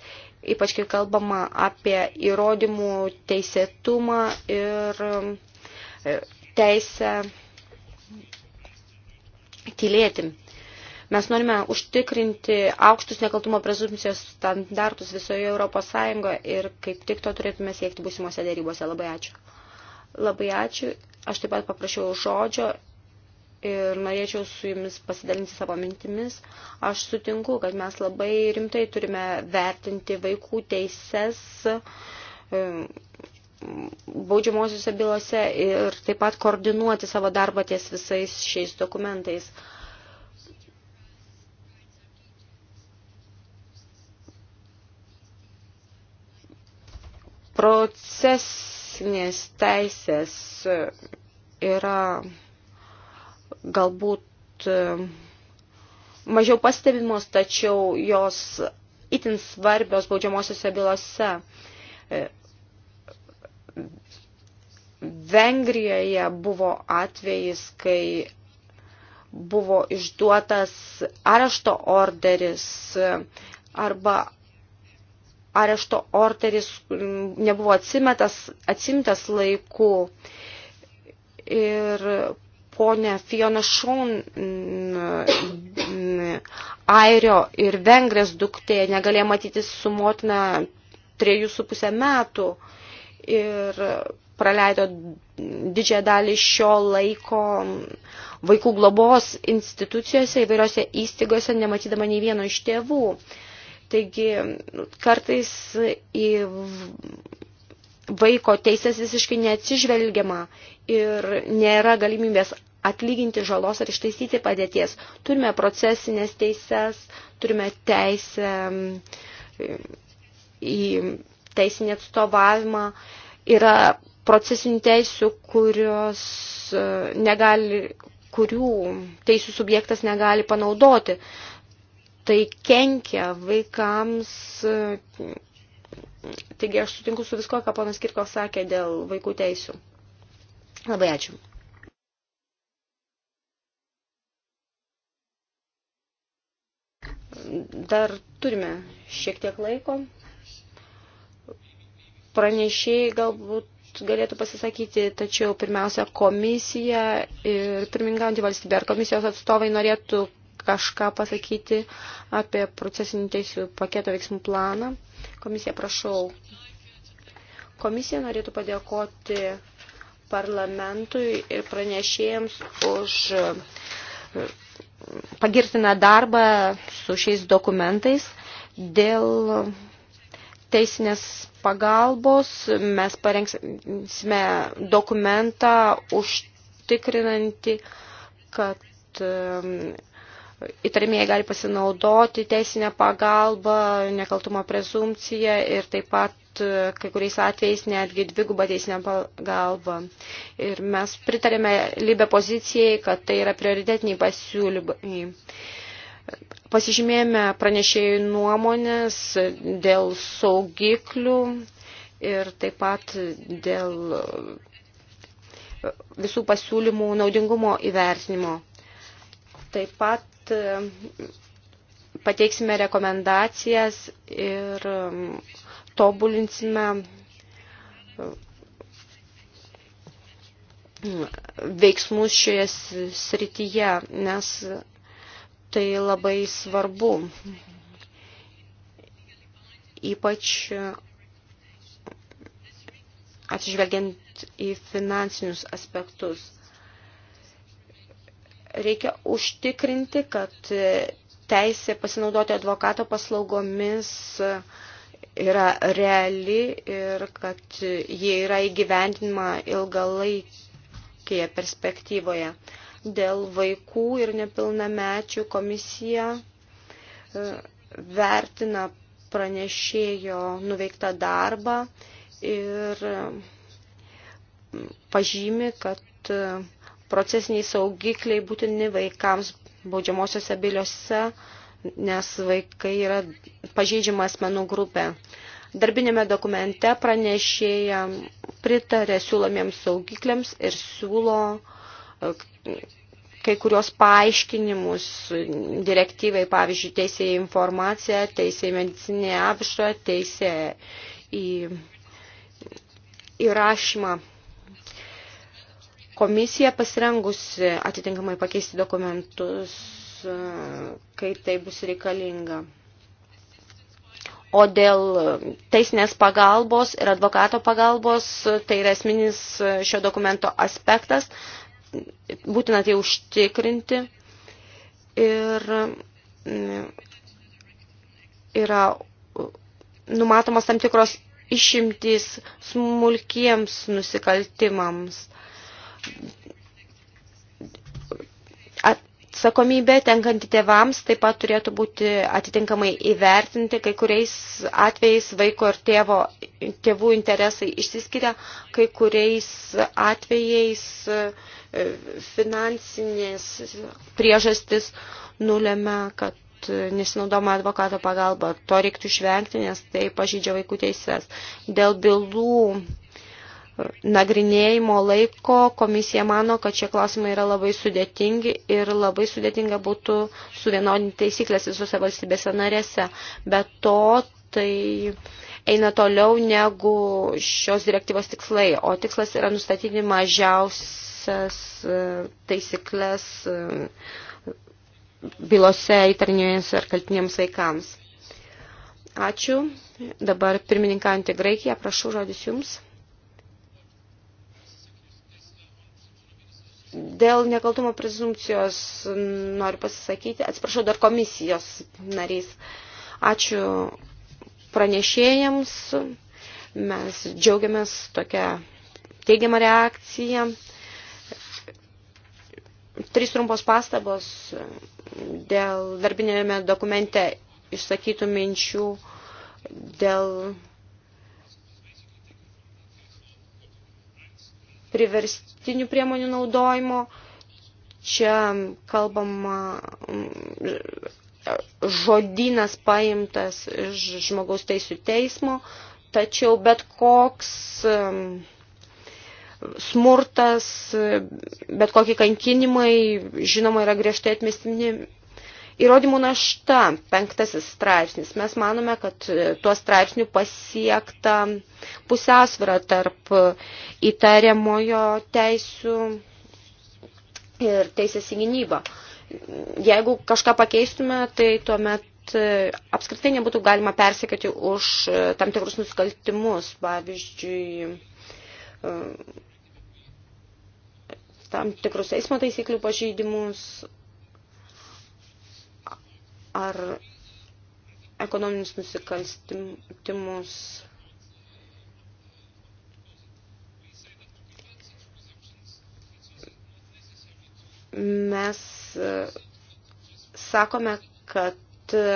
ypač kai kalbama apie įrodymų teisėtumą ir um, e, teisę tylėti. Mes norime užtikrinti aukštus nekaltumo prezumcijos standartus visoje Europos Sąjungoje ir kaip tik to turėtume siekti būsimose dėrybose. Labai ačiū. Labai ačiū. Aš taip pat paprašiau žodžio ir norėčiau su jumis pasidalinti savo mintimis. Aš sutinku, kad mes labai rimtai turime vertinti vaikų teises baudžiamosiuose bylose ir taip pat koordinuoti savo darbą ties visais šiais dokumentais. Procesinės teisės yra galbūt e, mažiau pastebimos, tačiau jos itin svarbios baudžiamosiose bylose. E, Vengrijoje buvo atvejis, kai buvo išduotas arešto orderis e, arba arešto orderis mm, nebuvo atsimetas, atsimtas laiku. Ir ponė Fiona Šun, mm, airio ir vengrės duktė, negalėjo matytis su motina trejų su pusę metų ir praleido didžiąją dalį šio laiko vaikų globos institucijose, įvairiose įstaigose, nematydama nei vieno iš tėvų. Taigi kartais į vaiko teisės visiškai neatsižvelgiama ir nėra galimybės atlyginti žalos ar ištaisyti padėties. Turime procesinės teises, turime teisę į teisinį atstovavimą. Yra procesinių teisių, kurios e, negali, kurių teisų subjektas negali panaudoti. Tai kenkia vaikams. E, taigi aš sutinku su visko, ką ponas Kirko sakė dėl vaikų teisių. Labai ačiū. Dar turime šiek tiek laiko. Pranešėjai galbūt galėtų pasisakyti, tačiau pirmiausia komisija ir pirmingaujantį valstybę ar komisijos atstovai norėtų kažką pasakyti apie procesinių teisų paketo veiksmų planą. Komisija, prašau. Komisija norėtų padėkoti parlamentui ir pranešėjams už pagirstina darbą su šiais dokumentais dėl teisinės pagalbos. Mes parengsime dokumentą užtikrinantį, kad um, įtarimieji gali pasinaudoti teisinę pagalbą, nekaltumo prezumciją ir taip pat E, kai kuriais atvejais netgi dvigubą teisinę pagalbą. Ir mes pritarėme Libė pozicijai, kad tai yra prioritetiniai pasiūlymai. Pasižymėjome pranešėjų nuomonės dėl saugiklių ir taip pat dėl e, visų pasiūlymų naudingumo įvertinimo. Taip pat e, pateiksime rekomendacijas ir tobulinsime veiksmus šioje srityje, nes tai labai svarbu. Ypač atsižvelgiant į finansinius aspektus. Reikia užtikrinti, kad teisė pasinaudoti advokato paslaugomis uh, yra reali ir kad jie yra įgyvendinama ilgalaikėje perspektyvoje. Dėl vaikų ir nepilnamečių komisija e, vertina pranešėjo nuveiktą darbą ir e, pažymi, kad e, procesiniai saugikliai būtini vaikams baudžiamosiose biliuose nes vaikai yra pažeidžiama asmenų grupė. Darbinėme dokumente pranešėja pritarė siūlomiems saugikliams ir siūlo e, kai kurios paaiškinimus direktyvai, pavyzdžiui, teisė į informaciją, teisė į medicinę apžiūrą, teisė į įrašymą. Komisija pasirengusi atitinkamai pakeisti dokumentus kai tai bus reikalinga. O dėl teisinės pagalbos ir advokato pagalbos, tai yra esminis šio dokumento aspektas, būtina tai užtikrinti. Ir mm, yra numatomas tam tikros išimtys smulkiems nusikaltimams atsakomybė tenkanti tėvams taip pat turėtų būti atitinkamai įvertinti, kai kuriais atvejais vaiko ir tėvo, tėvų interesai išsiskiria, kai kuriais atvejais e, finansinės priežastis nulėmė, kad nesinaudoma advokato pagalba. To reiktų išvengti, nes tai pažydžia vaikų teises. Dėl bylų nagrinėjimo laiko komisija mano, kad šie klausimai yra labai sudėtingi ir labai sudėtinga būtų suvienodinti taisyklės visose valstybėse narėse. Be to, tai eina toliau negu šios direktyvos tikslai, o tikslas yra nustatyti mažiausias e, taisyklės e, bylose įtarnėjus ar kaltiniams vaikams. Ačiū. Dabar pirmininkantį Graikiją, prašau žodis jums. Dėl nekaltumo prezumcijos noriu pasisakyti, atsiprašau, dar komisijos narys. Ačiū pranešėjams, mes džiaugiamės tokią teigiamą reakciją. Trys trumpos pastabos dėl darbinėme dokumente išsakytų minčių dėl priverstinių priemonių naudojimo. Čia kalbama mm, žodynas paimtas iš žmogaus teisų teismo, tačiau bet koks mm, smurtas, bet kokie kankinimai, žinoma, yra griežtai atmestini Įrodymų našta, penktasis straipsnis. Mes manome, kad e, tuo straipsniu pasiekta pusiausvyrą tarp e, įtariamojo teisų ir teisės į gynybą. Jeigu kažką pakeistume, tai tuomet e, apskritai nebūtų galima persekėti už tam tikrus nusikaltimus, pavyzdžiui, tam tikrus eismo taisyklių pažeidimus ar ekonominius nusikaltimus. Mes e, sakome, kad e,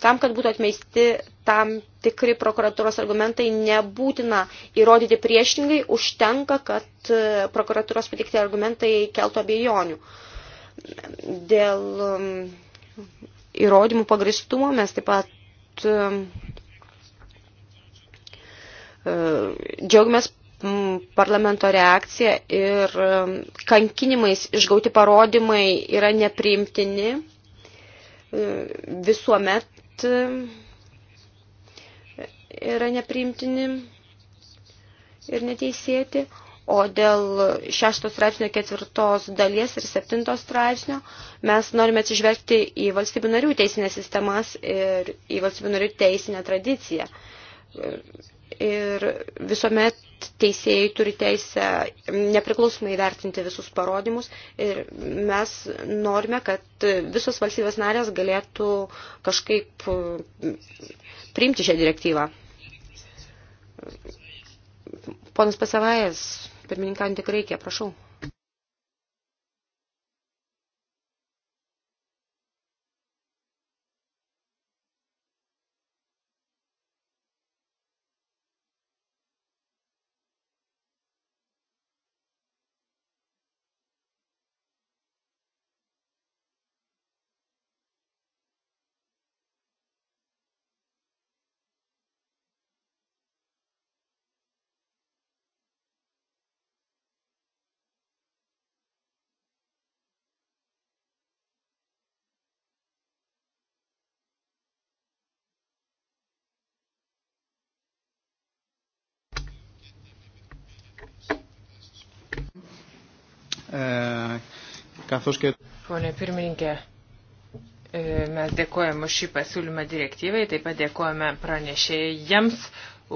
tam, kad būtų atmeisti tam tikri prokuratūros argumentai, nebūtina įrodyti priešingai, užtenka, kad e, prokuratūros patikti argumentai keltų abejonių. Dėl įrodymų pagristumo mes taip pat um, uh, džiaugiamės parlamento reakcija ir um, kankinimais išgauti parodymai yra nepriimtini uh, visuomet um, yra nepriimtini ir neteisėti. O dėl šeštos straipsnio ketvirtos dalies ir septintos straipsnio mes norime atsižvelgti į valstybių narių teisinės sistemas ir į valstybių narių teisinę tradiciją. Ir visuomet teisėjai turi teisę nepriklausomai vertinti visus parodymus ir mes norime, kad visos valstybės narės galėtų kažkaip priimti šią direktyvą. Ponas Pasavajas Pirmininkantį Graikiją, prašau. E, καθώς και... Pone pirmininkė, e, mes dėkojame už šį pasiūlymą direktyvai, taip pat dėkojame pranešėjams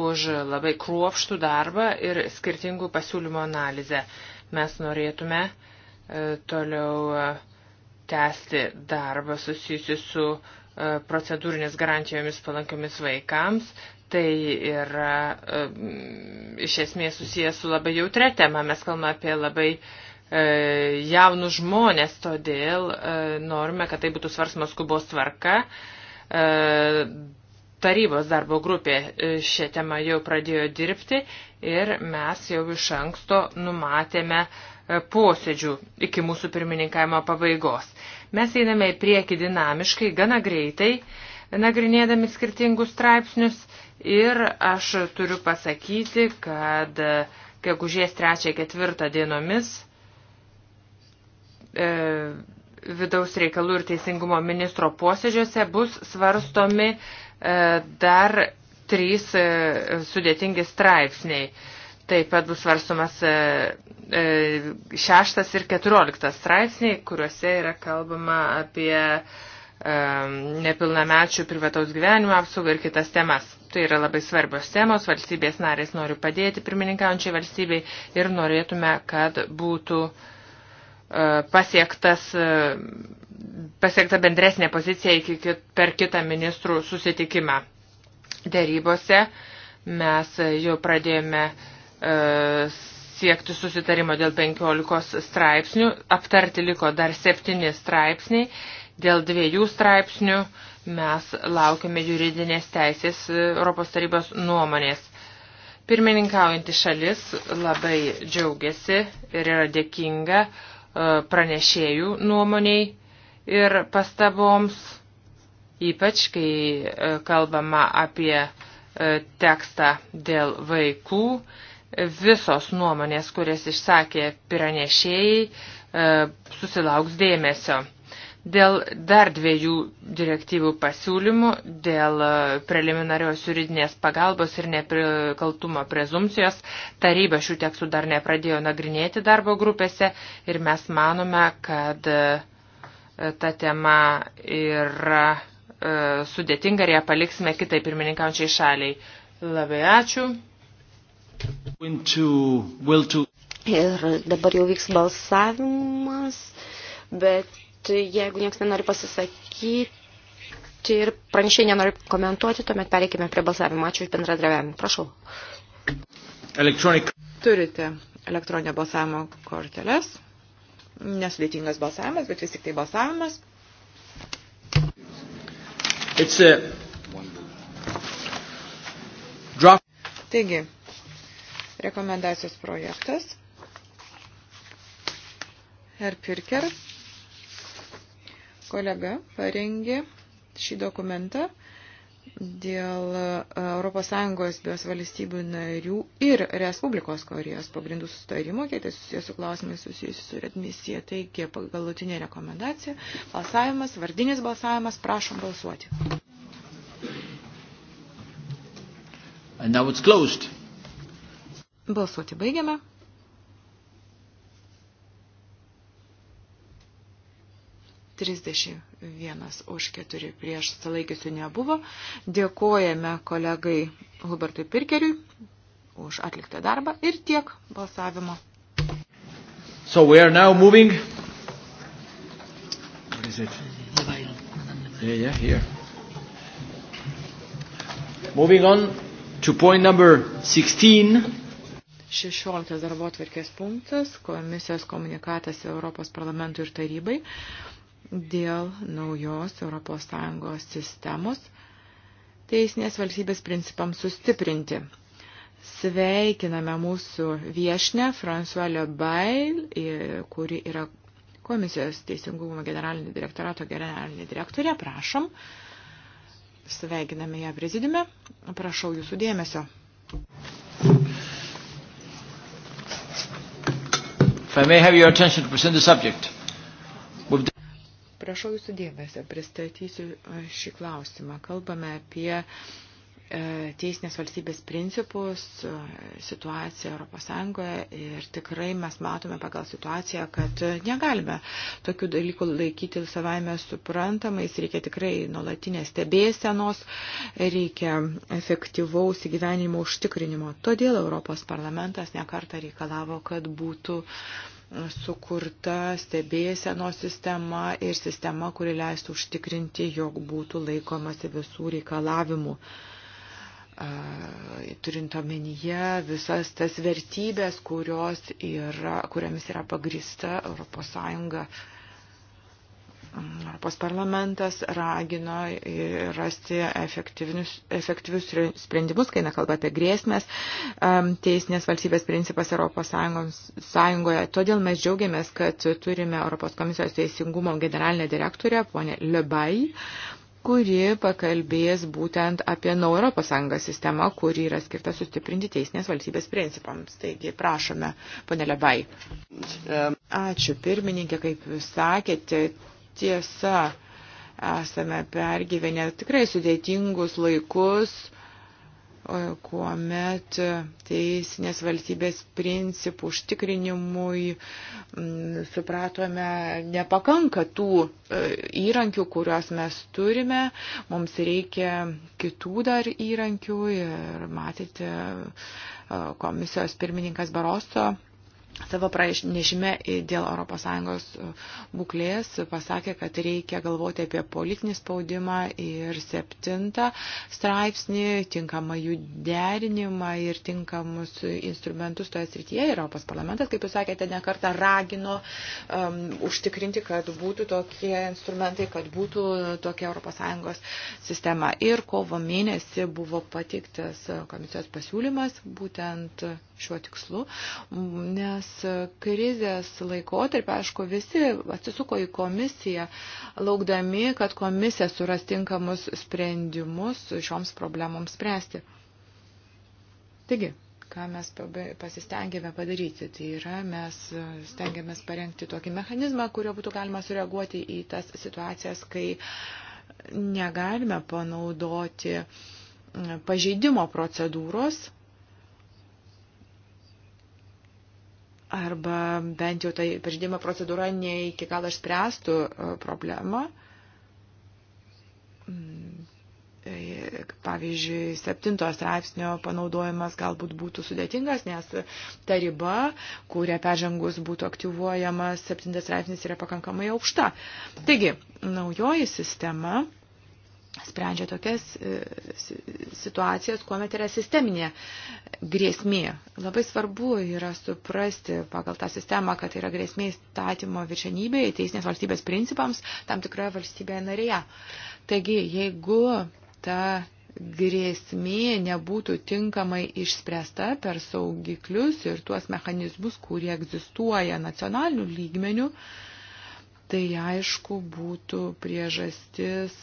už labai kruopštų darbą ir skirtingų pasiūlymo analizę. Mes norėtume e, toliau tęsti darbą susijusiu su procedūrinės garantijomis palankiomis vaikams. Tai yra iš esmės susijęs su labai jautre tema. Mes kalbame apie labai uh, E, jaunus žmonės, todėl e, norime, kad tai būtų svarsmas skubos tvarka. E, tarybos darbo grupė šią temą jau pradėjo dirbti ir mes jau iš anksto numatėme posėdžių iki mūsų pirmininkavimo pabaigos. Mes einame į priekį dinamiškai, gana greitai, nagrinėdami skirtingus straipsnius ir aš turiu pasakyti, kad kiek užės trečią ketvirtą dienomis E, vidaus reikalų ir teisingumo ministro posėdžiuose bus svarstomi e, dar trys e, sudėtingi straipsniai. Taip pat bus svarstomas šeštas ir keturioliktas straipsniai, kuriuose yra kalbama apie nepilnamečių privataus gyvenimo apsaugą ir kitas temas. Tai yra labai svarbios temos, valstybės narės nori padėti pirmininkaujančiai valstybei ir norėtume, kad būtų uh, E, pasiektas, e, pasiekta bendresnė pozicija iki, per kitą ministrų susitikimą. Dėrybose mes jau pradėjome e, siekti susitarimo dėl 15 straipsnių, aptarti liko dar 7 straipsniai, dėl dviejų straipsnių mes laukiame juridinės teisės Europos tarybos nuomonės. Pirmininkaujanti šalis labai džiaugiasi ir yra dėkinga E, pranešėjų nuomoniai ir pastaboms, ypač kai e, kalbama apie e, tekstą dėl vaikų. Visos nuomonės, kurias išsakė piranešėjai, susilauks dėmesio dėl dar dviejų direktyvų pasiūlymų, dėl e, preliminarios juridinės pagalbos ir neprikaltumo prezumcijos. Taryba šių tekstų dar nepradėjo nagrinėti darbo grupėse ir mes manome, kad e, ta tema yra e, sudėtinga ir ją paliksime kitai pirmininkaujančiai šaliai. Labai ačiū. Ir dabar jau vyks balsavimas, bet jeigu niekas nenori pasisakyti ir pranešiai nenori komentuoti, tuomet pereikime prie balsavimo. Ačiū už bendradarbiavimą. Prašau. Elektronik. Turite elektroninio balsavimo korteles. Nesudėtingas balsavimas, bet vis tik tai balsavimas. It's a draft. Taigi, rekomendacijos projektas. Herr Pirker kolega parengė šį dokumentą dėl ES bės valstybių narių ir Respublikos Korejos pagrindų sustarimo, kiek tai susijęs su klausimais susijusiu su redmisija. Taigi, galutinė rekomendacija, balsavimas, vardinis balsavimas, prašom balsuoti. And now it's closed. Balsuoti baigiame. 31 už 4 prieš salaikysiu nebuvo. Dėkojame kolegai Hubertui Pirkeriui už atliktą darbą ir tiek balsavimo. So we are now moving. What is it? Yeah, yeah, here. Moving on to point number 16. 16 darbo atverkės punktas, komisijos komunikatas Europos parlamentui ir tarybai dėl naujos ES sistemos teisinės valstybės principams sustiprinti. Sveikiname mūsų viešnę François Lebail, kuri yra komisijos teisingumo generalinio direktorato generalinė direktorė. Prašom. Sveikiname ją prezidiume. Prašau jūsų dėmesio. If I may have your attention to present the subject. Prašau jūsų dėmesio, pristatysiu e, šį klausimą. Kalbame apie e, teisinės valstybės principus, e, situaciją ES ir tikrai mes matome pagal situaciją, kad negalime tokių dalykų laikyti savaime suprantamais, reikia tikrai nuolatinės stebėsenos, reikia efektyvaus įgyvenimo užtikrinimo. Todėl Europos parlamentas nekarta reikalavo, kad būtų uh, sukurta stebėsenos sistema ir sistema, kuri leistų užtikrinti, jog būtų laikomasi visų reikalavimų. Turint omenyje visas tas vertybės, yra, kuriamis yra pagrista ES Europos parlamentas ragino rasti efektyvius, efektyvius sprendimus, kai nekalba apie grėsmės teisinės valstybės principas Europos Sąjungoje. Todėl mes džiaugiamės, kad turime Europos komisijos teisingumo generalinę direktorę, ponę Lebai, kuri pakalbės būtent apie naują Europos Sąjungos sistemą, kuri yra skirta sustiprinti teisinės valstybės principams. Taigi, prašome, ponė Lebai. Ačiū, pirmininkė, kaip jūs sakėte tiesa, esame pergyvenę tikrai sudėtingus laikus, kuomet teisinės valstybės principų užtikrinimui mm, supratome nepakanka tų e, įrankių, kuriuos mes turime, mums reikia kitų dar įrankių ir matėte e, komisijos pirmininkas Barosto savo pranešime dėl ES e, būklės pasakė, kad reikia galvoti apie politinį spaudimą ir septintą straipsnį, tinkamą jų derinimą ir tinkamus instrumentus toje srityje. Europos parlamentas, kaip jūs sakėte, nekartą ragino um, užtikrinti, kad būtų tokie instrumentai, kad būtų tokia ES sistema. Ir kovo mėnesį buvo patiktas komisijos pasiūlymas būtent šiuo tikslu, nes krizės laikotarpį, aišku, visi atsisuko į komisiją, laukdami, kad komisija suras tinkamus sprendimus šioms problemoms spręsti. Taigi, ką mes pasistengėme padaryti. Tai yra, mes stengiamės parengti tokį mechanizmą, kurio būtų galima sureaguoti į tas situacijas, kai negalime panaudoti pažeidimo procedūros arba bent jau tai pažydimo procedūra ne iki galo išspręstų e, problemą. Mm, e, pavyzdžiui, septinto straipsnio panaudojimas galbūt būtų sudėtingas, nes ta riba, kurią peržengus būtų aktyvuojamas septintas straipsnis, yra pakankamai aukšta. Taigi, naujoji sistema sprendžia tokias e, situacijas, kuomet yra sisteminė grėsmė. Labai svarbu yra suprasti pagal tą sistemą, kad yra grėsmė įstatymo viršenybėje, teisinės valstybės principams tam tikroje valstybėje narėje. Taigi, jeigu ta grėsmė nebūtų tinkamai išspręsta per saugiklius ir tuos mechanizmus, kurie egzistuoja nacionalinių lygmenių, tai aišku būtų priežastis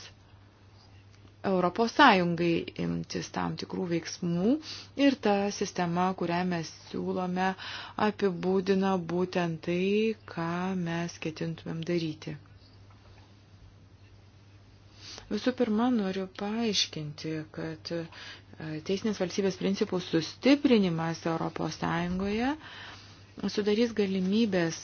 Europos Sąjungai imtis tam tikrų veiksmų ir ta sistema, kurią mes siūlome, apibūdina būtent tai, ką mes ketintumėm daryti. Visų pirma, noriu paaiškinti, kad e, teisinės valstybės principų sustiprinimas Europos Sąjungoje sudarys galimybės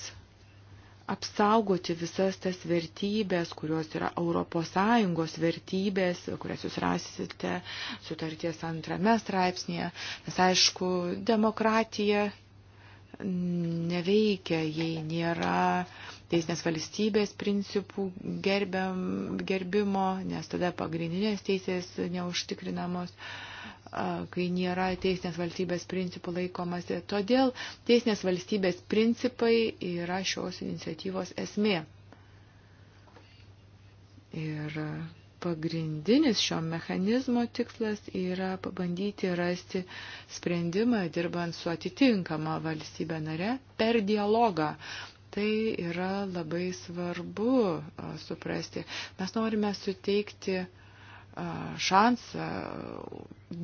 apsaugoti visas tas vertybės, kurios yra ES vertybės, kurias jūs rasite sutarties antrame straipsnėje. Nes aišku, demokratija neveikia, jei nėra teisinės valstybės principų gerbiam, gerbimo, nes tada pagrindinės teisės neužtikrinamos. Uh, kai nėra teisinės valstybės principų laikomasi. Todėl teisinės valstybės principai yra šios iniciatyvos esmė. Ir pagrindinis šio mechanizmo tikslas yra pabandyti rasti sprendimą, dirbant su atitinkama valstybė nare per dialogą. Tai yra labai svarbu suprasti. Mes norime suteikti uh, šansą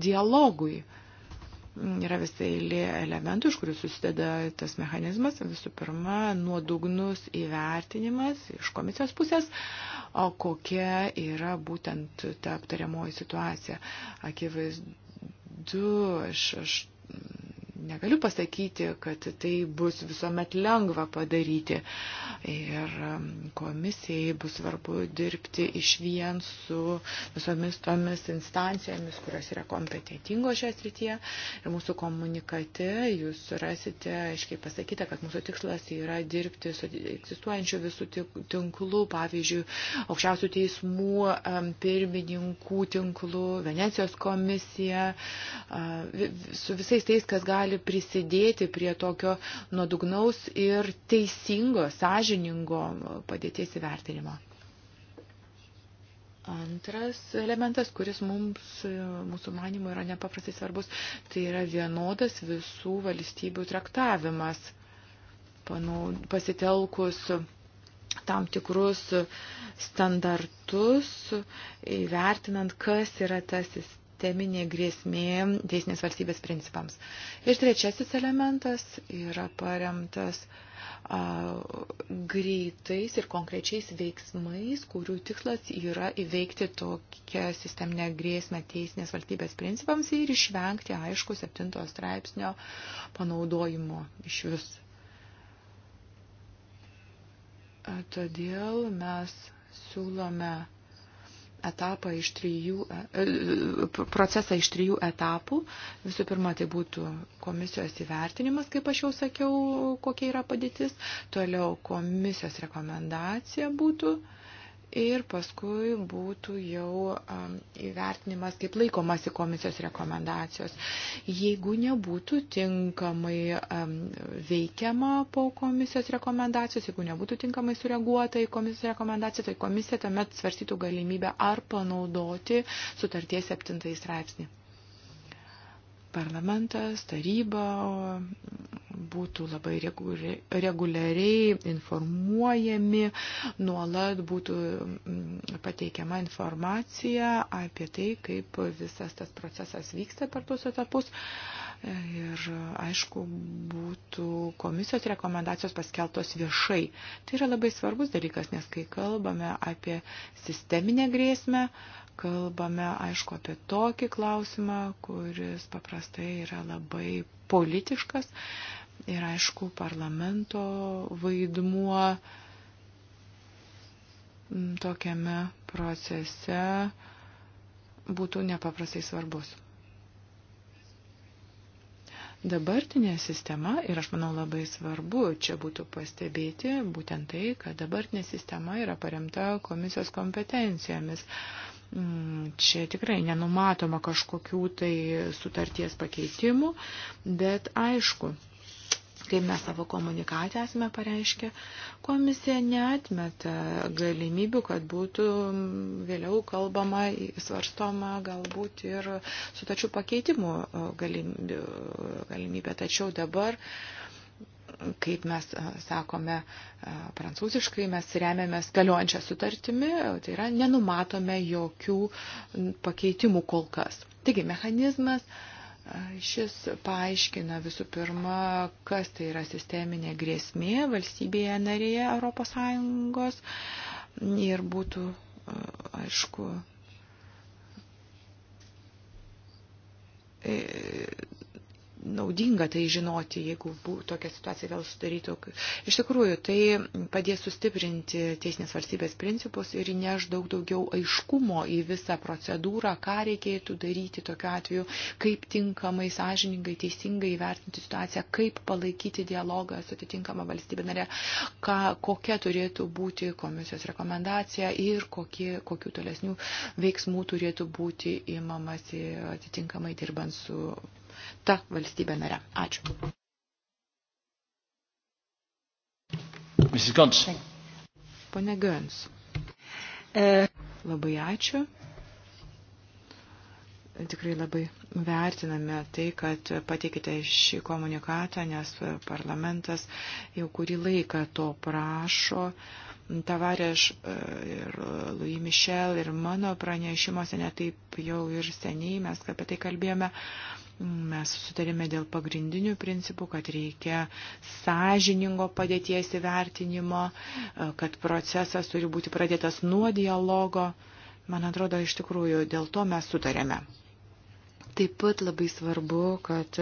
dialogui. Yra visai eilė elementų, iš kurių susideda tas mechanizmas. Visų pirma, nuodugnus įvertinimas iš komisijos pusės, o kokia yra būtent ta aptariamoji situacija. Akivaizdu, aš, aš negaliu pasakyti, kad tai bus visuomet lengva padaryti. Ir um, komisijai bus svarbu dirbti iš vien su visomis tomis instancijomis, kurios yra kompetitingos šią srityje. Ir mūsų komunikate jūs rasite, aiškiai pasakyta, kad mūsų tikslas yra dirbti su egzistuojančiu visų tinklu, pavyzdžiui, aukščiausių teismų um, pirmininkų tinklu, Venecijos komisija, uh, su visais tais, kas gali gali prisidėti prie tokio nuodugnaus ir teisingo, sąžiningo padėties įvertinimo. Antras elementas, kuris mums, mūsų manimo yra nepaprastai svarbus, tai yra vienodas visų valstybių traktavimas, panau, pasitelkus tam tikrus standartus, įvertinant, kas yra ta sistema sisteminė grėsmė teisinės valstybės principams. Ir trečiasis elementas yra paremtas a, greitais ir konkrečiais veiksmais, kurių tikslas yra įveikti tokią sisteminę grėsmę teisinės valstybės principams ir išvengti, aišku, septinto straipsnio panaudojimo iš vis. Todėl mes siūlome etapą iš trijų, e, e, procesą iš trijų etapų. Visų pirma, tai būtų komisijos įvertinimas, kaip aš jau sakiau, kokia yra padėtis. Toliau komisijos rekomendacija būtų uh, ir paskui būtų jau įvertinimas, kaip laikomasi komisijos rekomendacijos. Jeigu nebūtų tinkamai veikiama po komisijos rekomendacijos, jeigu nebūtų tinkamai sureaguota į komisijos rekomendaciją, tai komisija tuomet svarstytų galimybę ar panaudoti sutarties septintąjį straipsnį parlamentas, taryba būtų labai reguliariai informuojami, nuolat būtų mm, pateikiama informacija apie tai, kaip visas tas procesas vyksta per tuos etapus. Ir aišku, būtų komisijos rekomendacijos paskeltos viešai. Tai yra labai svarbus dalykas, nes kai kalbame apie sisteminę grėsmę, kalbame, aišku, apie tokį klausimą, kuris paprastai yra labai politiškas ir, aišku, parlamento vaidmuo mm, tokiame procese būtų nepaprastai svarbus dabartinė sistema, ir aš manau labai svarbu čia būtų pastebėti būtent tai, kad dabartinė sistema yra paremta komisijos kompetencijomis. Uh, Mm, čia tikrai nenumatoma kažkokių tai sutarties pakeitimų, bet aišku, kaip mes savo komunikatę esame pareiškę, komisija neatmeta galimybių, kad būtų vėliau kalbama, svarstoma galbūt ir sutačių pakeitimų e, galimybė. Tačiau dabar uh, kaip mes sakome prancūziškai, mes remiamės galiojančią sutartimi, tai yra nenumatome jokių pakeitimų kol kas. Taigi mechanizmas šis paaiškina visų pirma, kas tai yra sisteminė grėsmė valstybėje narėje Europos Sąjungos ir būtų, aišku, e, naudinga tai žinoti, jeigu tokia situacija vėl sudarytų. Iš tikrųjų, tai padės sustiprinti teisinės valstybės principus ir neš daug daugiau aiškumo į visą procedūrą, ką reikėtų daryti tokiu atveju, kaip tinkamai, sąžiningai, teisingai įvertinti situaciją, kaip palaikyti dialogą su atitinkama valstybė narė, ką, kokia turėtų būti komisijos rekomendacija ir kokie, kokių tolesnių veiksmų turėtų būti įmamasi atitinkamai dirbant su kita valstybė nare. Ačiū. Mrs. Gons. Pone Gons. E. Labai ačiū. Tikrai labai vertiname tai, kad pateikite šį komunikatą, nes parlamentas jau kurį laiką to prašo. Tavarėš e, ir Louis Michel ir mano pranešimuose netaip jau ir seniai mes apie tai kalbėjome. Mes sutarėme dėl pagrindinių principų, kad reikia sąžiningo padėties įvertinimo, e, kad procesas turi būti pradėtas nuo dialogo. Man atrodo, iš tikrųjų, dėl to mes sutarėme. Taip pat labai svarbu, kad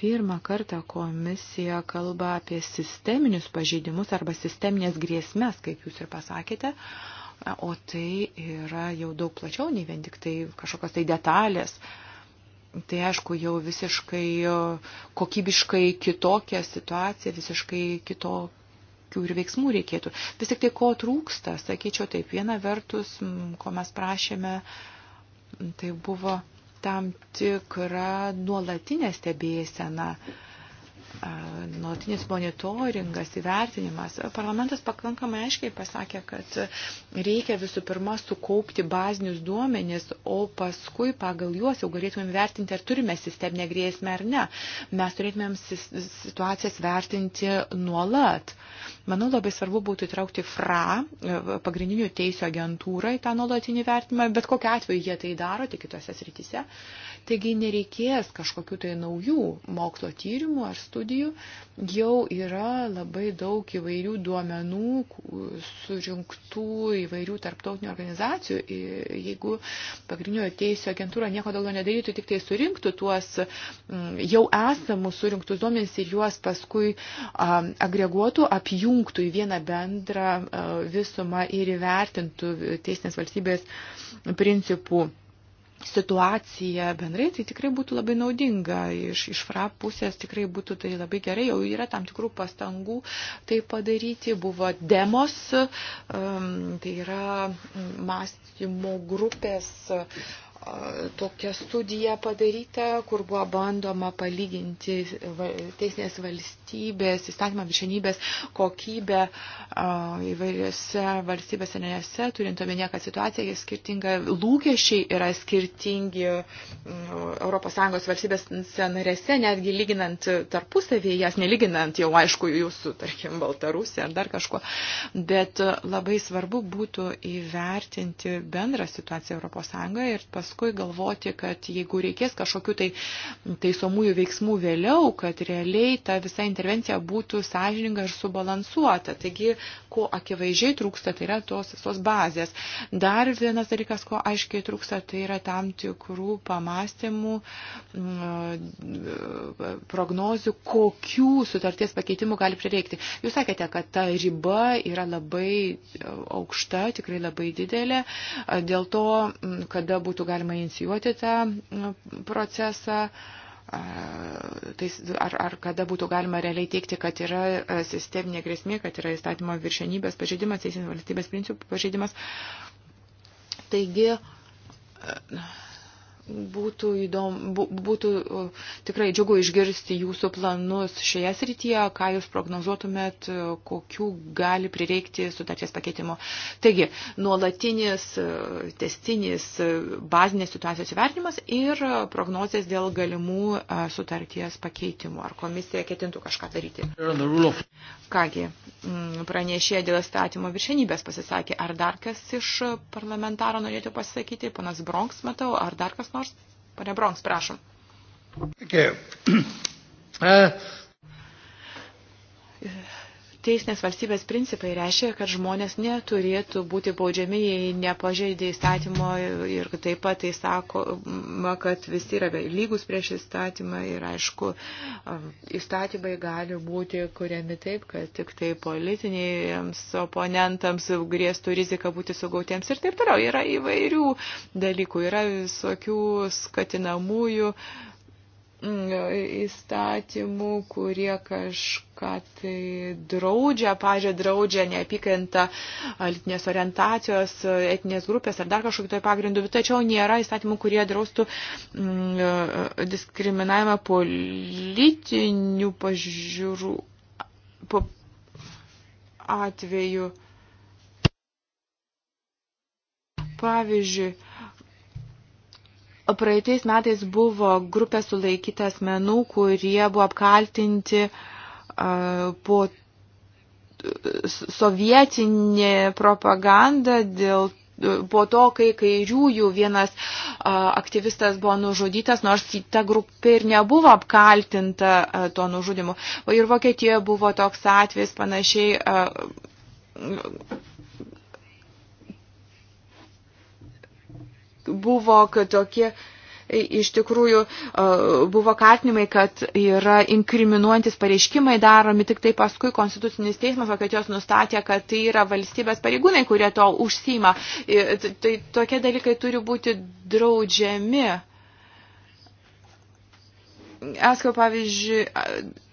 pirmą kartą komisija kalba apie sisteminius pažeidimus arba sisteminės grėsmės, kaip jūs ir pasakėte, o tai yra jau daug plačiau nei vien tik tai kažkokios tai detalės. Uh, tai aišku jau visiškai kokybiškai kitokia situacija, visiškai kitokia kokių ir veiksmų reikėtų. Vis tik tai ko trūksta, sakyčiau taip, viena vertus, ko mes prašėme, tai buvo tam tikra nuolatinė stebėsena. Uh, nuolatinis monitoringas, įvertinimas. Parlamentas pakankamai aiškiai pasakė, kad reikia visų pirma sukaupti bazinius duomenis, o paskui pagal juos jau galėtumėm vertinti, ar turime sisteminę grėsmę ar ne. Mes turėtumėm situacijas vertinti nuolat. Manau, labai svarbu būtų įtraukti FRA, pagrindinių teisų agentūrą, į tą nuolatinį vertinimą, bet kokiu atveju jie tai daro, tik kitose srityse. Taigi nereikės kažkokių tai naujų mokslo tyrimų ar studijų, jau yra labai daug įvairių duomenų surinktų įvairių tarptautinių organizacijų. Jeigu pagrindinio teisų agentūra nieko daugiau nedarytų, tik tai surinktų tuos mm, jau esamus surinktus duomenys ir juos paskui agreguotų, apjungtų į vieną bendrą visumą ir įvertintų teisinės valstybės principų situaciją bendrai, tai tikrai būtų labai naudinga. Iš, iš FRA pusės tikrai būtų tai labai gerai. Jau yra tam tikrų pastangų tai padaryti. Buvo demos, um, tai yra mąstymo grupės. Uh, tokia studija padaryta, kur buvo bandoma palyginti teisinės valstybės, įstatymą viršenybės kokybę įvairiose valstybėse narėse, turint omenyje, kad situacija yra skirtinga, lūkesčiai yra skirtingi mm, ES valstybės narėse, netgi lyginant tarpusavį jas, nelyginant jau aišku jūsų, tarkim, Baltarusija ar dar kažko, bet labai svarbu būtų įvertinti bendrą situaciją ES ir paskui paskui galvoti, kad jeigu reikės kažkokių tai taisomųjų veiksmų vėliau, kad realiai ta visa intervencija būtų sąžininga ir subalansuota. Taigi, ko akivaizdžiai trūksta, tai yra tos visos bazės. Dar vienas dalykas, ko aiškiai trūksta, tai yra tam tikrų pamastymų, mm, prognozių, kokių sutarties pakeitimų gali prireikti. Jūs sakėte, kad ta riba yra labai aukšta, tikrai labai didelė, dėl to, mm, kada būtų galima galima inicijuoti tą nu, procesą tais, ar, ar kada būtų galima realiai teikti, kad yra sisteminė grėsmė, kad yra įstatymo viršenybės pažeidimas, teisinės valstybės principų pažeidimas. Taigi, Būtų, įdom, būtų tikrai džiugu išgirsti jūsų planus šioje srityje, ką jūs prognozuotumėt, kokių gali prireikti sutarties pakeitimo. Taigi, nuolatinis, testinis, bazinės situacijos įvertinimas ir prognozijas dėl galimų sutarties pakeitimų. Ar komisija ketintų kažką daryti? Kągi, mm, pranešė dėl statymo viršenybės pasisakė. Ar dar kas iš parlamentaro norėtų pasisakyti? Panas Bronks, matau, ar dar kas nors? Pane Bronks, prašom. Okay. *clears throat* Uh teisinės valstybės principai reiškia, kad žmonės neturėtų būti baudžiami, jei nepažeidė įstatymo ir taip pat tai sakoma, kad visi yra lygus prieš įstatymą ir aišku, um, įstatymai gali būti kuriami taip, kad tik tai politiniams oponentams grėstų rizika būti sugautiems ir taip toliau. Yra įvairių dalykų, yra visokių skatinamųjų. Uh, Mm, įstatymų, kurie kažką tai draudžia, pažiūrė, draudžia neapykantą litinės orientacijos, etinės grupės ar dar kažkokio tai pagrindų, bet tačiau nėra įstatymų, kurie draustų mm, diskriminavimą politinių pažiūrų po atveju. Pavyzdžiui, Praeitais metais buvo grupė sulaikyta asmenų, kurie buvo apkaltinti uh, po sovietinė propaganda dėl po to, kai kairiųjų vienas a, aktyvistas buvo nužudytas, nors ta grupė ir nebuvo apkaltinta a, tuo nužudimu. Ir Vokietijoje buvo toks atvejs panašiai. A, buvo, kad tokie e, iš tikrųjų e, buvo kaltinimai, kad yra inkriminuojantis pareiškimai daromi, tik tai paskui Konstitucinis teismas Vokietijos nustatė, kad tai yra valstybės pareigūnai, kurie to užsima. E, tai tokie dalykai turi būti draudžiami. Eskiau, pavyzdžiui,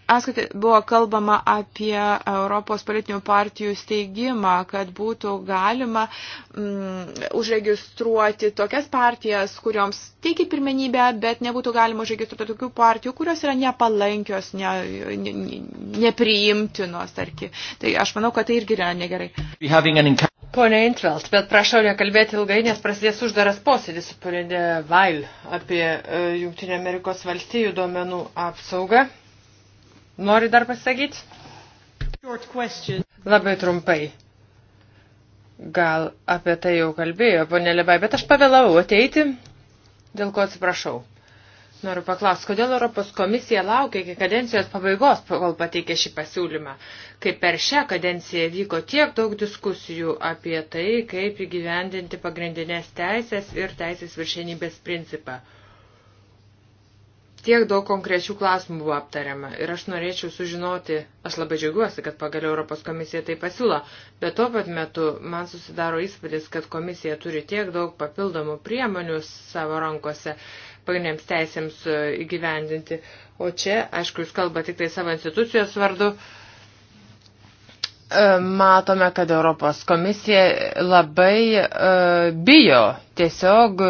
Askaitai buvo kalbama apie Europos politinių partijų steigimą, kad būtų galima mm, užregistruoti tokias partijas, kurioms teikia pirmenybę, bet nebūtų galima užregistruoti tokių partijų, kurios yra nepalankios, ne, ne, nepriimtinos, tarkim. Tai aš manau, kad tai irgi yra negerai. Pone Intralt, bet prašau nekalbėti ilgai, nes prasidės uždaras posėdis su ponė Vail apie e, Junktinio Amerikos valstijų duomenų apsaugą. Nori dar pasakyti? Labai trumpai. Gal apie tai jau kalbėjo, ponė Lebai, bet aš pavėlavau ateiti, dėl ko atsiprašau. Noriu paklausti, kodėl Europos komisija laukia iki kadencijos pabaigos, kol pateikė šį pasiūlymą, kai per šią kadenciją vyko tiek daug diskusijų apie tai, kaip įgyvendinti pagrindinės teisės ir teisės viršenybės principą. Tiek daug konkrečių klausimų buvo aptariama ir aš norėčiau sužinoti, aš labai džiaugiuosi, kad pagaliau Europos komisija tai pasiūlo, bet tuo pat metu man susidaro įspūdis, kad komisija turi tiek daug papildomų priemonių savo rankose pagrindiniams teisėms e, įgyvendinti, o čia, aišku, jūs kalba tik tai savo institucijos vardu, e, matome, kad Europos komisija labai e, bijo tiesiog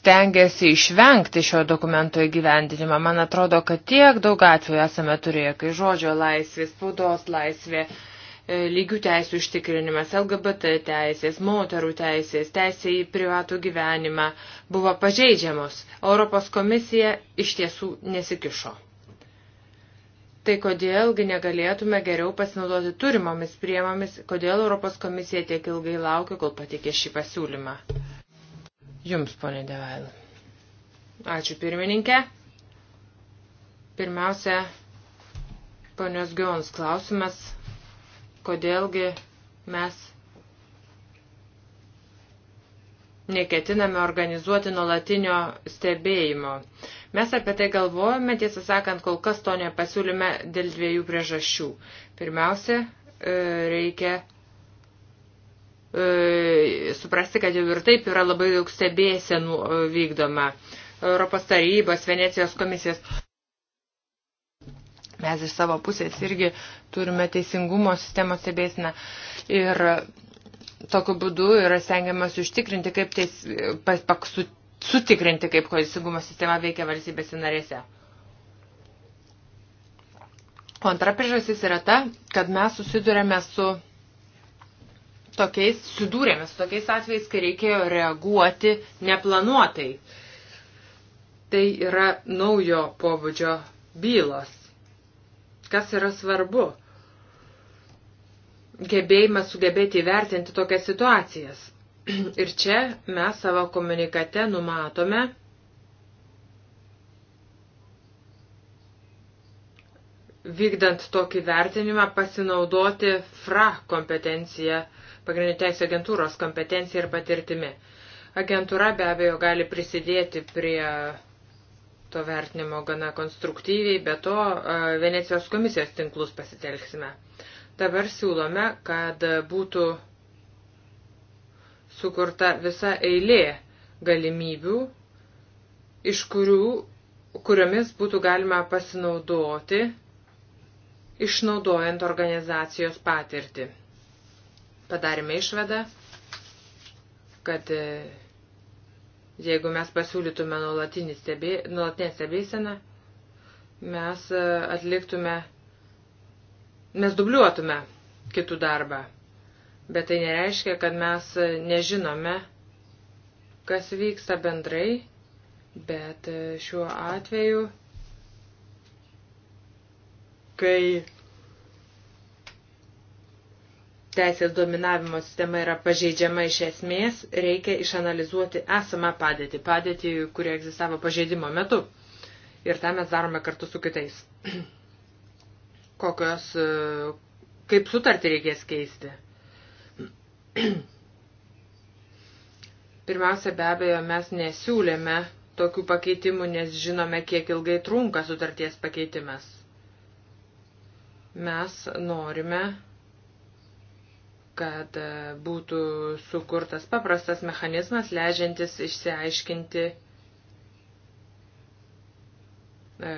stengiasi išvengti šio dokumento įgyvendinimą. Man atrodo, kad tiek daug atvejų esame turėję, kai žodžio laisvė, spaudos laisvė, e, lygių teisų užtikrinimas, LGBT teisės, moterų teisės, teisė į privatų gyvenimą buvo pažeidžiamos. Europos komisija iš tiesų nesikišo. Tai kodėlgi negalėtume geriau pasinaudoti turimomis priemomis, kodėl Europos komisija tiek ilgai laukia, kol patikė šį pasiūlymą. Jums, ponė Devail. Ačiū pirmininkė. Pirmiausia, ponios Gions klausimas, kodėlgi mes neketiname organizuoti nuolatinio stebėjimo. Mes apie tai galvojame, tiesą sakant, kol kas to nepasiūlyme dėl dviejų priežasčių. Pirmiausia, e, reikia E, suprasti, kad jau ir taip yra labai daug stebėsenų e, vykdoma Europos tarybos, Venecijos komisijos. Mes iš savo pusės irgi turime teisingumo sistemos stebėsiną ir tokiu būdu yra stengiamas užtikrinti, kaip teis, pas, pak, su, sutikrinti, kaip teisingumo sistema veikia valstybėse narėse. O antra priežastis yra ta, kad mes susidurėme su tokiais, sudūrėme su tokiais atvejais, kai reikėjo reaguoti neplanuotai. Tai yra naujo pobūdžio bylos. Kas yra svarbu? Gebėjimas sugebėti įvertinti tokias situacijas. *clears throat* Ir čia mes savo komunikate numatome vykdant tokį vertinimą pasinaudoti fra kompetenciją uh, pagrindinių teisų agentūros kompetencija ir patirtimi. Agentūra be abejo gali prisidėti prie to vertinimo gana konstruktyviai, be to Venecijos komisijos tinklus pasitelksime. Dabar siūlome, kad būtų sukurta visa eilė galimybių, iš kurių, kuriomis būtų galima pasinaudoti, išnaudojant organizacijos patirtį padarėme išvadą, kad e, jeigu mes pasiūlytume nuolatinę stebė, stebėseną, mes e, atliktume, mes dubliuotume kitų darbą. Bet tai nereiškia, kad mes e, nežinome, kas vyksta bendrai, bet šiuo atveju, kai teisės dominavimo sistema yra pažeidžiama iš esmės, reikia išanalizuoti esamą padėtį, padėtį, kurie egzistavo pažeidimo metu. Ir tą mes darome kartu su kitais. *clears throat* Kokios, e, kaip sutartį reikės keisti. *clears throat* Pirmiausia, be abejo, mes nesiūlėme tokių pakeitimų, nes žinome, kiek ilgai trunka sutarties pakeitimas. Mes norime kad e, būtų sukurtas paprastas mechanizmas, leidžiantis išsiaiškinti e,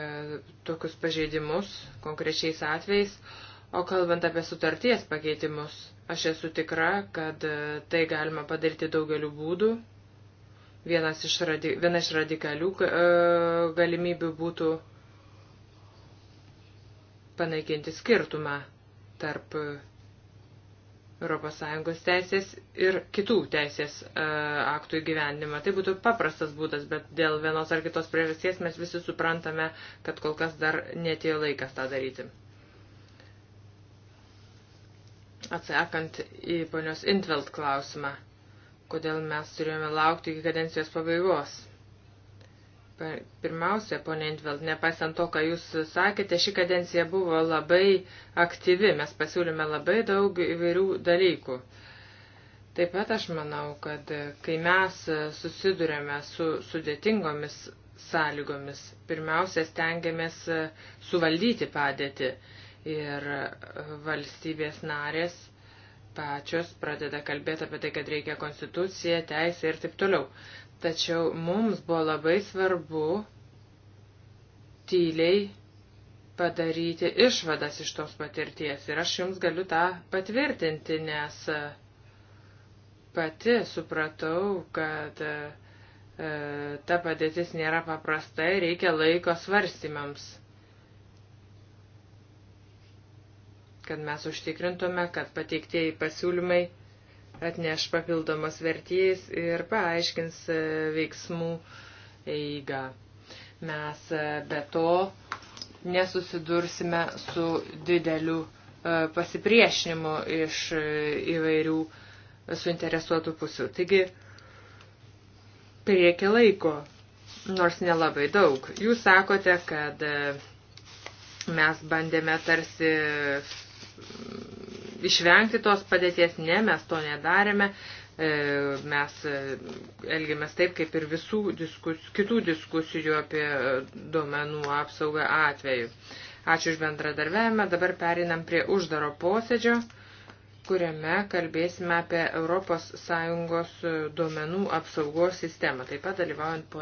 tokius pažeidimus konkrečiais atvejais, o kalbant apie sutarties pakeitimus, aš esu tikra, kad e, tai galima padaryti daugeliu būdų. Vienas iš radi, viena iš radikalių e, galimybių būtų panaikinti skirtumą tarp ES teisės ir kitų teisės e, aktų įgyvendimą. Tai būtų paprastas būdas, bet dėl vienos ar kitos priežasties mes visi suprantame, kad kol kas dar netėjo laikas tą daryti. Atsakant į ponios Intveld klausimą, kodėl mes turėjome laukti iki kadencijos pabaigos. Pirmiausia, ponė Intveld, nepaisant to, ką jūs sakėte, ši kadencija buvo labai aktyvi, mes pasiūlėme labai daug įvairių dalykų. Taip pat aš manau, kad kai mes susidurėme su sudėtingomis sąlygomis, pirmiausia, stengiamės suvaldyti padėtį ir valstybės narės pačios pradeda kalbėti apie tai, kad reikia konstituciją, teisę ir taip toliau. Tačiau mums buvo labai svarbu tyliai padaryti išvadas iš tos patirties. Ir aš jums galiu tą patvirtinti, nes e, pati supratau, kad e, e, ta padėtis nėra paprasta ir reikia laiko svarstymams. Kad mes užtikrintume, kad pateiktieji pasiūlymai atneš papildomos vertys ir paaiškins e, veiksmų eigą. Mes e, be to nesusidursime su dideliu e, pasipriešinimu iš įvairių suinteresuotų pusių. Taigi, prieki laiko, nors nelabai daug. Jūs sakote, kad mes bandėme tarsi išvengti tos padėties, ne, mes to nedarėme, e, mes e, elgiamės taip, kaip ir visų diskus, kitų diskusijų apie e, duomenų apsaugą atveju. Ačiū už bendradarbiavimą, dabar perinam prie uždaro posėdžio kuriame kalbėsime apie ES duomenų apsaugos sistemą, taip pat dalyvaujant po